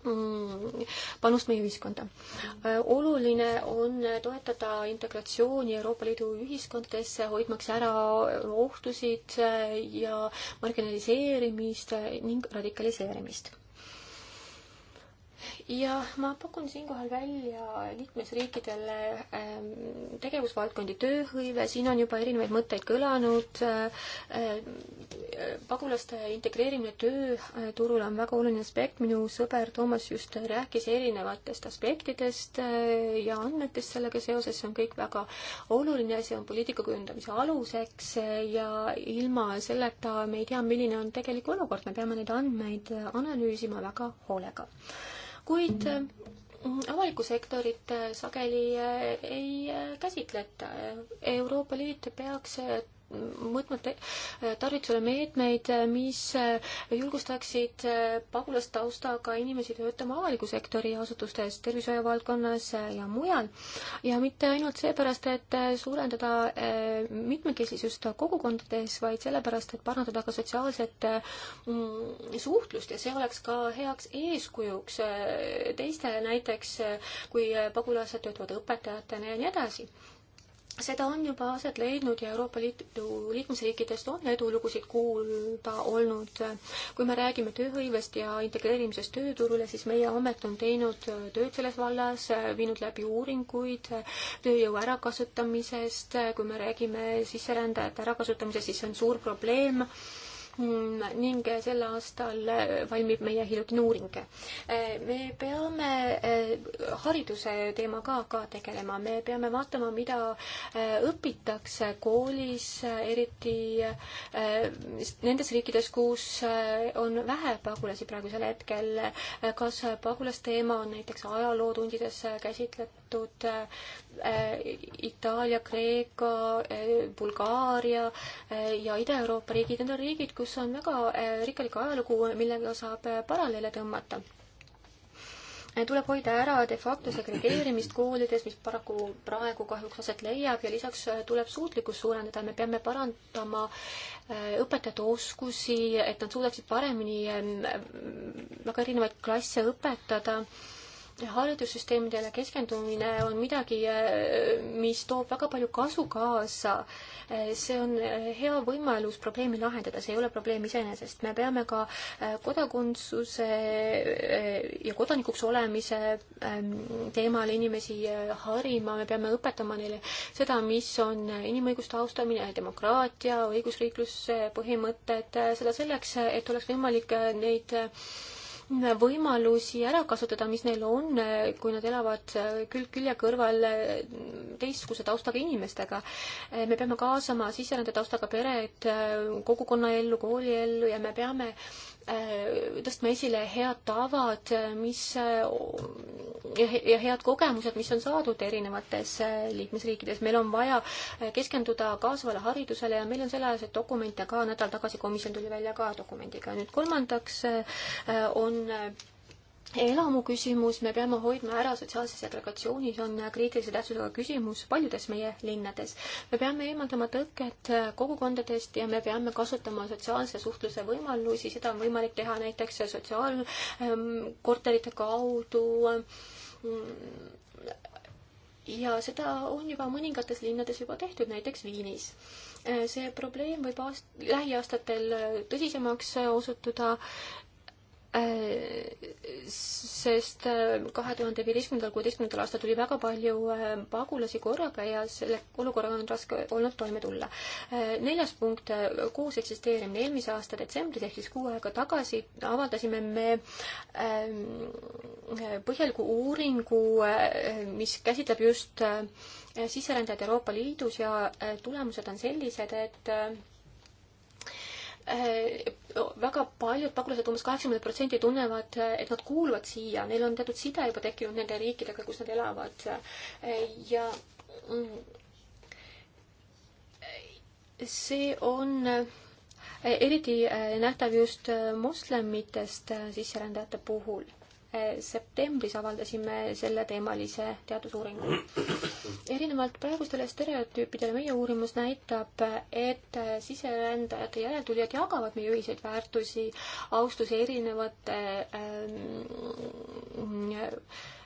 Speaker 1: mm, panust meie ühiskonda. Äh, oluline on toetada integratsiooni Euroopa Liidu ühiskondadesse, hoidmaks ära ohtusid ja marginaliseerimist ning radikaliseerimist ja ma pakun siinkohal välja liikmesriikidele ähm, tegevusvaldkondi tööhõive, siin on juba erinevaid mõtteid kõlanud, äh, äh, pagulaste integreerimine tööturule on väga oluline aspekt, minu sõber Toomas just rääkis erinevatest aspektidest äh, ja andmetest sellega seoses, see on kõik väga oluline, see on poliitika kujundamise aluseks ja ilma selleta me ei tea, milline on tegelik olukord, me peame neid andmeid analüüsima väga hoolega kuid mm, avalikku sektorit äh, sageli äh, ei äh, käsitleta. Euroopa Liit peaks võtma äh, tarvitusele meetmeid, äh, mis äh, julgustaksid pagulastaustaga inimesi töötama avaliku sektori asutustes, tervishoiu valdkonnas ja mujal. ja mitte ainult seepärast, et suurendada mitmekesisust kogukondades, vaid sellepärast, et parandada ka sotsiaalset mm, suhtlust ja see oleks ka heaks eeskujuks teistele, näiteks kui pagulased töötavad õpetajatena ja nii edasi seda on juba aset leidnud ja Euroopa Liidu liikmesriikidest on edulugusid kuulda olnud. kui me räägime tööhõivest ja integreerimisest tööturule, siis meie amet on teinud tööd selles vallas, viinud läbi uuringuid tööjõu ärakasutamisest, kui me räägime sisserändajate ärakasutamisest, siis see on suur probleem ning sel aastal valmib meie hiljutine uuring. me peame eh, hariduse teemaga ka tegelema, me peame vaatama, mida eh, õpitakse koolis, eriti eh, nendes riikides, kus on vähe pagulasi praegusel hetkel. kas pagulasteema on näiteks ajalootundides käsitletud? kaasatud äh, Itaalia, Kreeka, äh, Bulgaaria äh, ja Ida-Euroopa riigid, need on riigid, kus on väga rikkalik ajalugu, millega saab paralleele tõmmata tuleb hoida ära de facto segregeerimist koolides, mis paraku praegu kahjuks aset leiab ja lisaks tuleb suutlikkust suurendada, me peame parandama õpetajate oskusi, et nad suudaksid paremini ähm, väga erinevaid klasse õpetada haridussüsteemidele keskendumine on midagi, äh, mis toob väga palju kasu kaasa. Äh, see on äh, hea võimalus probleemi lahendada, see ei ole probleem iseenesest. me peame ka kodakondsuse ja kodanikuks olemise ähm, teemal inimesi harima, me peame õpetama neile seda, mis on inimõiguste austamine, demokraatia, õigusriikluse põhimõtted, seda selleks, et oleks võimalik neid võimalusi ära kasutada, mis neil on, kui nad elavad külg külje kõrval teistsuguse taustaga inimestega. me peame kaasama sisserände taustaga pered kogukonnaellu, kooliellu ja me peame äh, Äh, tõstma esile head tavad, äh, mis äh, ja head kogemused, mis on saadud erinevates liikmesriikides. meil on vaja keskenduda kaasavale haridusele ja meil on sellealaseid dokumente ka, nädal tagasi komisjon tuli välja ka dokumendiga. nüüd kolmandaks on elamuküsimus, me peame hoidma ära sotsiaalse segregatsiooni, see on kriitilise tähtsusega küsimus paljudes meie linnades. me peame eemaldama tõkked kogukondadest ja me peame kasutama sotsiaalse suhtluse võimalusi, seda on võimalik teha näiteks sotsiaalkorterite ähm, kaudu. Mm, ja seda on juba mõningates linnades juba tehtud, näiteks Viinis äh, see probleem võib aast-, lähiaastatel tõsisemaks osutuda sest äh, kahe tuhande viieteistkümnendal, kuueteistkümnendal aastal tuli väga palju äh, pagulasi korraga ja selle olukorraga on raske olnud toime tulla. Äh, neljas punkt, koos eksisteerimine. eelmise aasta detsembris ehk siis kuu aega tagasi avaldasime me ähm, põhjaliku uuringu, mis käsitleb just sisserändajad Euroopa Liidus ja tulemused on sellised, et Äh, väga paljud pagulased umbes, umbes kaheksakümmend protsenti tunnevad, äh, et nad kuuluvad siia, neil on teatud side juba tekkinud nende riikidega, kus nad elavad äh, ja mm, see on eriti nähtav just moslemitest sisserändajate puhul septembris avaldasime selleteemalise teadusuuringu. erinevalt praegustele stereotüüpidele meie uurimus näitab, et siserändajad ja järeltulijad jagavad meie ühiseid väärtusi, austuse erinevate äh,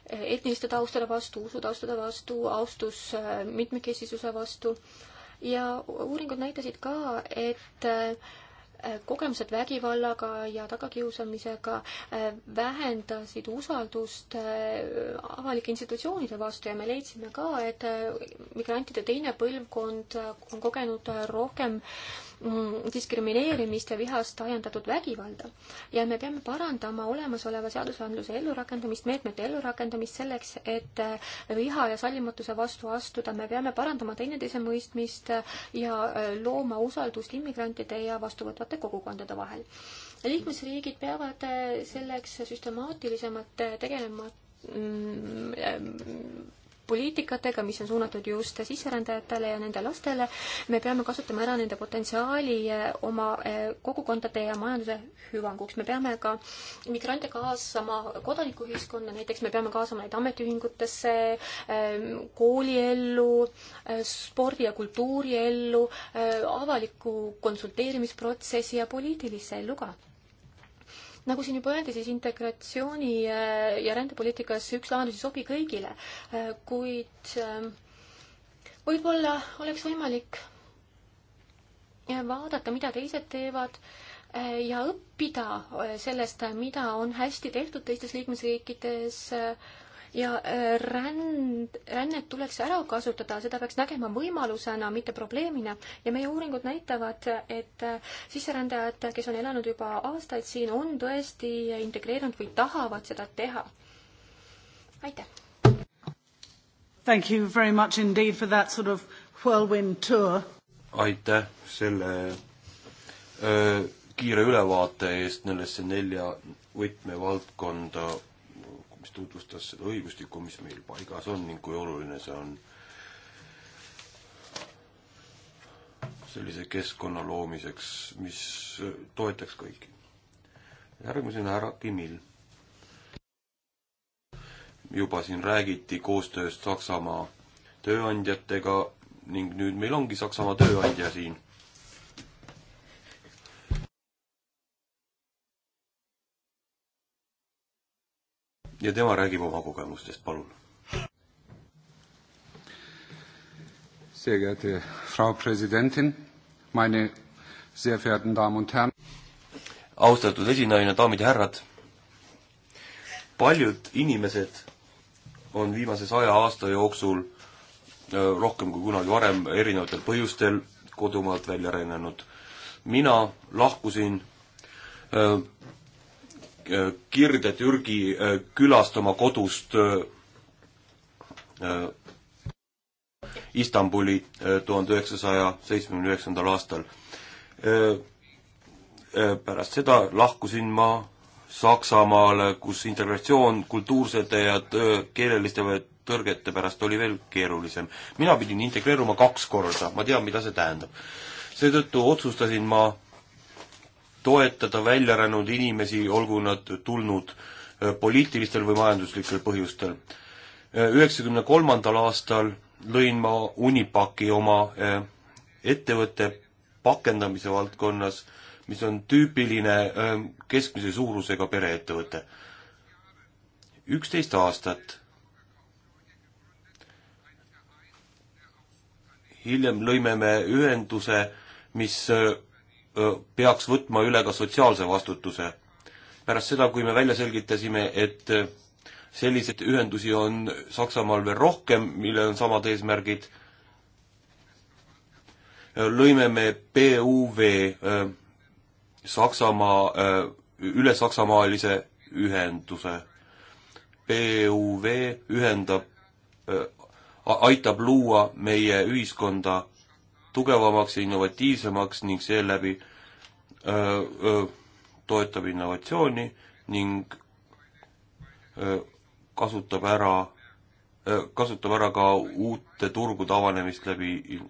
Speaker 1: etniliste taustade vastu, usutaustade vastu, austus äh, mitmekesisuse vastu ja uuringud näitasid ka, et äh, Äh, kogemused vägivallaga ja tagakiusamisega äh, vähendasid usaldust äh, avalike institutsioonide vastu ja me leidsime ka, et migrantide teine põlvkond on kogenud rohkem äh, Mm, diskrimineerimist ja vihast ajendatud vägivalda. ja me peame parandama olemasoleva seadusandluse ellurakendamist, meetmete ellurakendamist selleks, et äh, viha ja sallimatuse vastu astuda. me peame parandama teineteise mõistmist äh, ja äh, looma usaldust immigrantide ja vastuvõtvate kogukondade vahel. liikmesriigid peavad selleks süstemaatilisemalt tegelema mm, poliitikatega, mis on suunatud just sisserändajatele ja nende lastele. me peame kasutama ära nende potentsiaali eh, oma eh, kogukondade ja majanduse hüvanguks. me peame ka migrante kaasama kodanikuühiskonda, näiteks me peame kaasama neid ametiühingutesse, eh, kooliellu, spordi- ja kultuuriellu, avalikku konsulteerimisprotsessi ja poliitilisse ellu ka nagu siin juba öeldi, siis integratsiooni äh, ja rändepoliitikas üks lahendus ei sobi kõigile, äh, kuid äh, võib-olla oleks võimalik vaadata, mida teised teevad ja õppida sellest, mida on hästi tehtud teistes liikmesriikides ja äh, ränd, rännet tuleks ära kasutada, seda peaks nägema võimalusena, mitte probleemina ja meie uuringud näitavad, et äh, sisserändajad, kes on elanud juba aastaid siin, on tõesti integreerunud või tahavad seda teha. aitäh!
Speaker 2: Thank you very
Speaker 1: much indeed for that sort of whirlwind tour.
Speaker 3: aitäh selle öö, äh, kiire ülevaate eest nendesse nelja võtmevaldkonda tutvustas seda õigustikku, mis meil paigas on ning kui oluline see on sellise keskkonna loomiseks, mis toetaks kõiki. järgmisena härra Kimmil. juba siin räägiti koostööst Saksamaa tööandjatega ning nüüd meil ongi Saksamaa tööandja siin ja tema räägib oma kogemustest, palun. sehr geehrte Frau Präsidentin, meine sehr verehrten Damen und Herren. austatud esinaine, daamid ja härrad. paljud inimesed on viimase saja aasta jooksul äh, rohkem kui kunagi varem erinevatel põhjustel kodumaalt välja rännanud. mina lahkusin äh, Äh, Kirde-Türgi äh, külast oma kodust äh, Istanbuli tuhande üheksasaja seitsmekümne üheksandal aastal. Pärast seda lahkusin ma Saksamaale, kus integratsioon kultuursete ja keeleliste tõrgete pärast oli veel keerulisem. mina pidin integreeruma kaks korda, ma tean, mida see tähendab. seetõttu otsustasin ma toetada väljarännud inimesi, olgu nad tulnud äh, poliitilistel või majanduslikel põhjustel. Äh, üheksakümne kolmandal aastal lõin ma Unipaki oma äh, ettevõtte pakendamise valdkonnas, mis on tüüpiline keskmise suurusega pereettevõte. üksteist aastat. hiljem lõime me ühenduse, mis peaks võtma üle ka sotsiaalse vastutuse. pärast seda, kui me välja selgitasime, et selliseid ühendusi on Saksamaal veel rohkem, millel on samad eesmärgid, lõime me PUV Saksamaa, üle saksamaalise ühenduse. PUV ühendab, aitab luua meie ühiskonda tugevamaks ja innovatiivsemaks ning seeläbi öö, öö, toetab innovatsiooni ning öö, kasutab ära, kasutab ära ka uute turgude avanemist läbi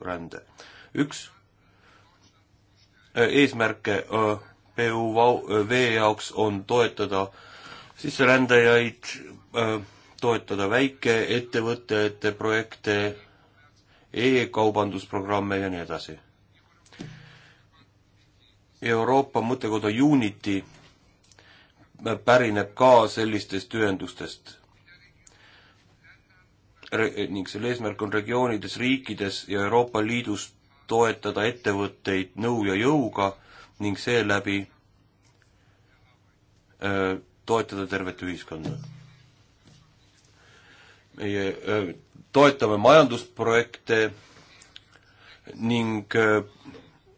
Speaker 3: rände. üks eesmärke PUV jaoks on toetada sisserändajaid, toetada väikeettevõtete projekte, e-kaubandusprogramme ja nii edasi. Euroopa mõttekoda Unity pärineb ka sellistest ühendustest Re. ning selle eesmärk on regioonides, riikides ja Euroopa Liidus toetada ettevõtteid nõu ja jõuga ning seeläbi toetada tervet ühiskonda. meie öö, toetame majandusprojekte ning äh,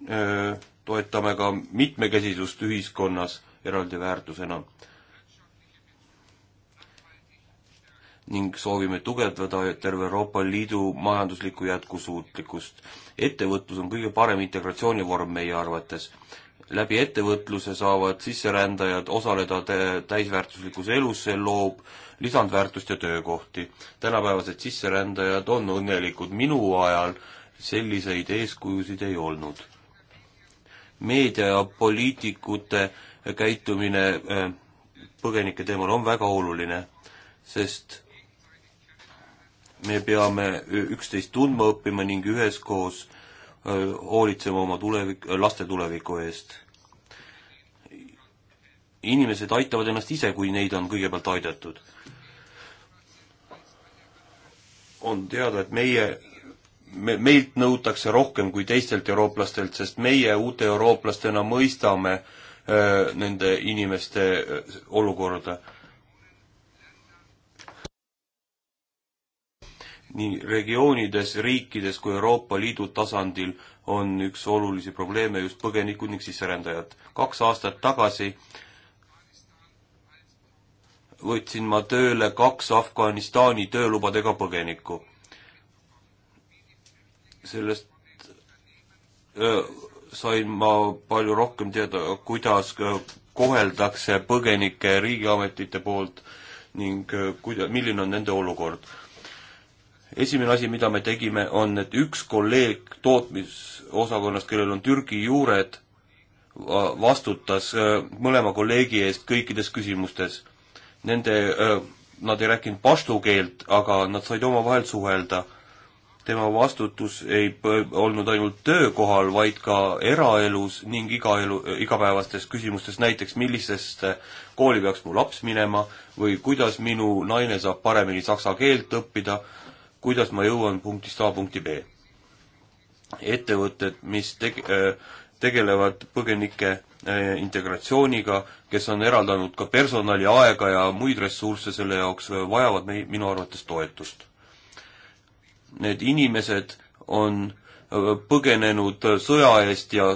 Speaker 3: äh, toetame ka mitmekesisust ühiskonnas eraldi väärtusena. ning soovime tugevdada terve Euroopa Liidu majanduslikku jätkusuutlikkust. ettevõtlus on kõige parem integratsioonivorm meie arvates. läbi ettevõtluse saavad sisserändajad osaleda täisväärtuslikus elus, see loob äh, lisandväärtust ja töökohti. tänapäevased sisserändajad on õnnelikud, minu ajal selliseid eeskujusid ei olnud. meedia ja poliitikute käitumine äh, põgenike teemal on väga oluline, sest me peame äh, üksteist tundma õppima ning üheskoos äh, hoolitsema oma tulevik, laste tuleviku eest. inimesed aitavad ennast ise, kui neid on kõigepealt aidatud on teada, et meie, me, meilt nõutakse rohkem kui teistelt eurooplastelt, sest meie uute eurooplastena mõistame öö, äh, nende inimeste öö, äh, olukorda. nii regioonides, riikides kui Euroopa Liidu tasandil on üks olulisi probleeme just põgenikud ning sisserändajad. kaks aastat tagasi öö, võtsin ma tööle kaks Afganistani töölubadega põgenikku. sellest öö, sain ma palju rohkem teada, kuidas koheldakse põgenikke riigiametite poolt ning kuida-, milline on nende olukord. esimene asi, mida me tegime, on, et üks kolleeg tootmisosakonnast, kellel on Türgi juured, vastutas mõlema kolleegi eest kõikides küsimustes nende, nad ei rääkinud pastu keelt, aga nad said omavahel suhelda. tema vastutus ei olnud ainult töökohal, vaid ka eraelus ning iga elu, igapäevastes küsimustes, näiteks millisest kooli peaks mu laps minema või kuidas minu naine saab paremini saksa keelt õppida, kuidas ma jõuan punktist A punkti B ettevõtted, mis teg-, tegelevad põgenike äh, integratsiooniga, kes on eraldanud ka personali, aega ja muid ressursse selle jaoks, äh, vajavad mei-, minu arvates toetust. Need inimesed on äh, põgenenud sõja eest ja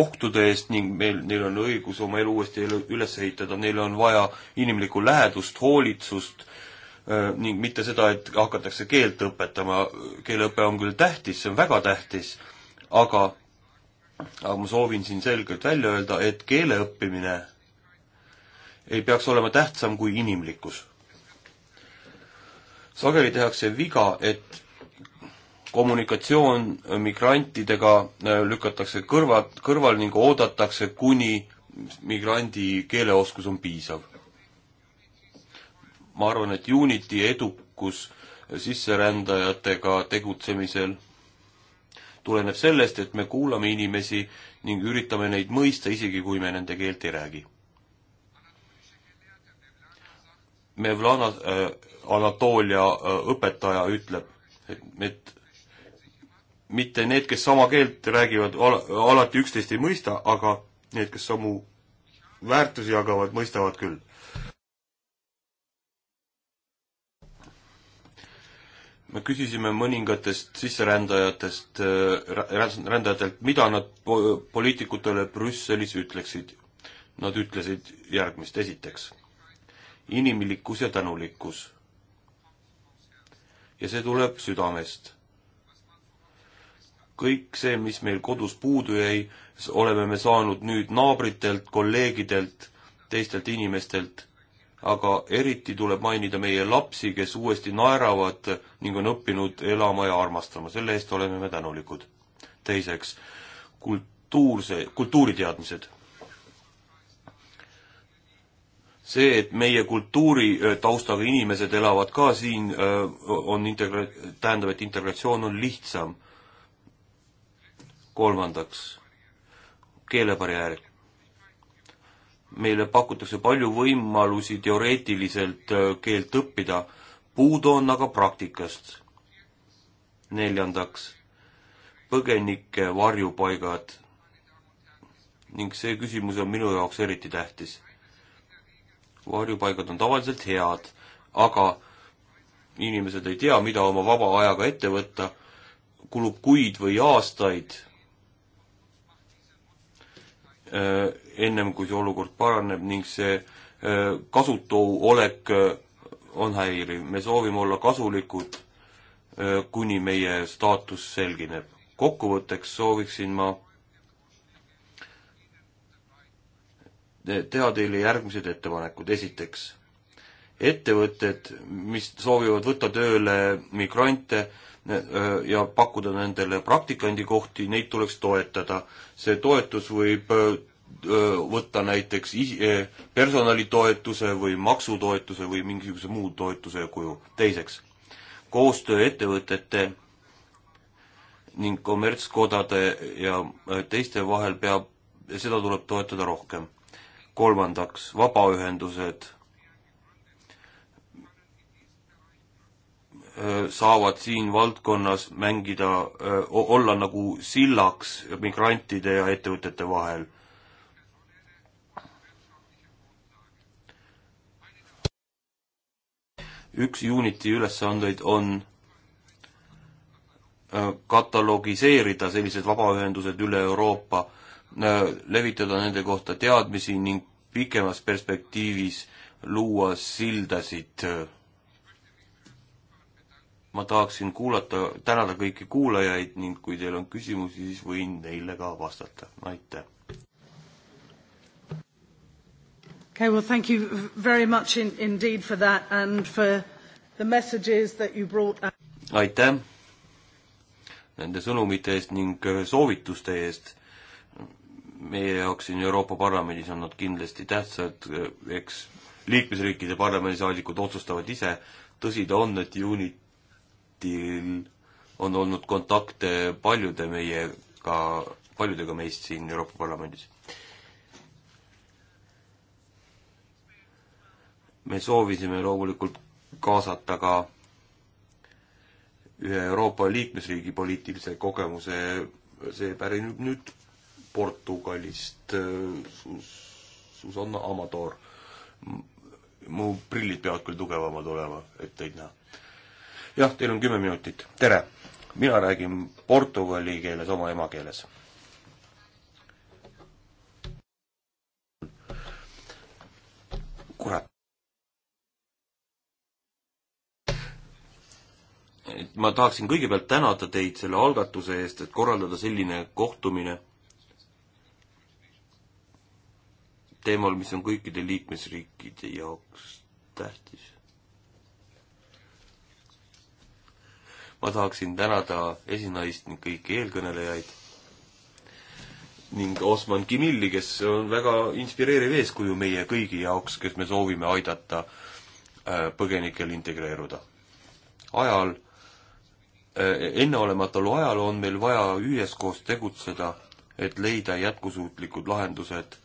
Speaker 3: ohtude eest ning meil, neil on õigus oma elu uuesti üles ehitada, neil on vaja inimlikku lähedust, hoolitsust ning mitte seda, et hakatakse keelt õpetama, keeleõpe on küll tähtis, see on väga tähtis aga, aga ma soovin siin selgelt välja öelda, et keele õppimine ei peaks olema tähtsam kui inimlikkus. sageli tehakse viga, et kommunikatsioon migrantidega äh, lükatakse kõrvad, kõrval ning oodatakse, kuni migrandi keeleoskus on piisav. ma arvan, et Unity edukus sisserändajatega tegutsemisel tuleneb sellest, et me kuulame inimesi ning üritame neid mõista, isegi kui me nende keelt ei räägi. Mevlana äh, Anatoolia äh, õpetaja ütleb, et, et mitte need, kes sama keelt räägivad al, alati üksteist ei mõista, aga need, kes samu väärtusi jagavad, mõistavad küll. me küsisime mõningatest sisserändajatest, äh, rändajatelt, mida nad poliitikutele Brüsselis ütleksid. Nad ütlesid järgmist, esiteks, inimlikkus ja tänulikkus. ja see tuleb südamest. kõik see, mis meil kodus puudu jäi, oleme me saanud nüüd naabritelt, kolleegidelt, teistelt inimestelt aga eriti tuleb mainida meie lapsi, kes uuesti naeravad ning on õppinud elama ja armastama, selle eest oleme me tänulikud. teiseks, kultuurse, kultuuriteadmised. see, et meie kultuuritaustaga äh, inimesed elavad ka siin, äh, on integra-, tähendab, et integratsioon on lihtsam. kolmandaks, keelebarjäär meile pakutakse palju võimalusi teoreetiliselt äh, keelt õppida, puudu on aga praktikast. neljandaks, põgenike varjupaigad. ning see küsimus on minu jaoks eriti tähtis. varjupaigad on tavaliselt head, aga inimesed ei tea, mida oma vaba ajaga ette võtta, kulub kuid või aastaid Äh, ennem kui see olukord paraneb ning see äh, kasutu olek äh, on häiriv. me soovime olla kasulikud, kuni meie staatus selgineb. kokkuvõtteks sooviksin ma teha teile järgmised ettepanekud. esiteks, ettevõtted, mis soovivad võtta tööle migrante, ja pakkuda nendele praktikandikohti, neid tuleks toetada. see toetus võib võtta näiteks personalitoetuse või maksutoetuse või mingisuguse muu toetuse kuju. teiseks, koostöö ettevõtete ning kommertskodade ja teiste vahel peab, seda tuleb toetada rohkem. kolmandaks, vabaühendused saavad siin valdkonnas mängida, olla nagu sillaks migrantide ja ettevõtete vahel. üks Unity ülesandeid on katalogiseerida sellised vabaühendused üle Euroopa, levitada nende kohta teadmisi ning pikemas perspektiivis luua sildasid ma tahaksin kuulata, tänada kõiki kuulajaid ning kui teil on küsimusi, siis võin neile ka vastata, aitäh.
Speaker 2: Okay, well thank you very much in, indeed for that and for the messages that you brought.
Speaker 3: aitäh nende sõnumite eest ning äh, soovituste eest. meie jaoks siin Euroopa Parlamendis on nad kindlasti tähtsad, äh, eks liikmesriikide parlamendisaadikud otsustavad ise, tõsi ta on, et juunid Lätil on olnud kontakte paljude meiega, paljudega meist siin Euroopa Parlamendis. me soovisime loomulikult kaasata ka ühe Euroopa liikmesriigi poliitilise kogemuse, see pärineb nüüd Portugalist Sus,, Susanna Amador. mu prillid peavad küll tugevamad olema, et teid näha jah, teil on kümme minutit, tere. mina räägin portugali keeles, oma emakeeles. kurat. et ma tahaksin kõigepealt tänada teid selle algatuse eest, et korraldada selline kohtumine teemal, mis on kõikide liikmesriikide jaoks tähtis. ma tahaksin tänada esinaist ning kõiki eelkõnelejaid ning Osman Kimilli, kes on väga inspireeriv eeskuju meie kõigi jaoks, kes me soovime aidata äh, põgenikel integreeruda. ajal, äh, enneolematulu ajal on meil vaja üheskoos tegutseda, et leida jätkusuutlikud lahendused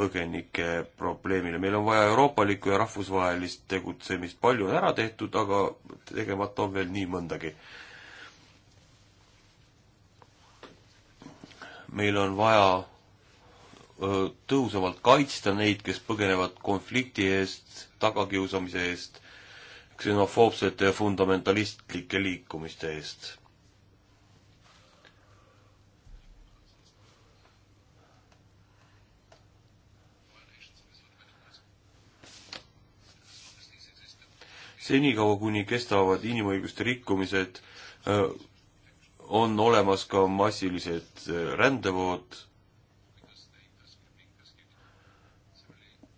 Speaker 3: põgenike probleemile. meil on vaja euroopalikku ja rahvusvahelist tegutsemist, palju on ära tehtud, aga tegemata on veel nii mõndagi. meil on vaja tõhusamalt kaitsta neid, kes põgenevad konflikti eest, tagakiusamise eest, ksenofoobsete ja fundamentalistlike liikumiste eest senikaua, kuni kestavad inimõiguste rikkumised, on olemas ka massilised rändevood,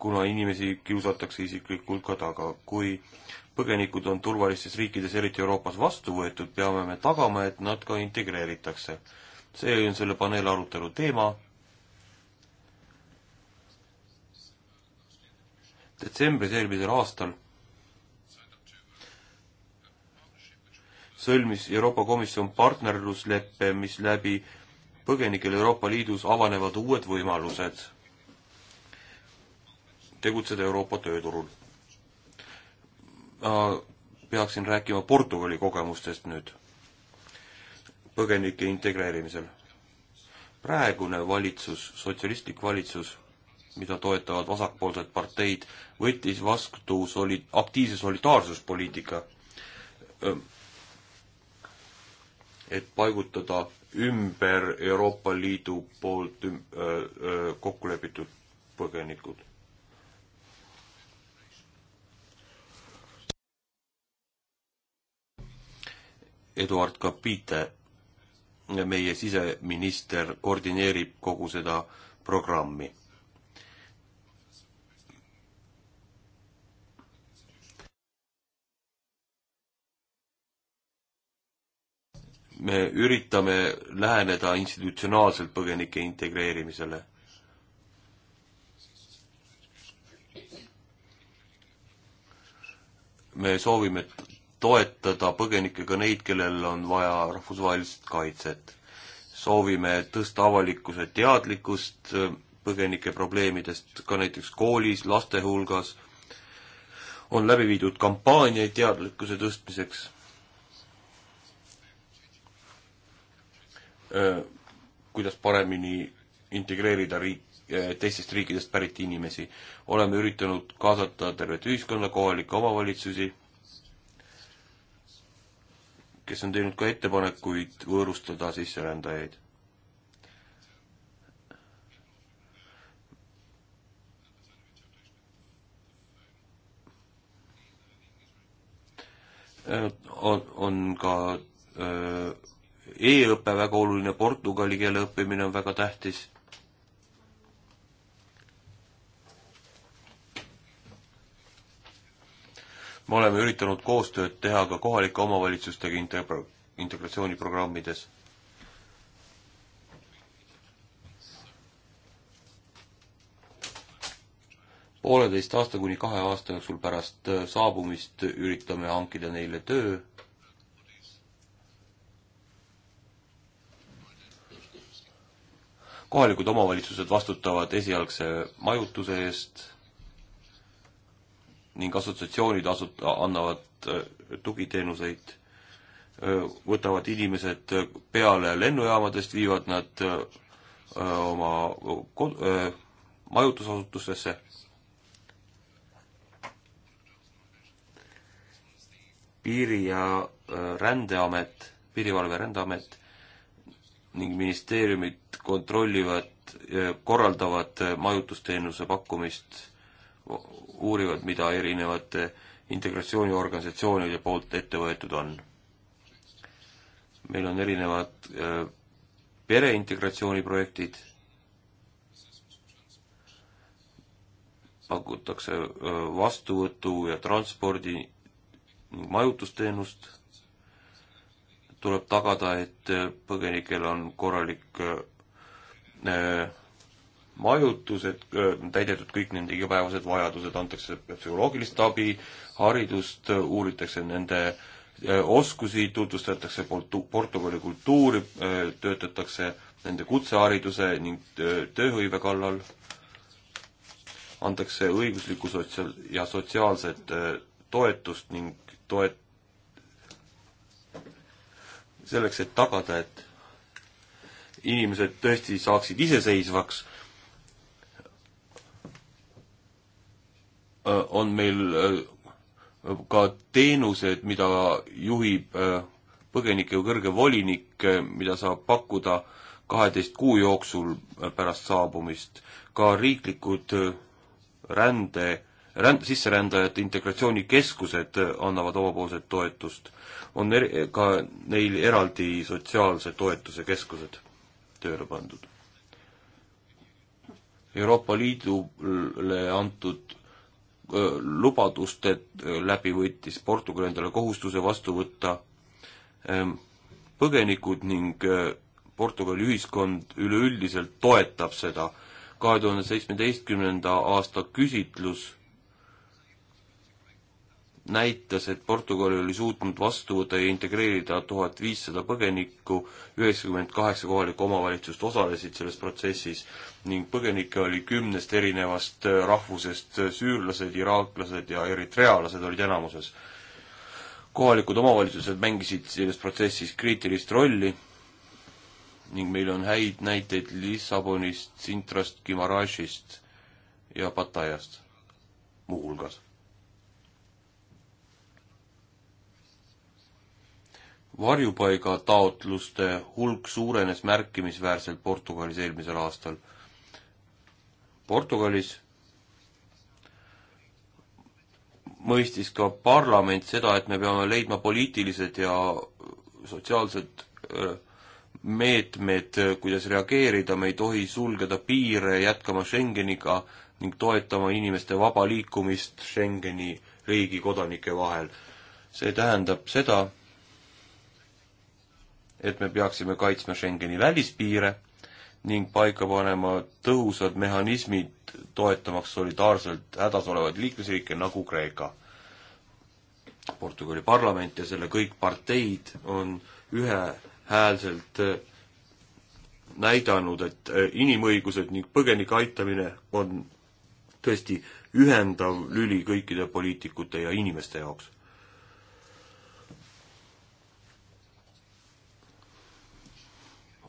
Speaker 3: kuna inimesi kiusatakse isiklikult ka taga. kui põgenikud on turvalistes riikides, eriti Euroopas, vastu võetud, peame me tagama, et nad ka integreeritakse. see on selle paneeli arutelu teema. detsembris eelmisel aastal sõlmis Euroopa Komisjon partnerlusleppe, mis läbi põgenikel Euroopa Liidus avanevad uued võimalused tegutseda Euroopa tööturul. ma peaksin rääkima Portugali kogemustest nüüd põgenike integreerimisel. praegune valitsus, sotsialistlik valitsus, mida toetavad vasakpoolsed parteid, võttis vastu soli-, aktiivse solidaarsuspoliitika et paigutada ümber Euroopa Liidu poolt üm, öö, öö, kokku lepitud põgenikud. Eduard Kapite, meie siseminister, koordineerib kogu seda programmi me üritame läheneda institutsionaalselt põgenike integreerimisele. me soovime toetada põgenikega neid, kellel on vaja rahvusvahelist kaitset. soovime tõsta avalikkuse teadlikkust äh, põgenike probleemidest ka näiteks koolis, laste hulgas, on läbi viidud kampaaniaid teadlikkuse tõstmiseks kuidas paremini integreerida riik, teistest riikidest pärit inimesi. oleme üritanud kaasata tervet ühiskonda, kohalikke omavalitsusi, kes on teinud ka ettepanekuid võõrustada sisserändajaid. on, on ka öö, e-õpe väga oluline, portugali keele õppimine on väga tähtis. me oleme üritanud koostööd teha ka kohalike omavalitsustega integra-, integratsiooniprogrammides. pooleteist aasta kuni kahe aasta jooksul pärast äh, saabumist üritame hankida neile töö kohalikud omavalitsused vastutavad esialgse majutuse eest ning assotsiatsioonid asut-, annavad äh, tugiteenuseid, äh, võtavad inimesed äh, peale lennujaamadest, viivad nad oma kod-, majutusasutustesse. piiri- ja rändeamet, Piirivalve rändeamet ning ministeeriumid kontrollivad, korraldavad majutusteenuse pakkumist, uurivad, mida erinevate integratsiooniorganisatsioonide poolt ette võetud on. meil on erinevad äh, pereintegratsiooniprojektid, pakutakse äh, vastuvõtu ja transpordi ning majutusteenust tuleb tagada, et põgenikel on korralik äh, majutus, et äh, täidetud kõik nende igapäevased vajadused, antakse psühholoogilist abi, haridust, uuritakse nende äh, oskusi, tutvustatakse Portugali kultuuri, töötatakse nende kutsehariduse ning tööhõive kallal, antakse õiguslikku sotsiaal- ja sotsiaalset toetust ning toet-, selleks, et tagada, et inimesed tõesti saaksid iseseisvaks, äh, on meil äh, ka teenused, mida juhib äh, põgenike kõrge volinik, mida saab pakkuda kaheteist kuu jooksul pärast saabumist, ka riiklikud rände ränd-, sisserändajate integratsioonikeskused annavad omapoolset toetust, on er-, ka neil eraldi sotsiaalse toetuse keskused tööle pandud. Euroopa Liidule antud öö, lubaduste läbi võttis Portugal endale kohustuse vastu võtta öö, põgenikud ning öö, Portugali ühiskond üleüldiselt toetab seda. kahe tuhande seitsmeteistkümnenda aasta küsitlus näitas, et Portugal oli suutnud vastu võtta ja integreerida tuhat viissada põgenikku, üheksakümmend kaheksa kohalikku omavalitsust osalesid selles protsessis ning põgenikke oli kümnest erinevast äh, rahvusest, äh, süürlased, iraaklased ja eritrealased olid enamuses. kohalikud omavalitsused mängisid selles protsessis kriitilist rolli ning meil on häid näiteid Lissabonist, Sintrast, Gimarashist ja Patajast muuhulgas varjupaigataotluste hulk suurenes märkimisväärselt Portugalis eelmisel aastal. Portugalis mõistis ka parlament seda, et me peame leidma poliitilised ja sotsiaalsed meetmed, kuidas reageerida, me ei tohi sulgeda piire, jätkama Schengeniga ning toetama inimeste vaba liikumist Schengeni riigi kodanike vahel. see tähendab seda, et me peaksime kaitsma Schengeni välispiire ning paika panema tõhusad mehhanismid toetamaks solidaarselt hädas olevaid liikmesriike nagu Kreeka. Portugali parlament ja selle kõik parteid on ühehäälselt äh, näidanud, et äh, inimõigused ning põgenike aitamine on tõesti ühendav lüli kõikide poliitikute ja inimeste jaoks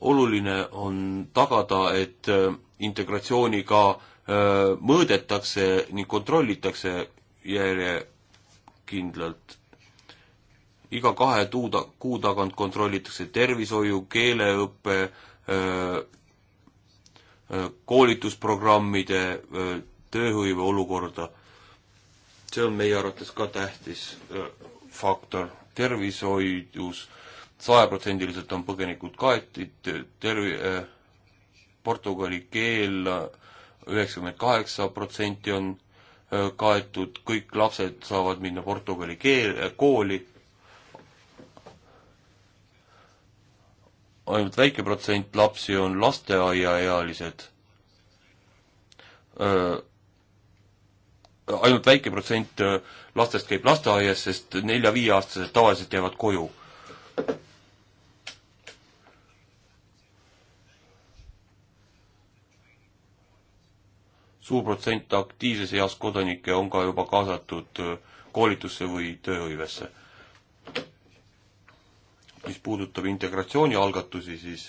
Speaker 3: oluline on tagada, et äh, integratsiooniga äh, mõõdetakse ning kontrollitakse järjekindlalt. iga kahe tuu ta-, kuu tagant kontrollitakse tervishoiu, keeleõppe, äh, koolitusprogrammide, tööhõive olukorda. see on meie arvates ka tähtis faktor tervishoidus äh, sajaprotsendiliselt on põgenikud kaetud, terve eh, portugali keel üheksakümmend kaheksa protsenti on eh, kaetud, kõik lapsed saavad minna portugali keel, eh, kooli. ainult väike protsent lapsi on lasteaiaealised ainult väike protsent lastest käib lasteaias, sest nelja-viieaastased tavaliselt jäävad koju. suur protsent aktiivses eas kodanikke on ka juba kaasatud äh, koolitusse või tööhõivesse. mis puudutab integratsiooni algatusi, siis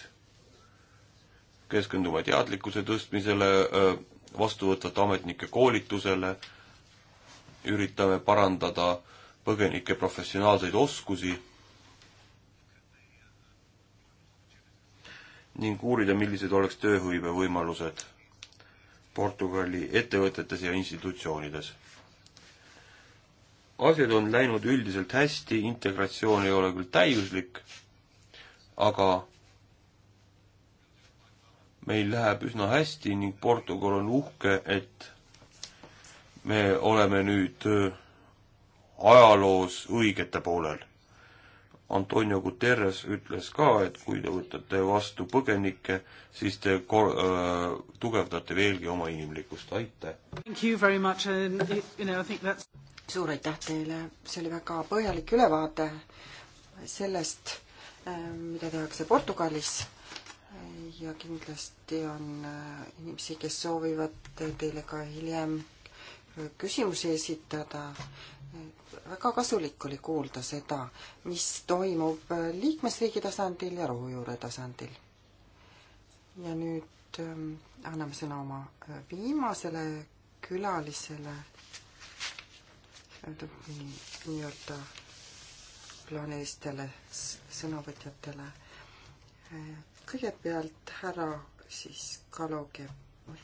Speaker 3: keskendume teadlikkuse tõstmisele, äh, vastuvõtvate ametnike koolitusele, üritame parandada põgenike professionaalseid oskusi ning uurida, millised oleks tööhõive võimalused Portugali ettevõtetes ja institutsioonides. asjad on läinud üldiselt hästi, integratsioon ei ole küll täiuslik, aga meil läheb üsna hästi ning Portugal on uhke, et me oleme nüüd äh, ajaloos õigete poolel Antonio Guterres ütles ka, et kui te võtate vastu põgenikke, siis te ko-, äh, tugevdate veelgi oma inimlikkust, aitäh!
Speaker 2: suur aitäh teile, see oli väga põhjalik ülevaade sellest, äh, mida tehakse Portugalis ja kindlasti on äh, inimesi, kes soovivad teile ka hiljem äh, küsimusi esitada, väga kasulik oli kuulda seda, mis toimub liikmesriigi tasandil ja rohujuure tasandil. ja nüüd ähm, anname sõna oma äh, viimasele külalisele, nii-öelda plaanilistele sõnavõtjatele. Äh, kõigepealt härra siis Kaloge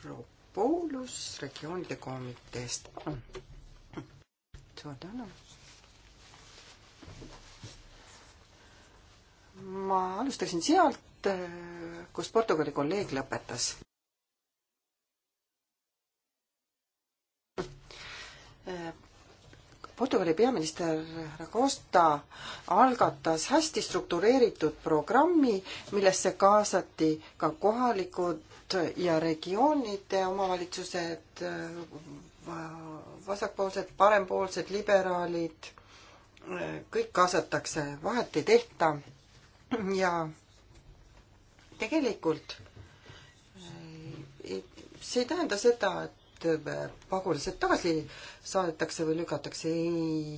Speaker 2: Ropoulus regioonide komiteest. suur tänu ma alustaksin sealt, äh, kus Portugali kolleeg lõpetas. Äh, Portugali peaminister Ragosta algatas hästi struktureeritud programmi, millesse kaasati ka kohalikud ja regioonide omavalitsused, äh, vasakpoolsed, parempoolsed, liberaalid, kõik kaasatakse, vahet ei tehta ja tegelikult eh, see ei tähenda seda, et eh, pagulased tagasi saadetakse või lükatakse, ei.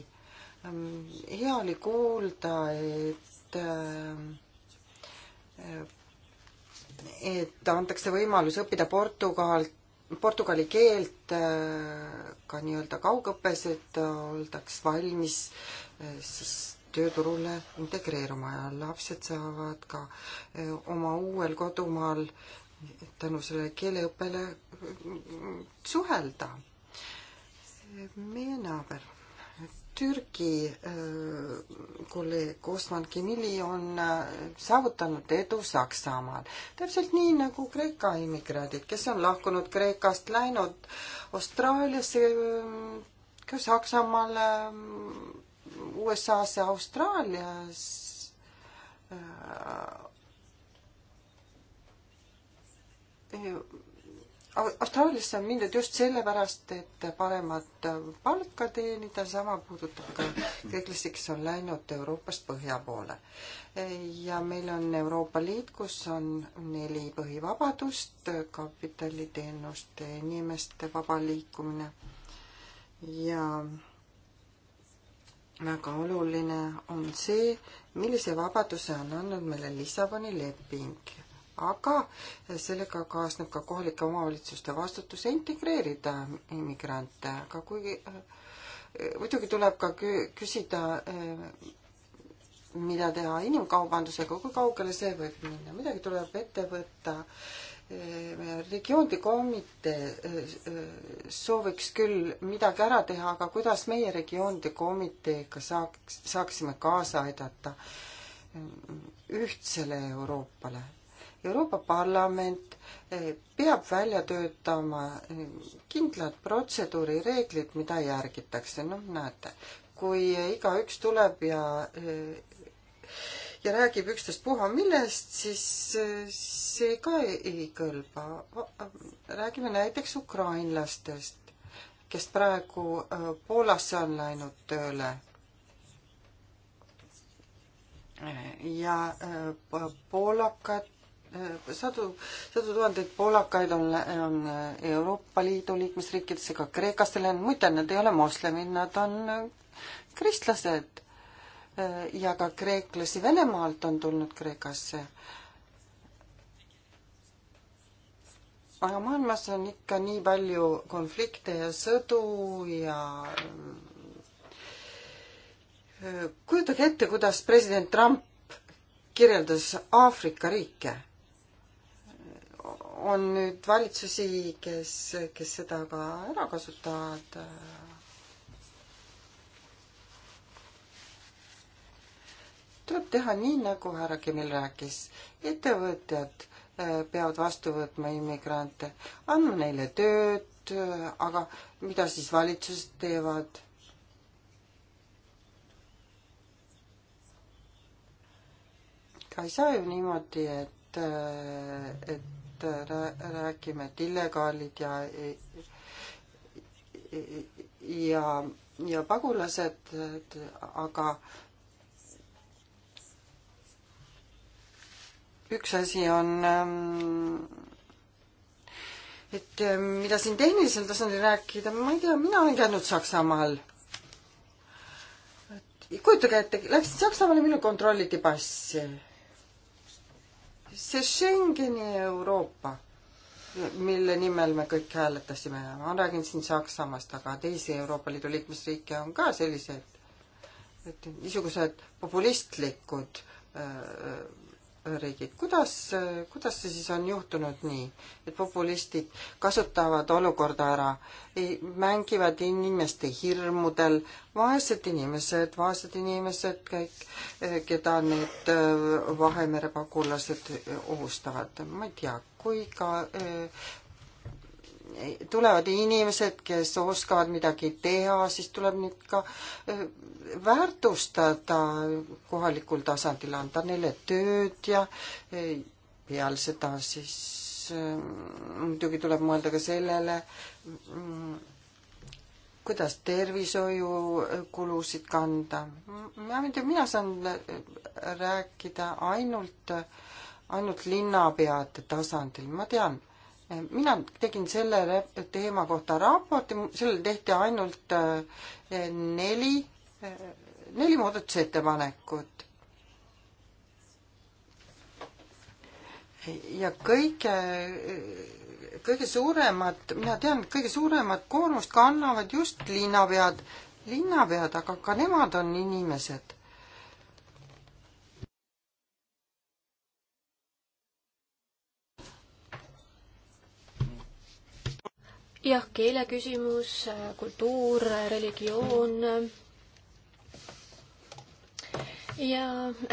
Speaker 2: Ehm, hea oli kuulda, et eh, et antakse võimalus õppida Portugal, portugali keelt ka nii-öelda kaugõppes, et oldaks valmis siis tööturule integreeruma ja lapsed saavad ka eh, oma uuel kodumaal tänu sellele keeleõppele mm, suhelda. meie naaber Türgi eh, kolleeg Osman Kimili on eh, saavutanud edu Saksamaal. täpselt nii nagu Kreeka immigrandid, kes on lahkunud Kreekast, läinud Austraaliasse, ka Saksamaale, mm, USA-s ja Austraalias äh, Austraaliasse on mindud just sellepärast, et paremat palka teenida, sama puudutab ka kreeklasi, kes on läinud Euroopast põhja poole. ja meil on Euroopa Liit, kus on neli põhivabadust, kapitali, teenuste, inimeste vaba liikumine ja väga oluline on see, millise vabaduse on andnud meile Lissaboni leping. aga sellega kaasneb ka kohalike omavalitsuste vastutus integreerida immigrante, aga kui äh, muidugi tuleb ka küsida, äh, mida teha inimkaubandusega, kui kaugele see võib minna, midagi tuleb ette võtta regioonide komitee eh, eh, sooviks küll midagi ära teha, aga kuidas meie regioonide komiteega saaks, saaksime kaasa aidata eh, ühtsele Euroopale? Euroopa Parlament peab välja töötama kindlad protseduurireeglid, mida järgitakse, noh näete, kui igaüks tuleb ja ja räägib üksteistpuha millest, siis äh, see ka ei kõlba. räägime näiteks ukrainlastest, kes praegu äh, Poolasse on läinud tööle. ja äh, poolakad, sadu, sadu tuhandeid poolakaid on, on Euroopa Liidu liikmesriikidesse, ka Kreekasse läinud, muide nad ei ole moslemid, nad on kristlased Äh, ja ka kreeklasi Venemaalt on tulnud Kreekasse. aga maailmas on ikka nii palju konflikte ja sõdu ja äh, kujutage ette, kuidas president Trump kirjeldas Aafrika riike on nüüd valitsusi, kes, kes seda ka ära kasutavad, äh, tuleb teha nii, nagu härra Kimmel rääkis. ettevõtjad äh, peavad vastu võtma immigrante, andma neile tööd, äh, aga mida siis valitsused teevad? ka ei saa ju niimoodi, et, äh, et räägime, et illegaalid ja ja, ja pagulased, aga äh, üks asi on ähm, et äh, mida siin tehnilisel tasandil rääkida, ma ei tea, mina olen käinud Saksamaal. kujutage ette, läksin Saksamaale, minul kontrolliti passi. see Schengeni Euroopa, mille nimel me kõik hääletasime, ma räägin siin Saksamaast, aga teisi Euroopa Liidu liikmesriike on ka sellised, et niisugused populistlikud öö, äh, riigid. kuidas, kuidas see siis on juhtunud nii, et populistid kasutavad olukorda ära, mängivad inimeste hirmudel, vaesed inimesed, vaesed inimesed, kõik, eh, keda need eh, Vahemere pagulased ohustavad. ma ei tea, kui ka eh, tulevad inimesed, kes oskavad midagi teha, siis tuleb neid ka eh, väärtustada kohalikul tasandil, anda neile tööd ja eh, peale seda siis eh, muidugi tuleb mõelda ka sellele, mm, kuidas tervishoiukulusid kanda. mina saan rääkida ainult, ainult linnapeade tasandil, ma tean mina tegin selle teema kohta raporti, sellele tehti ainult äh, neli, äh, neli muudatusettepanekut. ja kõige, äh, kõige suuremad, mina tean, kõige suuremat koormust kannavad just linnapead, linnapead, aga ka nemad on inimesed
Speaker 1: jah, keele küsimus, kultuur, religioon. ja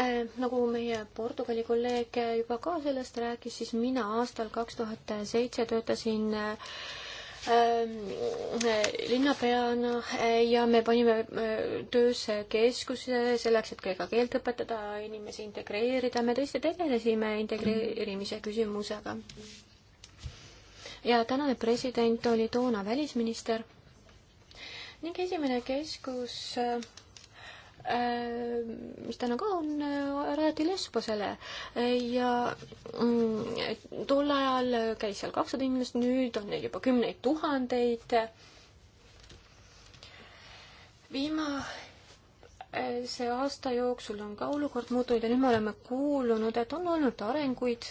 Speaker 1: äh, nagu meie Portugali kolleeg juba ka sellest rääkis, siis mina aastal kaks tuhat seitse töötasin äh, äh, linnapeana ja me panime töösse keskuse selleks, et kreeka keelt õpetada, inimesi integreerida, me tõesti tegelesime integreerimise küsimusega mm. -hmm ja tänane president oli toona välisminister ning esimene keskus, äh, äh, mis täna ka on, äh, rajati Lesbosele ja mm, tol ajal käis seal kakssada inimest, nüüd on neil juba kümneid tuhandeid. viimase aasta jooksul on ka olukord muutunud ja nüüd me oleme kuulnud, et on olnud arenguid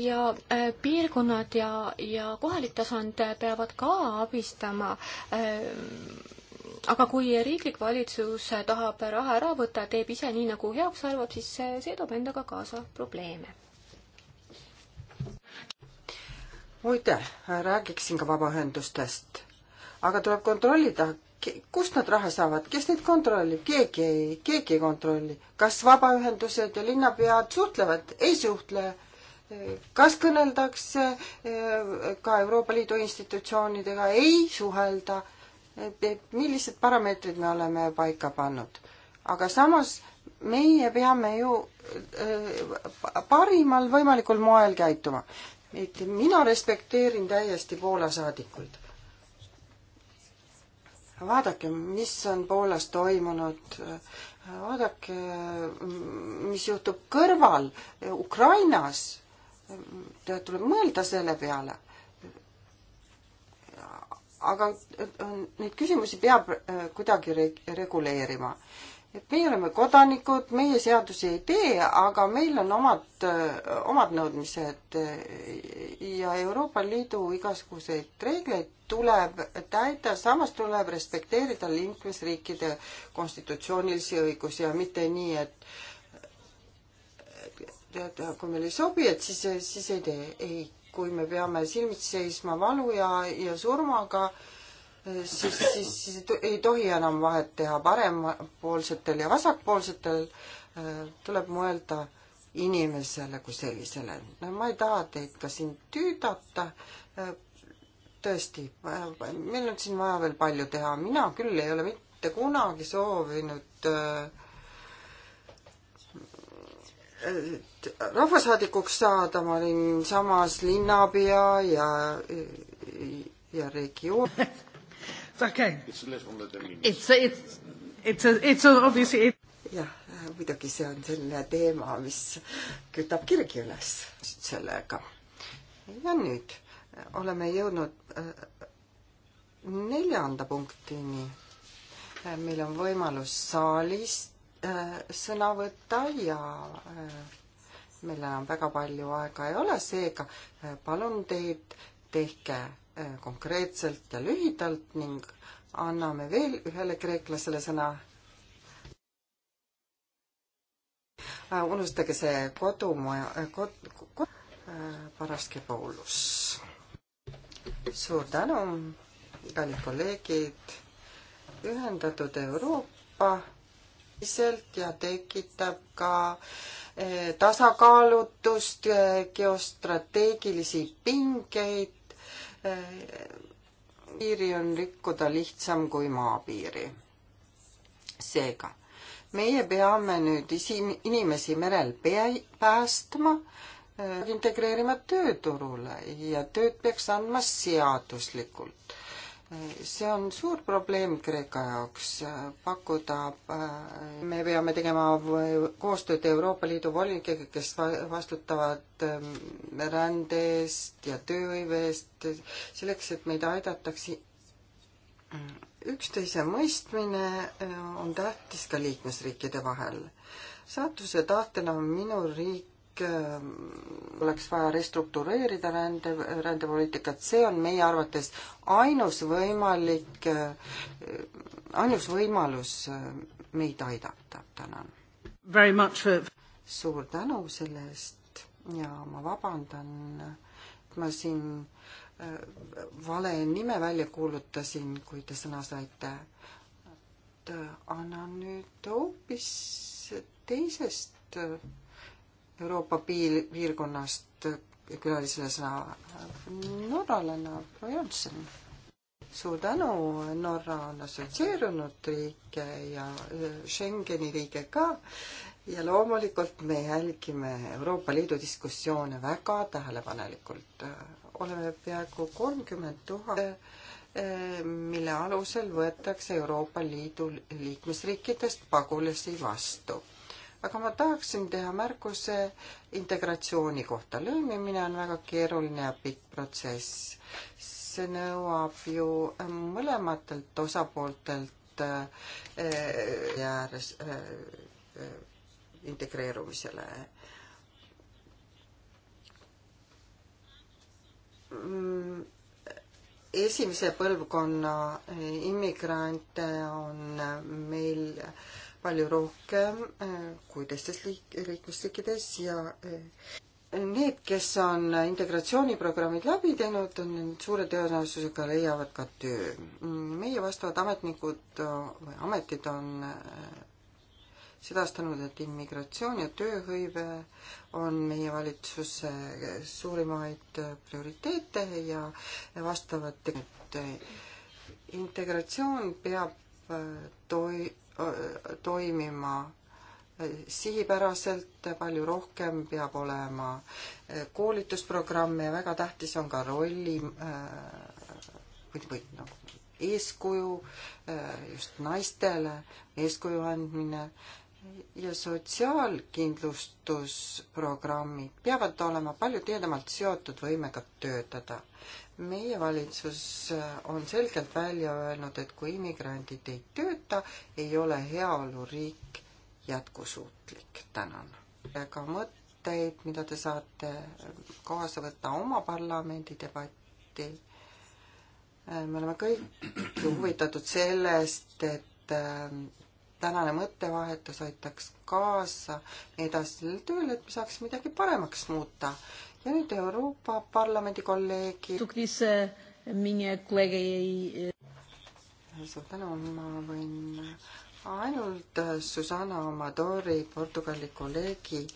Speaker 1: ja äh, piirkonnad ja, ja kohalik tasand äh, peavad ka abistama äh, aga kui riiklik valitsus tahab raha ära võtta, teeb ise nii, nagu heaks arvab, siis see, see toob endaga kaasa probleeme.
Speaker 2: muide, räägiksin ka vabaühendustest, aga tuleb kontrollida, kust nad raha saavad, kes neid kontrollib, keegi ei, keegi ei kontrolli. kas vabaühendused ja linnapead suhtlevad? ei suhtle kas kõneldakse eh, ka Euroopa Liidu institutsioonidega, ei suhelda, millised parameetrid me oleme paika pannud. aga samas meie peame ju eh, parimal võimalikul moel käituma. et mina respekteerin täiesti Poola saadikuid. vaadake, mis on Poolas toimunud, vaadake, mis juhtub kõrval Ukrainas tuleb mõelda selle peale. aga äh, äh, neid küsimusi peab äh, kuidagi reguleerima. et meie oleme kodanikud, meie seadusi ei tee, aga meil on omad, omad nõudmised ja Euroopa Liidu igasuguseid reegleid tuleb täida, samas tuleb respekteerida liikmesriikide konstitutsioonilisi õigusi ja mitte nii, et et kui meile ei sobi, et siis, siis ei tee. ei, kui me peame silmitsi seisma valu ja, ja surmaga, siis, siis, siis ei tohi enam vahet teha parempoolsetel ja vasakpoolsetel. tuleb mõelda inimesele kui sellisele. no ma ei taha teid ka siin tüüdata. tõesti, meil on siin vaja veel palju teha. mina küll ei ole mitte kunagi soovinud äh, rahvasaadikuks saada, ma olin samas linnapea ja, ja regioon. jah, muidugi see on selline teema, mis kütab kirgi üles sellega. ja nüüd oleme jõudnud äh, neljanda punktini. Äh, meil on võimalus saalist äh, sõna võtta ja meil enam väga palju aega ei ole, seega äh, palun teid, tehke äh, konkreetselt ja lühidalt ning anname veel ühele kreeklasele sõna. Äh, unustage see kodumaja, kod-, kod-, Paraski Paulus. suur tänu, kallid kolleegid. ühendatud Euroopa iselt ja tekitab ka äh, tasakaalutust, geostrateegilisi pingeid. piiri on rikkuda lihtsam kui maapiiri. seega meie peame nüüd isi-, inimesi merel pea-, päästma, integreerima tööturule ja tööd peaks andma seaduslikult see on suur probleem Kreeka jaoks pakkuda, äh, me peame tegema koostööd Euroopa Liidu volinikega, kes vastutavad ähm, rände eest ja tööhõive eest, selleks, et meid aidataks. üksteise mõistmine äh, on tähtis ka liikmesriikide vahel. saatuse tahtel on minu riik Ähm, oleks vaja restruktureerida rände, rändepoliitikat, see on meie arvates ainus võimalik, äh, ainus võimalus äh, meid aidata, tänan. suur tänu selle eest ja ma vabandan, et ma siin äh, vale nime välja kuulutasin, kui te sõna saite. annan nüüd hoopis teisest Euroopa piir, piirkonnast külalisele sõna norralane proua Johnson. suur tänu, Norra on assotsieerunud riike ja Schengeni liige ka ja loomulikult me jälgime Euroopa Liidu diskussioone väga tähelepanelikult. oleme peaaegu kolmkümmend tuhat, eh, mille alusel võetakse Euroopa Liidu liikmesriikidest pagulasi vastu aga ma tahaksin teha märkuse integratsiooni kohta. lõimimine on väga keeruline ja pikk protsess. see nõuab ju mõlematelt osapooltelt äh, ääres äh, äh, integreerumisele mm, esimese põlvkonna immigrante on meil palju rohkem äh, kui teistes liik-, liikmesriikides ja äh, need, kes on integratsiooniprogrammid läbi teinud, on nüüd suure tõenäosusega leiavad ka töö. meie vastavad ametnikud või ametid on äh, sedastanud, et immigratsioon ja tööhõive on meie valitsuse suurimaid prioriteete ja vastavad tegelikult integratsioon peab toi-, toimima sihipäraselt, palju rohkem peab olema koolitusprogramme ja väga tähtis on ka rolli äh, või, või noh, eeskuju äh, just naistele, eeskuju andmine äh, ja sotsiaalkindlustusprogrammid peavad olema palju tihedamalt seotud võimega töötada. meie valitsus äh, on selgelt välja öelnud, et kui immigrandid ei tööta, ei ole heaoluriik jätkusuutlik. tänan. ega mõtteid, mida te saate äh, kaasa võtta oma parlamendi debatti? Äh, me oleme kõik huvitatud sellest, et tänane mõttevahetus aitaks kaasa meie edasisele tööle, et me saaks midagi paremaks muuta. ja nüüd Euroopa Parlamendi kolleegi. suur tänu, ma võin ainult Susanna Amadori, Portugali kolleegi,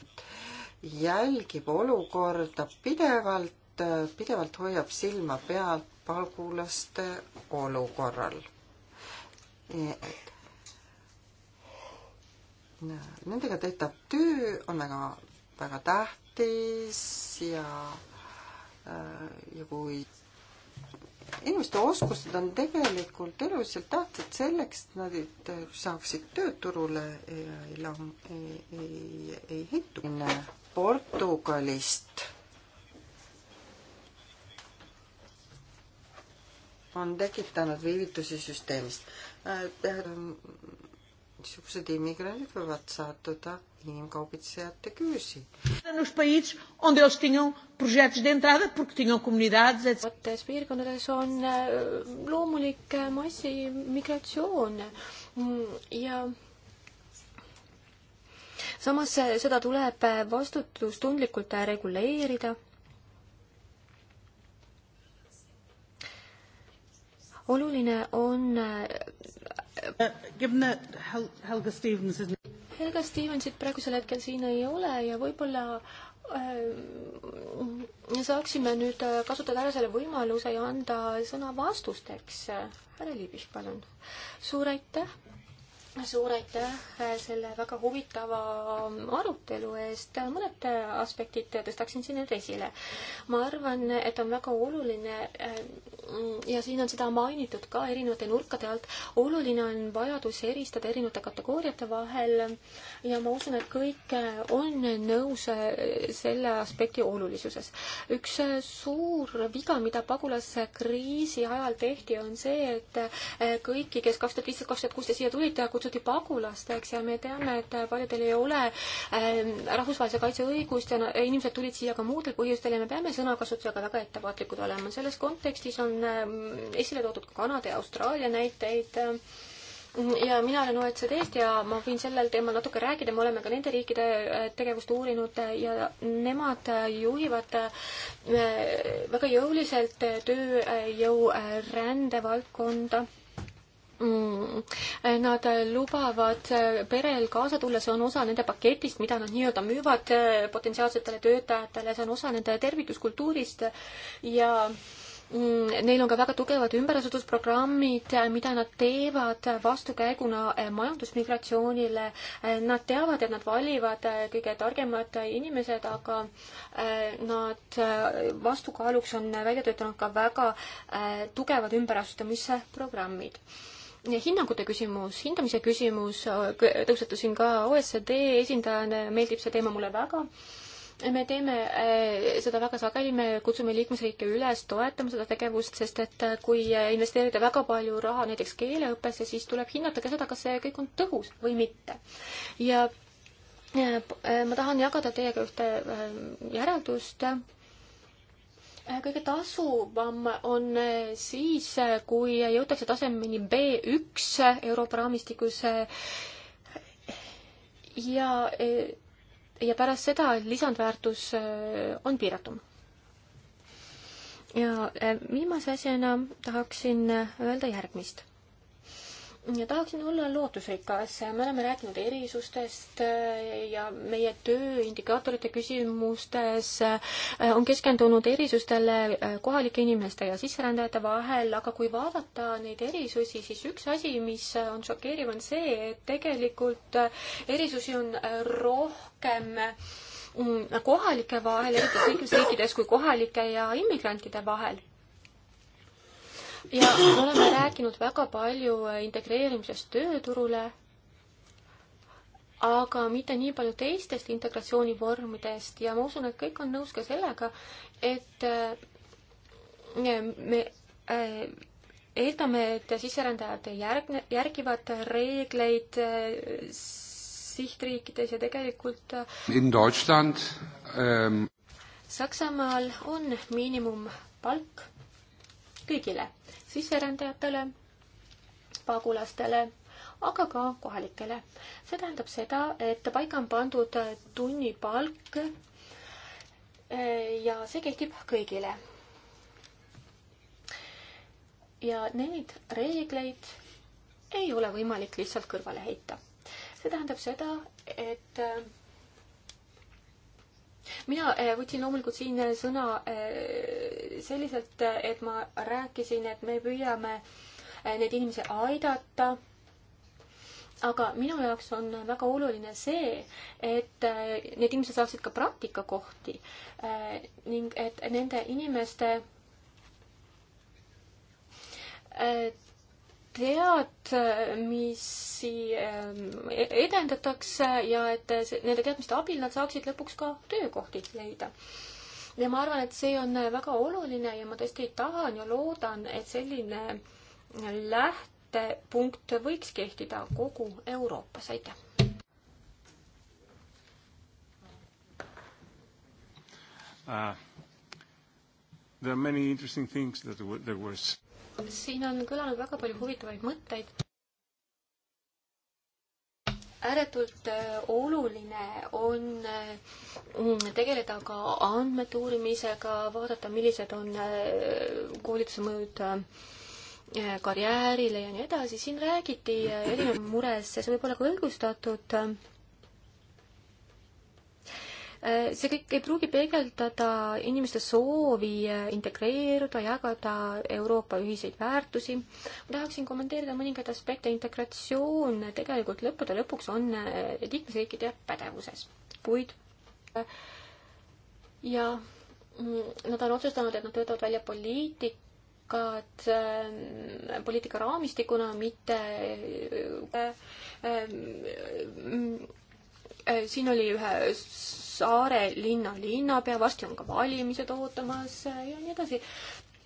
Speaker 2: jälgib olukorda pidevalt, pidevalt hoiab silma peal pagulaste olukorral nendega tehtav töö on väga, väga tähtis ja äh, ja kui inimeste oskused on tegelikult eluliselt tähtsad selleks, et nad saaksid tööturule ja ei lang-, ei, ei, ei heitu. Portugalist on tekitanud viivitusi süsteemist. Äh, äh, niisugused immigrandid võivad sattuda inimkaubitsejate küüsi.
Speaker 1: mõttes piirkondades on äh, loomulik äh, massimigratsioon mm, ja samas äh, seda tuleb vastutustundlikult reguleerida oluline on Äh,
Speaker 2: Helga Stevensit
Speaker 1: Helga Stevensit praegusel hetkel siin ei ole ja võib-olla äh, saaksime nüüd äh, kasutada ära selle võimaluse ja anda sõna vastusteks. Äh, härra Liibich, palun. suur aitäh suur aitäh äh, selle väga huvitava arutelu eest. mõned äh, aspektid tõstaksin siin nüüd esile. ma arvan, et on väga oluline äh, ja siin on seda mainitud ka erinevate nurkade alt, oluline on vajadus eristada erinevate kategooriate vahel ja ma usun, et kõik on nõus selle aspekti olulisuses. üks suur viga, mida pagulaskriisi ajal tehti, on see, et kõiki, kes kaks tuhat viisteist, kaks tuhat kuusteist siia tulid, kutsuti pagulasteks ja me teame, et paljudel ei ole ähm, rahvusvahelise kaitse õigust ja inimesed tulid siia ka muudel põhjustel ja me peame sõnakasutusega väga ettevaatlikud olema. selles kontekstis on ähm, esile toodud ka Kanada ja Austraalia näiteid ähm, ja mina olen OECD-st ja ma võin sellel teemal natuke rääkida, me oleme ka nende riikide äh, tegevust uurinud äh, ja nemad äh, juhivad väga jõuliselt tööjõurände valdkonda Mm. Nad lubavad äh, perel kaasa tulla, see on osa nende paketist, mida nad nii-öelda müüvad äh, potentsiaalsetele töötajatele, see on osa nende tervituskultuurist ja mm, Neil on ka väga tugevad ümberasutusprogrammid, äh, mida nad teevad vastukäiguna majandusmigratsioonile. Nad teavad, et nad valivad kõige targemad inimesed, aga nad vastukaaluks on välja töötanud ka väga tugevad ümberasustamisprogrammid hinnangute küsimus, hindamise küsimus tõusetusin ka OECD esindajana, meeldib see teema mulle väga me teeme äh, seda väga sageli, me kutsume liikmesriike üles toetama seda tegevust, sest et äh, kui investeerida väga palju raha näiteks keeleõppesse, siis tuleb hinnata ka seda, kas see kõik on tõhus või mitte. ja äh, ma tahan jagada teiega ühte järeldust kõige tasuvam on siis, kui jõutakse tasemeni B1 Euroopa raamistikus ja, ja pärast seda lisandväärtus on piiratum. ja viimase asjana tahaksin öelda järgmist ja tahaksin olla lootusrikas, me oleme rääkinud erisustest eh, ja meie töö indikaatorite küsimustes eh, on keskendunud erisustele eh, kohalike inimeste ja sisserändajate vahel, aga kui vaadata neid erisusi, siis üks asi, mis on šokeeriv, on see, et tegelikult erisusi on rohkem mm, kohalike vahel, eriti liikmesriikides, kui kohalike ja immigrantide vahel ja me oleme rääkinud väga palju äh, integreerimisest tööturule, aga mitte nii palju teistest integratsioonivormidest ja ma usun, et kõik on nõus ka sellega, et äh, me äh, eeldame, et sisserändajad järgne, järgivad reegleid sihtriikides ja tegelikult
Speaker 3: In Deutschland ähm...
Speaker 1: Saksamaal on miinimumpalk kõigile sisserändajatele, pagulastele, aga ka kohalikele. see tähendab seda, et paika on pandud tunnipalk eh, ja see kehtib kõigile. ja neid reegleid ei ole võimalik lihtsalt kõrvale heita. see tähendab seda, et eh, mina eh, võtsin loomulikult siin eh, sõna eh, selliselt, et ma rääkisin, et me püüame neid inimesi aidata. aga minu jaoks on väga oluline see, et need inimesed saaksid ka praktikakohti ning et nende inimeste tead, misi ähm, e-, edendatakse ja et nende teadmiste abil nad saaksid lõpuks ka töökohti leida. ja ma arvan, et see on väga oluline ja ma tõesti tahan ja loodan, et selline lähtepunkt võiks kehtida kogu Euroopas, aitäh.
Speaker 2: Uh, there are many interesting things that were, there was
Speaker 1: siin on kõlanud väga palju huvitavaid mõtteid. ääretult äh, oluline on äh, tegeleda ka andmete uurimisega, vaadata, millised on äh, koolituse mõjud karjäärile ja nii edasi. siin räägiti erinevaid mures, see võib olla ka õigustatud Äh, see kõik ei pruugi peegeldada inimeste soovi äh, integreeruda, jagada Euroopa ühiseid väärtusi. ma tahaksin kommenteerida mõningaid aspekte, integratsioon tegelikult lõppude lõpuks on äh, liikmesriikide pädevuses, kuid ja mm, nad on otsustanud, et nad töötavad välja poliitik-, ähm, poliitikad, poliitika raamistikuna, mitte mm, Äh, siin oli ühe saare linna linnapea, varsti on ka valimised ootamas äh, ja nii edasi.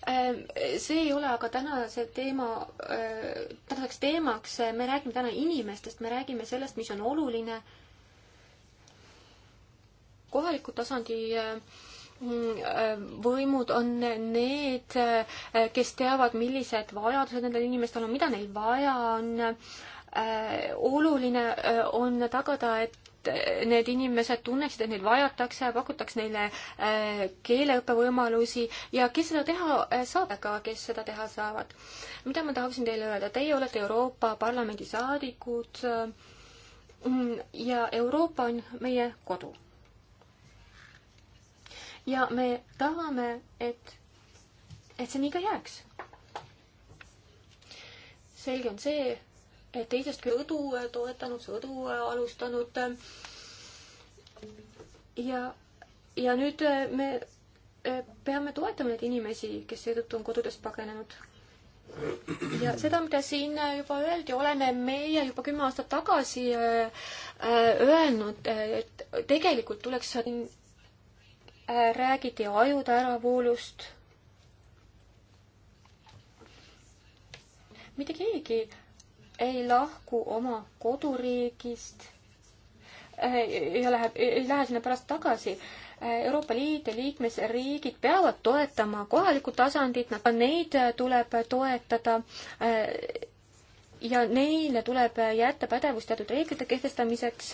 Speaker 1: Ähm, see ei ole aga tänase teema, äh, tänaseks teemaks, me räägime täna inimestest, me räägime sellest, mis on oluline kohaliku tasandi mm, võimud on need, kes teavad, millised vajadused nendel inimestel on, mida neil vaja on. oluline on tagada, et et need inimesed tunneksid, et neid vajatakse, pakutaks neile äh, keeleõppevõimalusi ja kes seda teha äh, saab, aga kes seda teha saavad. mida ma tahaksin teile öelda, teie olete Euroopa Parlamendi saadikud äh, ja Euroopa on meie kodu. ja me tahame, et, et see nii ka jääks. selge on see, teisest sõdu toetanud, sõdu alustanud. ja, ja nüüd äh, me äh, peame toetama neid inimesi, kes seetõttu on kodudest pagenenud ja seda, mida siin äh, juba öeldi, oleme meie juba kümme aastat tagasi öelnud, et tegelikult tuleks, räägiti ajude äravoolust. mitte keegi ei lahku oma koduriigist ja läheb, ei lähe sinna pärast tagasi. Euroopa Liidu liikmesriigid peavad toetama kohalikku tasandit, neid tuleb toetada ja neile tuleb jätta pädevus teatud reeglite kehtestamiseks.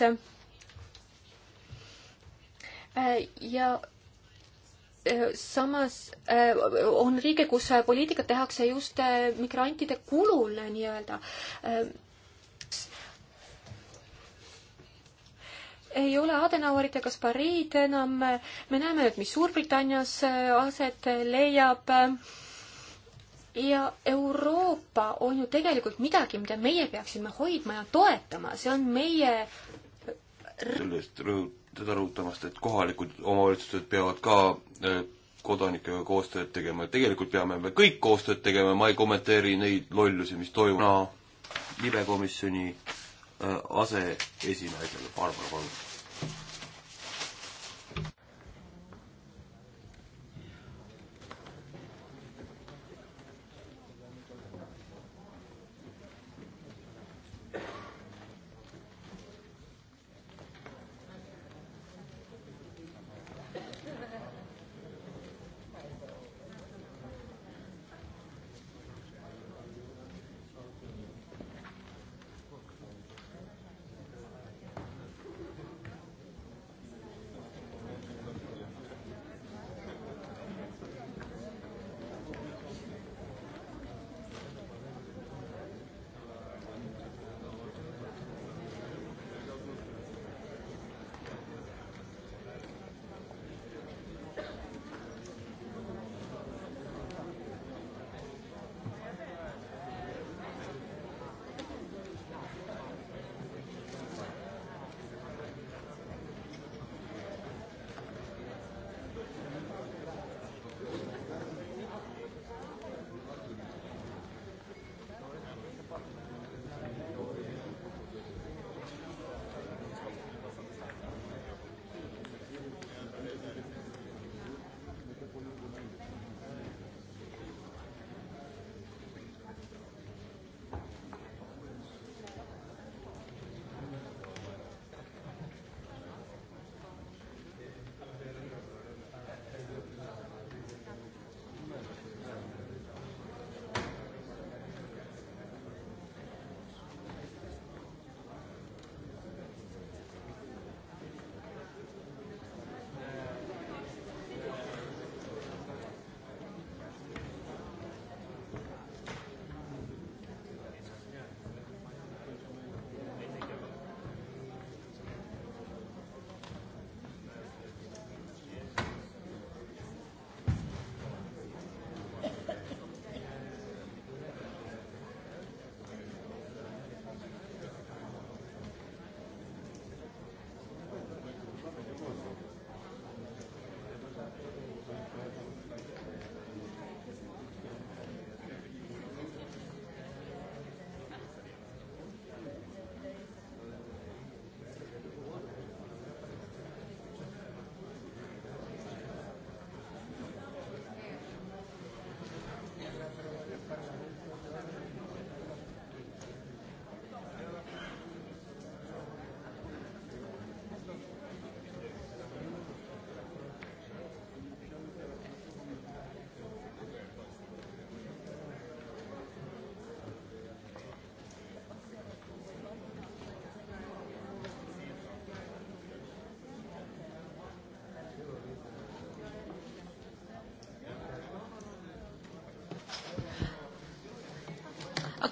Speaker 1: ja Äh, samas äh, on riike, kus äh, poliitikat tehakse just migrantide kulul nii-öelda. ei ole Adenauerit ega Spariid enam, me näeme nüüd, mis Suurbritannias aset leiab. ja Euroopa on ju tegelikult midagi, mida meie peaksime hoidma ja toetama, see on meie
Speaker 3: sellest rõhut-, teda rõhutamast, et kohalikud omavalitsused peavad ka äh, kodanikega koostööd tegema ja tegelikult peame me kõik koostööd tegema, ma ei kommenteeri neid lollusi, mis toimuvad no, libekomisjoni äh, aseesinaisele Barbara Palmer.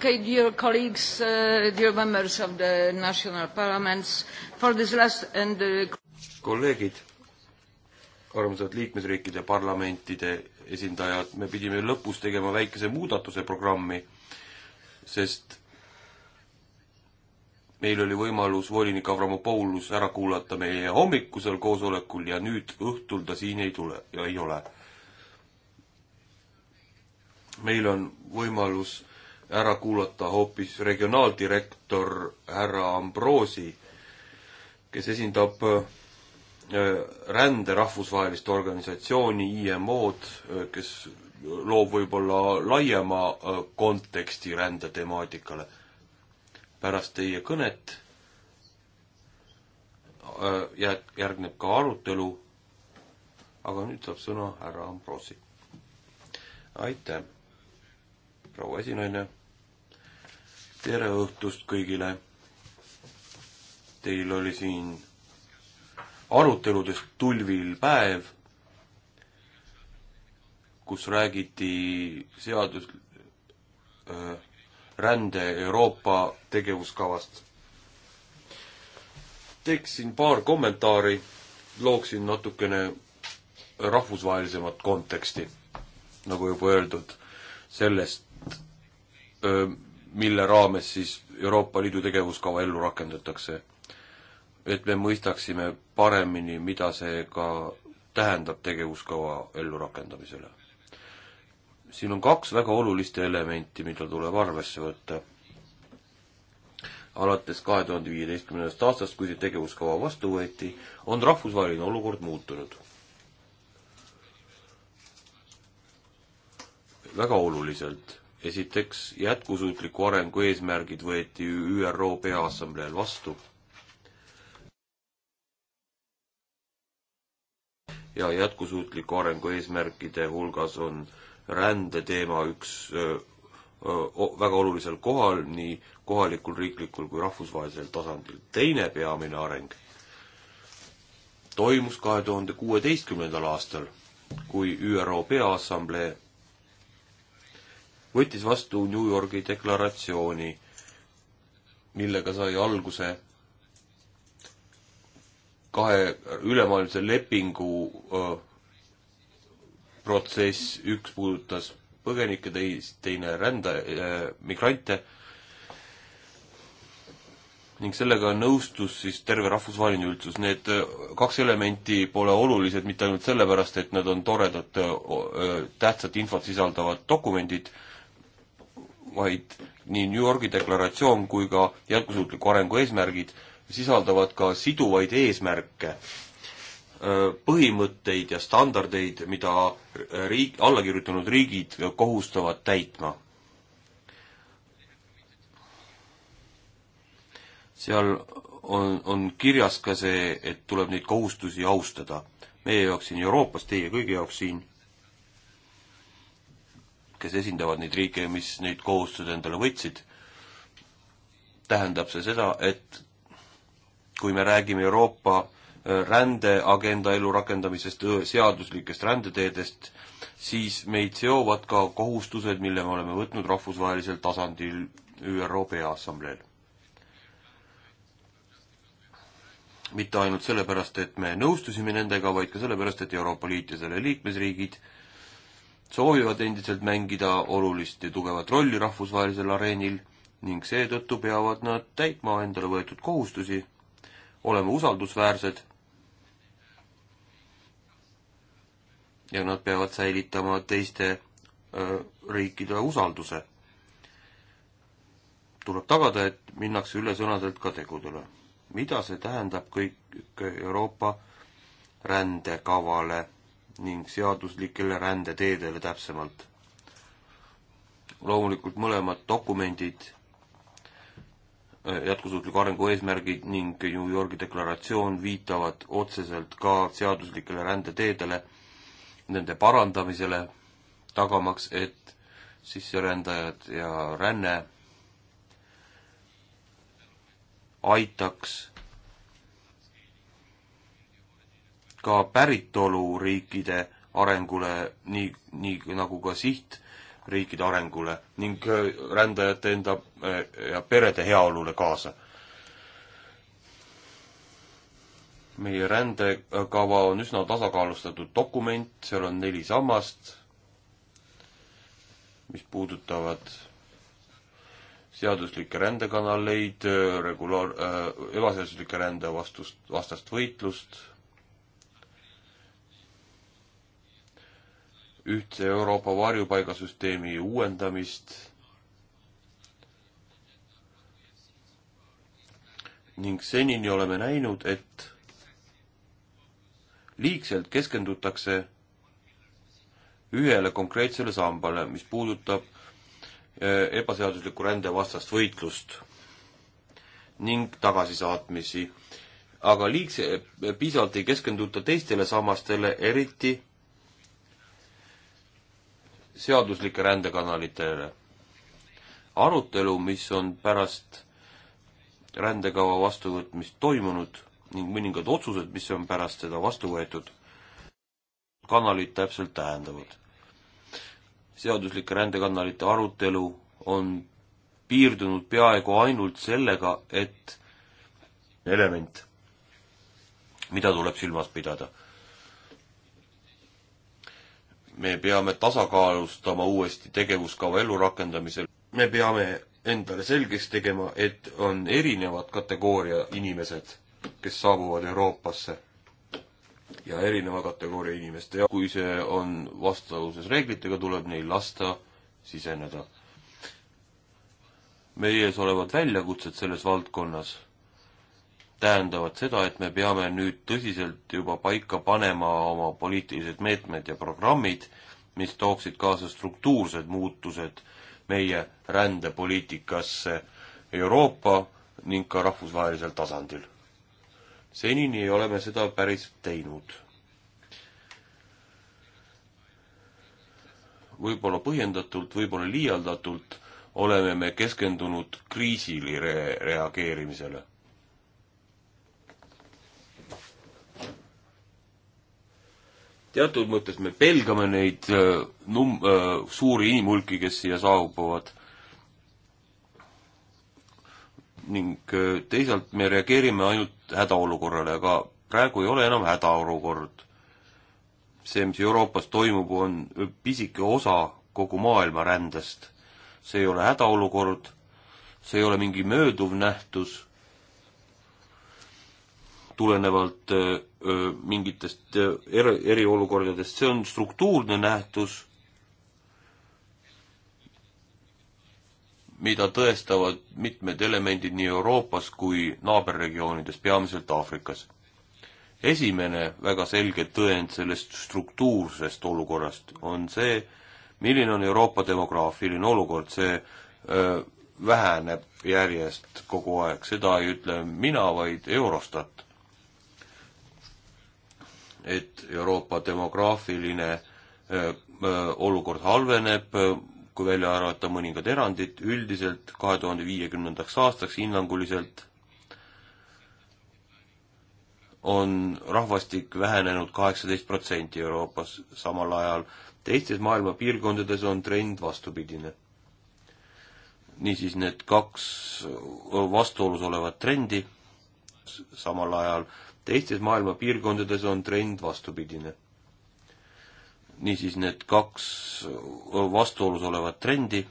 Speaker 2: Okay, dear colleagues, uh, dear members of the national parliaments, for this last and the...
Speaker 3: kolleegid, armsad liikmesriikide parlamentide esindajad, me pidime lõpus tegema väikese muudatuse programmi, sest meil oli võimalus volinik Avramopoulus ära kuulata meie hommikusel koosolekul ja nüüd õhtul ta siin ei tule ja ei ole. meil on võimalus ära kuulata hoopis regionaaldirektor härra Ambrosi, kes esindab äh, rände rahvusvahelist organisatsiooni IMO-d, äh, kes loob võib-olla laiema äh, konteksti rändetemaatikale. pärast teie kõnet jääb, järgneb ka arutelu, aga nüüd saab sõna härra Ambrosi. aitäh, proua esinaine tere õhtust kõigile. Teil oli siin aruteludest tulvil päev, kus räägiti seadus äh,, rände Euroopa tegevuskavast. teeksin paar kommentaari, looksin natukene rahvusvahelisemat konteksti, nagu juba öeldud, sellest öö, äh, mille raames siis Euroopa Liidu tegevuskava ellu rakendatakse. et me mõistaksime paremini, mida see ka tähendab tegevuskava ellurakendamisele. siin on kaks väga olulist elementi, mida tuleb arvesse võtta. alates kahe tuhande viieteistkümnendast aastast, kui see tegevuskava vastu võeti, on rahvusvaheline olukord muutunud. väga oluliselt esiteks, jätkusuutliku arengu eesmärgid võeti ÜRO Peaassambleel vastu. ja jätkusuutliku arengu eesmärkide hulgas on rändeteema üks öö, öö, väga olulisel kohal nii kohalikul, riiklikul kui rahvusvahelisel tasandil. teine peamine areng toimus kahe tuhande kuueteistkümnendal aastal, kui ÜRO Peaassamblee võttis vastu New Yorgi deklaratsiooni, millega sai alguse kahe ülemaailmse lepingu öö, protsess, üks puudutas põgenikke, teis-, teine rända- äh,, migrante, ning sellega nõustus siis terve rahvusvaheline üldsus. Need kaks elementi pole olulised mitte ainult sellepärast, et nad on toredad äh,, tähtsat infot sisaldavad dokumendid, vaid nii New Yorgi deklaratsioon kui ka jätkusuutliku arengu eesmärgid sisaldavad ka siduvaid eesmärke, põhimõtteid ja standardeid, mida riik, allakirjutanud riigid kohustavad täitma. seal on, on kirjas ka see, et tuleb neid kohustusi austada. meie jaoks siin Euroopas, teie kõigi jaoks siin kes esindavad neid riike, mis neid kohustused endale võtsid, tähendab see seda, et kui me räägime Euroopa äh, rändeagenda ellurakendamisest, seaduslikest rändeteedest, siis meid seovad ka kohustused, mille me oleme võtnud rahvusvahelisel tasandil ÜRO Peaassambleel. mitte ainult sellepärast, et me nõustusime nendega, vaid ka sellepärast, et Euroopa Liit ja selle liikmesriigid äh, soovivad endiselt mängida olulist ja tugevat rolli rahvusvahelisel areenil ning seetõttu peavad nad täitma endale võetud kohustusi, olema usaldusväärsed ja nad peavad säilitama teiste öö, riikide usalduse. tuleb tagada, et minnakse üle sõnadelt ka tegudele. mida see tähendab kõik Euroopa rändekavale ning seaduslikele rändeteedele täpsemalt. loomulikult mõlemad dokumendid, äh, jätkusuutliku arengu eesmärgid ning New Yorgi deklaratsioon viitavad otseselt ka seaduslikele rändeteedele, nende parandamisele, tagamaks, et sisserändajad ja ränne aitaks ka päritoluriikide arengule, nii, nii nagu ka sihtriikide arengule ning äh, rändajate enda äh, ja perede heaolule kaasa. meie rändekava on üsna tasakaalustatud dokument, seal on neli sammast, mis puudutavad seaduslikke rändekanaleid, regulaar- äh,, ebaseaduslikke rände vastust, vastast võitlust ühtse Euroopa varjupaigasüsteemi uuendamist ning senini oleme näinud, et liigselt keskendutakse ühele konkreetsele sambale, mis puudutab eh, ebaseadusliku rände vastast võitlust ning tagasisaatmisi. aga liigse, piisavalt ei keskenduta teistele sammastele, eriti seaduslike rändekanalitele. arutelu, mis on pärast rändekava vastuvõtmist toimunud ning mõningad otsused, mis on pärast seda vastu võetud, kanalid täpselt tähendavad. seaduslike rändekanalite arutelu on piirdunud peaaegu ainult sellega, et element, mida tuleb silmas pidada me peame tasakaalustama uuesti tegevuskava ellurakendamisel. me peame endale selgeks tegema, et on erinevad kategooria inimesed, kes saabuvad Euroopasse ja erineva kategooria inimeste ja kui see on vastavuses reeglitega, tuleb neil lasta siseneda. meie ees olevad väljakutsed selles valdkonnas tähendavad seda, et me peame nüüd tõsiselt juba paika panema oma poliitilised meetmed ja programmid, mis tooksid kaasa struktuursed muutused meie rändepoliitikasse Euroopa ning ka rahvusvahelisel tasandil. senini ei ole me seda päris teinud. võib-olla põhjendatult, võib-olla liialdatult oleme me keskendunud kriisile reageerimisele teatud mõttes me pelgame neid äh, num-, äh, suuri inimhulki, kes siia saabuvad. ning äh, teisalt me reageerime ainult hädaolukorrale, aga praegu ei ole enam hädaolukord. see, mis Euroopas toimub, on pisike osa kogu maailma rändest. see ei ole hädaolukord, see ei ole mingi mööduv nähtus tulenevalt äh, äh, mingitest er-, eriolukordadest, see on struktuurne nähtus, mida tõestavad mitmed elemendid nii Euroopas kui naaberregioonides, peamiselt Aafrikas. esimene väga selge tõend sellest struktuursest olukorrast on see, milline on Euroopa demograafiline olukord, see öö, väheneb järjest kogu aeg, seda ei ütle mina, vaid Eurostat et Euroopa demograafiline olukord halveneb, kui välja arvata mõningad erandid, üldiselt kahe tuhande viiekümnendaks aastaks hinnanguliselt on rahvastik vähenenud kaheksateist protsenti Euroopas samal ajal, teistes maailma piirkondades on trend vastupidine. niisiis need kaks vastuolus olevat trendi samal ajal äh, teistes maailma piirkondades on trend vastupidine. niisiis need kaks vastuolus olevat trendi,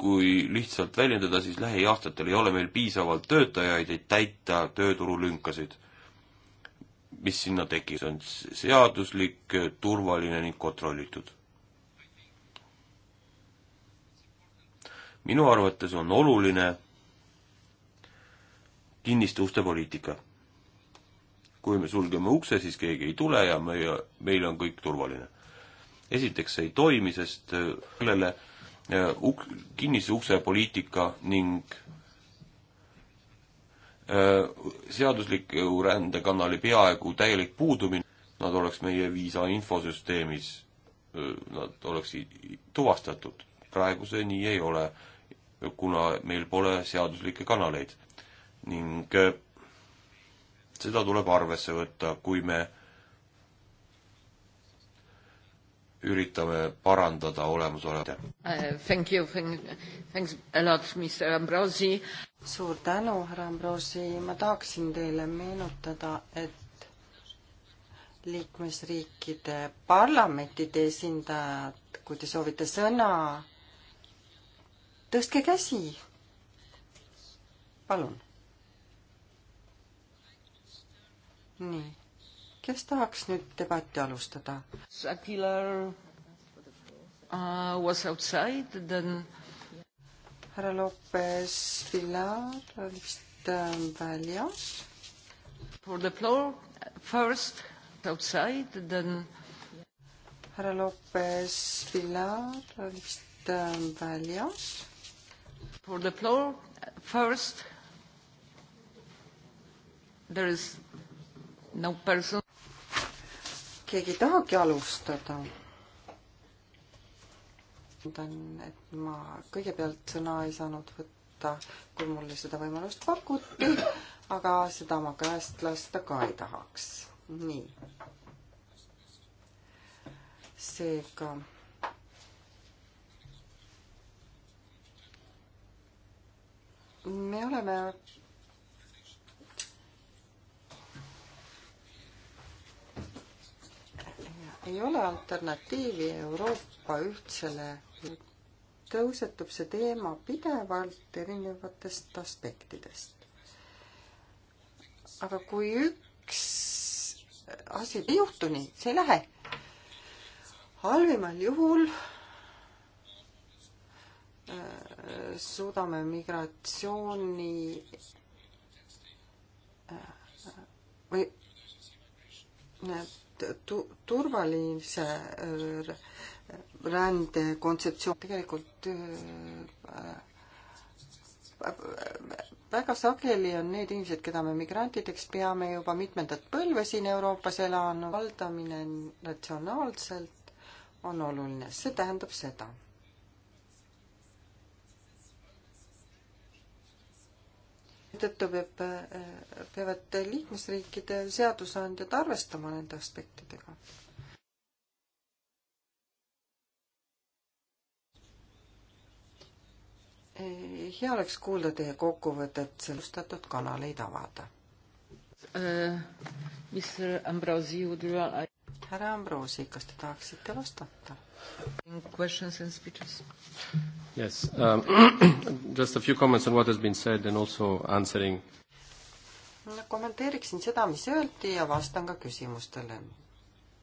Speaker 3: kui lihtsalt väljendada, siis lähiaastatel ei ole meil piisavalt töötajaid, et täita tööturulünkasid, mis sinna tekib, see on seaduslik, turvaline ning kontrollitud minu arvates on oluline kinniste uste poliitika. kui me sulgeme ukse, siis keegi ei tule ja meie, meil on kõik turvaline. esiteks see ei toimi, sest äh, sellele äh, uk-, kinnise ukse poliitika ning äh, seadusliku rändekanali peaaegu täielik puudumine, nad oleks meie viisa infosüsteemis, nad oleksid tuvastatud. praegu see nii ei ole, kuna meil pole seaduslikke kanaleid ning äh, seda tuleb arvesse võtta, kui me üritame parandada olemasolevat
Speaker 2: uh,. Thank you, thanks a lot, Mr Ambrosi. suur tänu, härra Ambrosi, ma tahaksin teile meenutada, et liikmesriikide parlamentide esindajad, kui te soovite sõna, tõstke käsi. palun nii, kes tahaks nüüd debatti alustada? Aguilar uh, was outside, then härra Lopez Villar oli vist äh, väljas. For the floor first outside, then härra Lopez Villar oli vist äh, väljas. For the floor first there is no person. keegi ei tahagi alustada. et ma kõigepealt sõna ei saanud võtta, kui mulle seda võimalust pakuti, aga seda ma käest lasta ka ei tahaks. nii. seega me oleme ei ole alternatiivi Euroopa ühtsele, tõusetub see teema pidevalt erinevatest aspektidest. aga kui üks asi ei juhtu nii, see ei lähe. halvimal juhul äh, suudame migratsiooni äh, või need äh, tu-, turvalise äh, rände kontseptsioon tegelikult äh, väga sageli on need inimesed, keda me migrantideks peame juba mitmendat põlve siin Euroopas elanud, valdamine ratsionaalselt on oluline, see tähendab seda seetõttu peab, äh, peavad liikmesriikide seadusandjad arvestama nende aspektidega. Äh, hea oleks kuulda teie kokkuvõtet, selustatud kanaleid avada uh,. Äh, Mr Ambrosio, do you want härra Ambrosi, kas te tahaksite vastata? Questions and speeches.
Speaker 3: Yes um,, just a few comments on what has been said and also answering
Speaker 2: kommenteeriksin seda, mis öeldi ja vastan ka küsimustele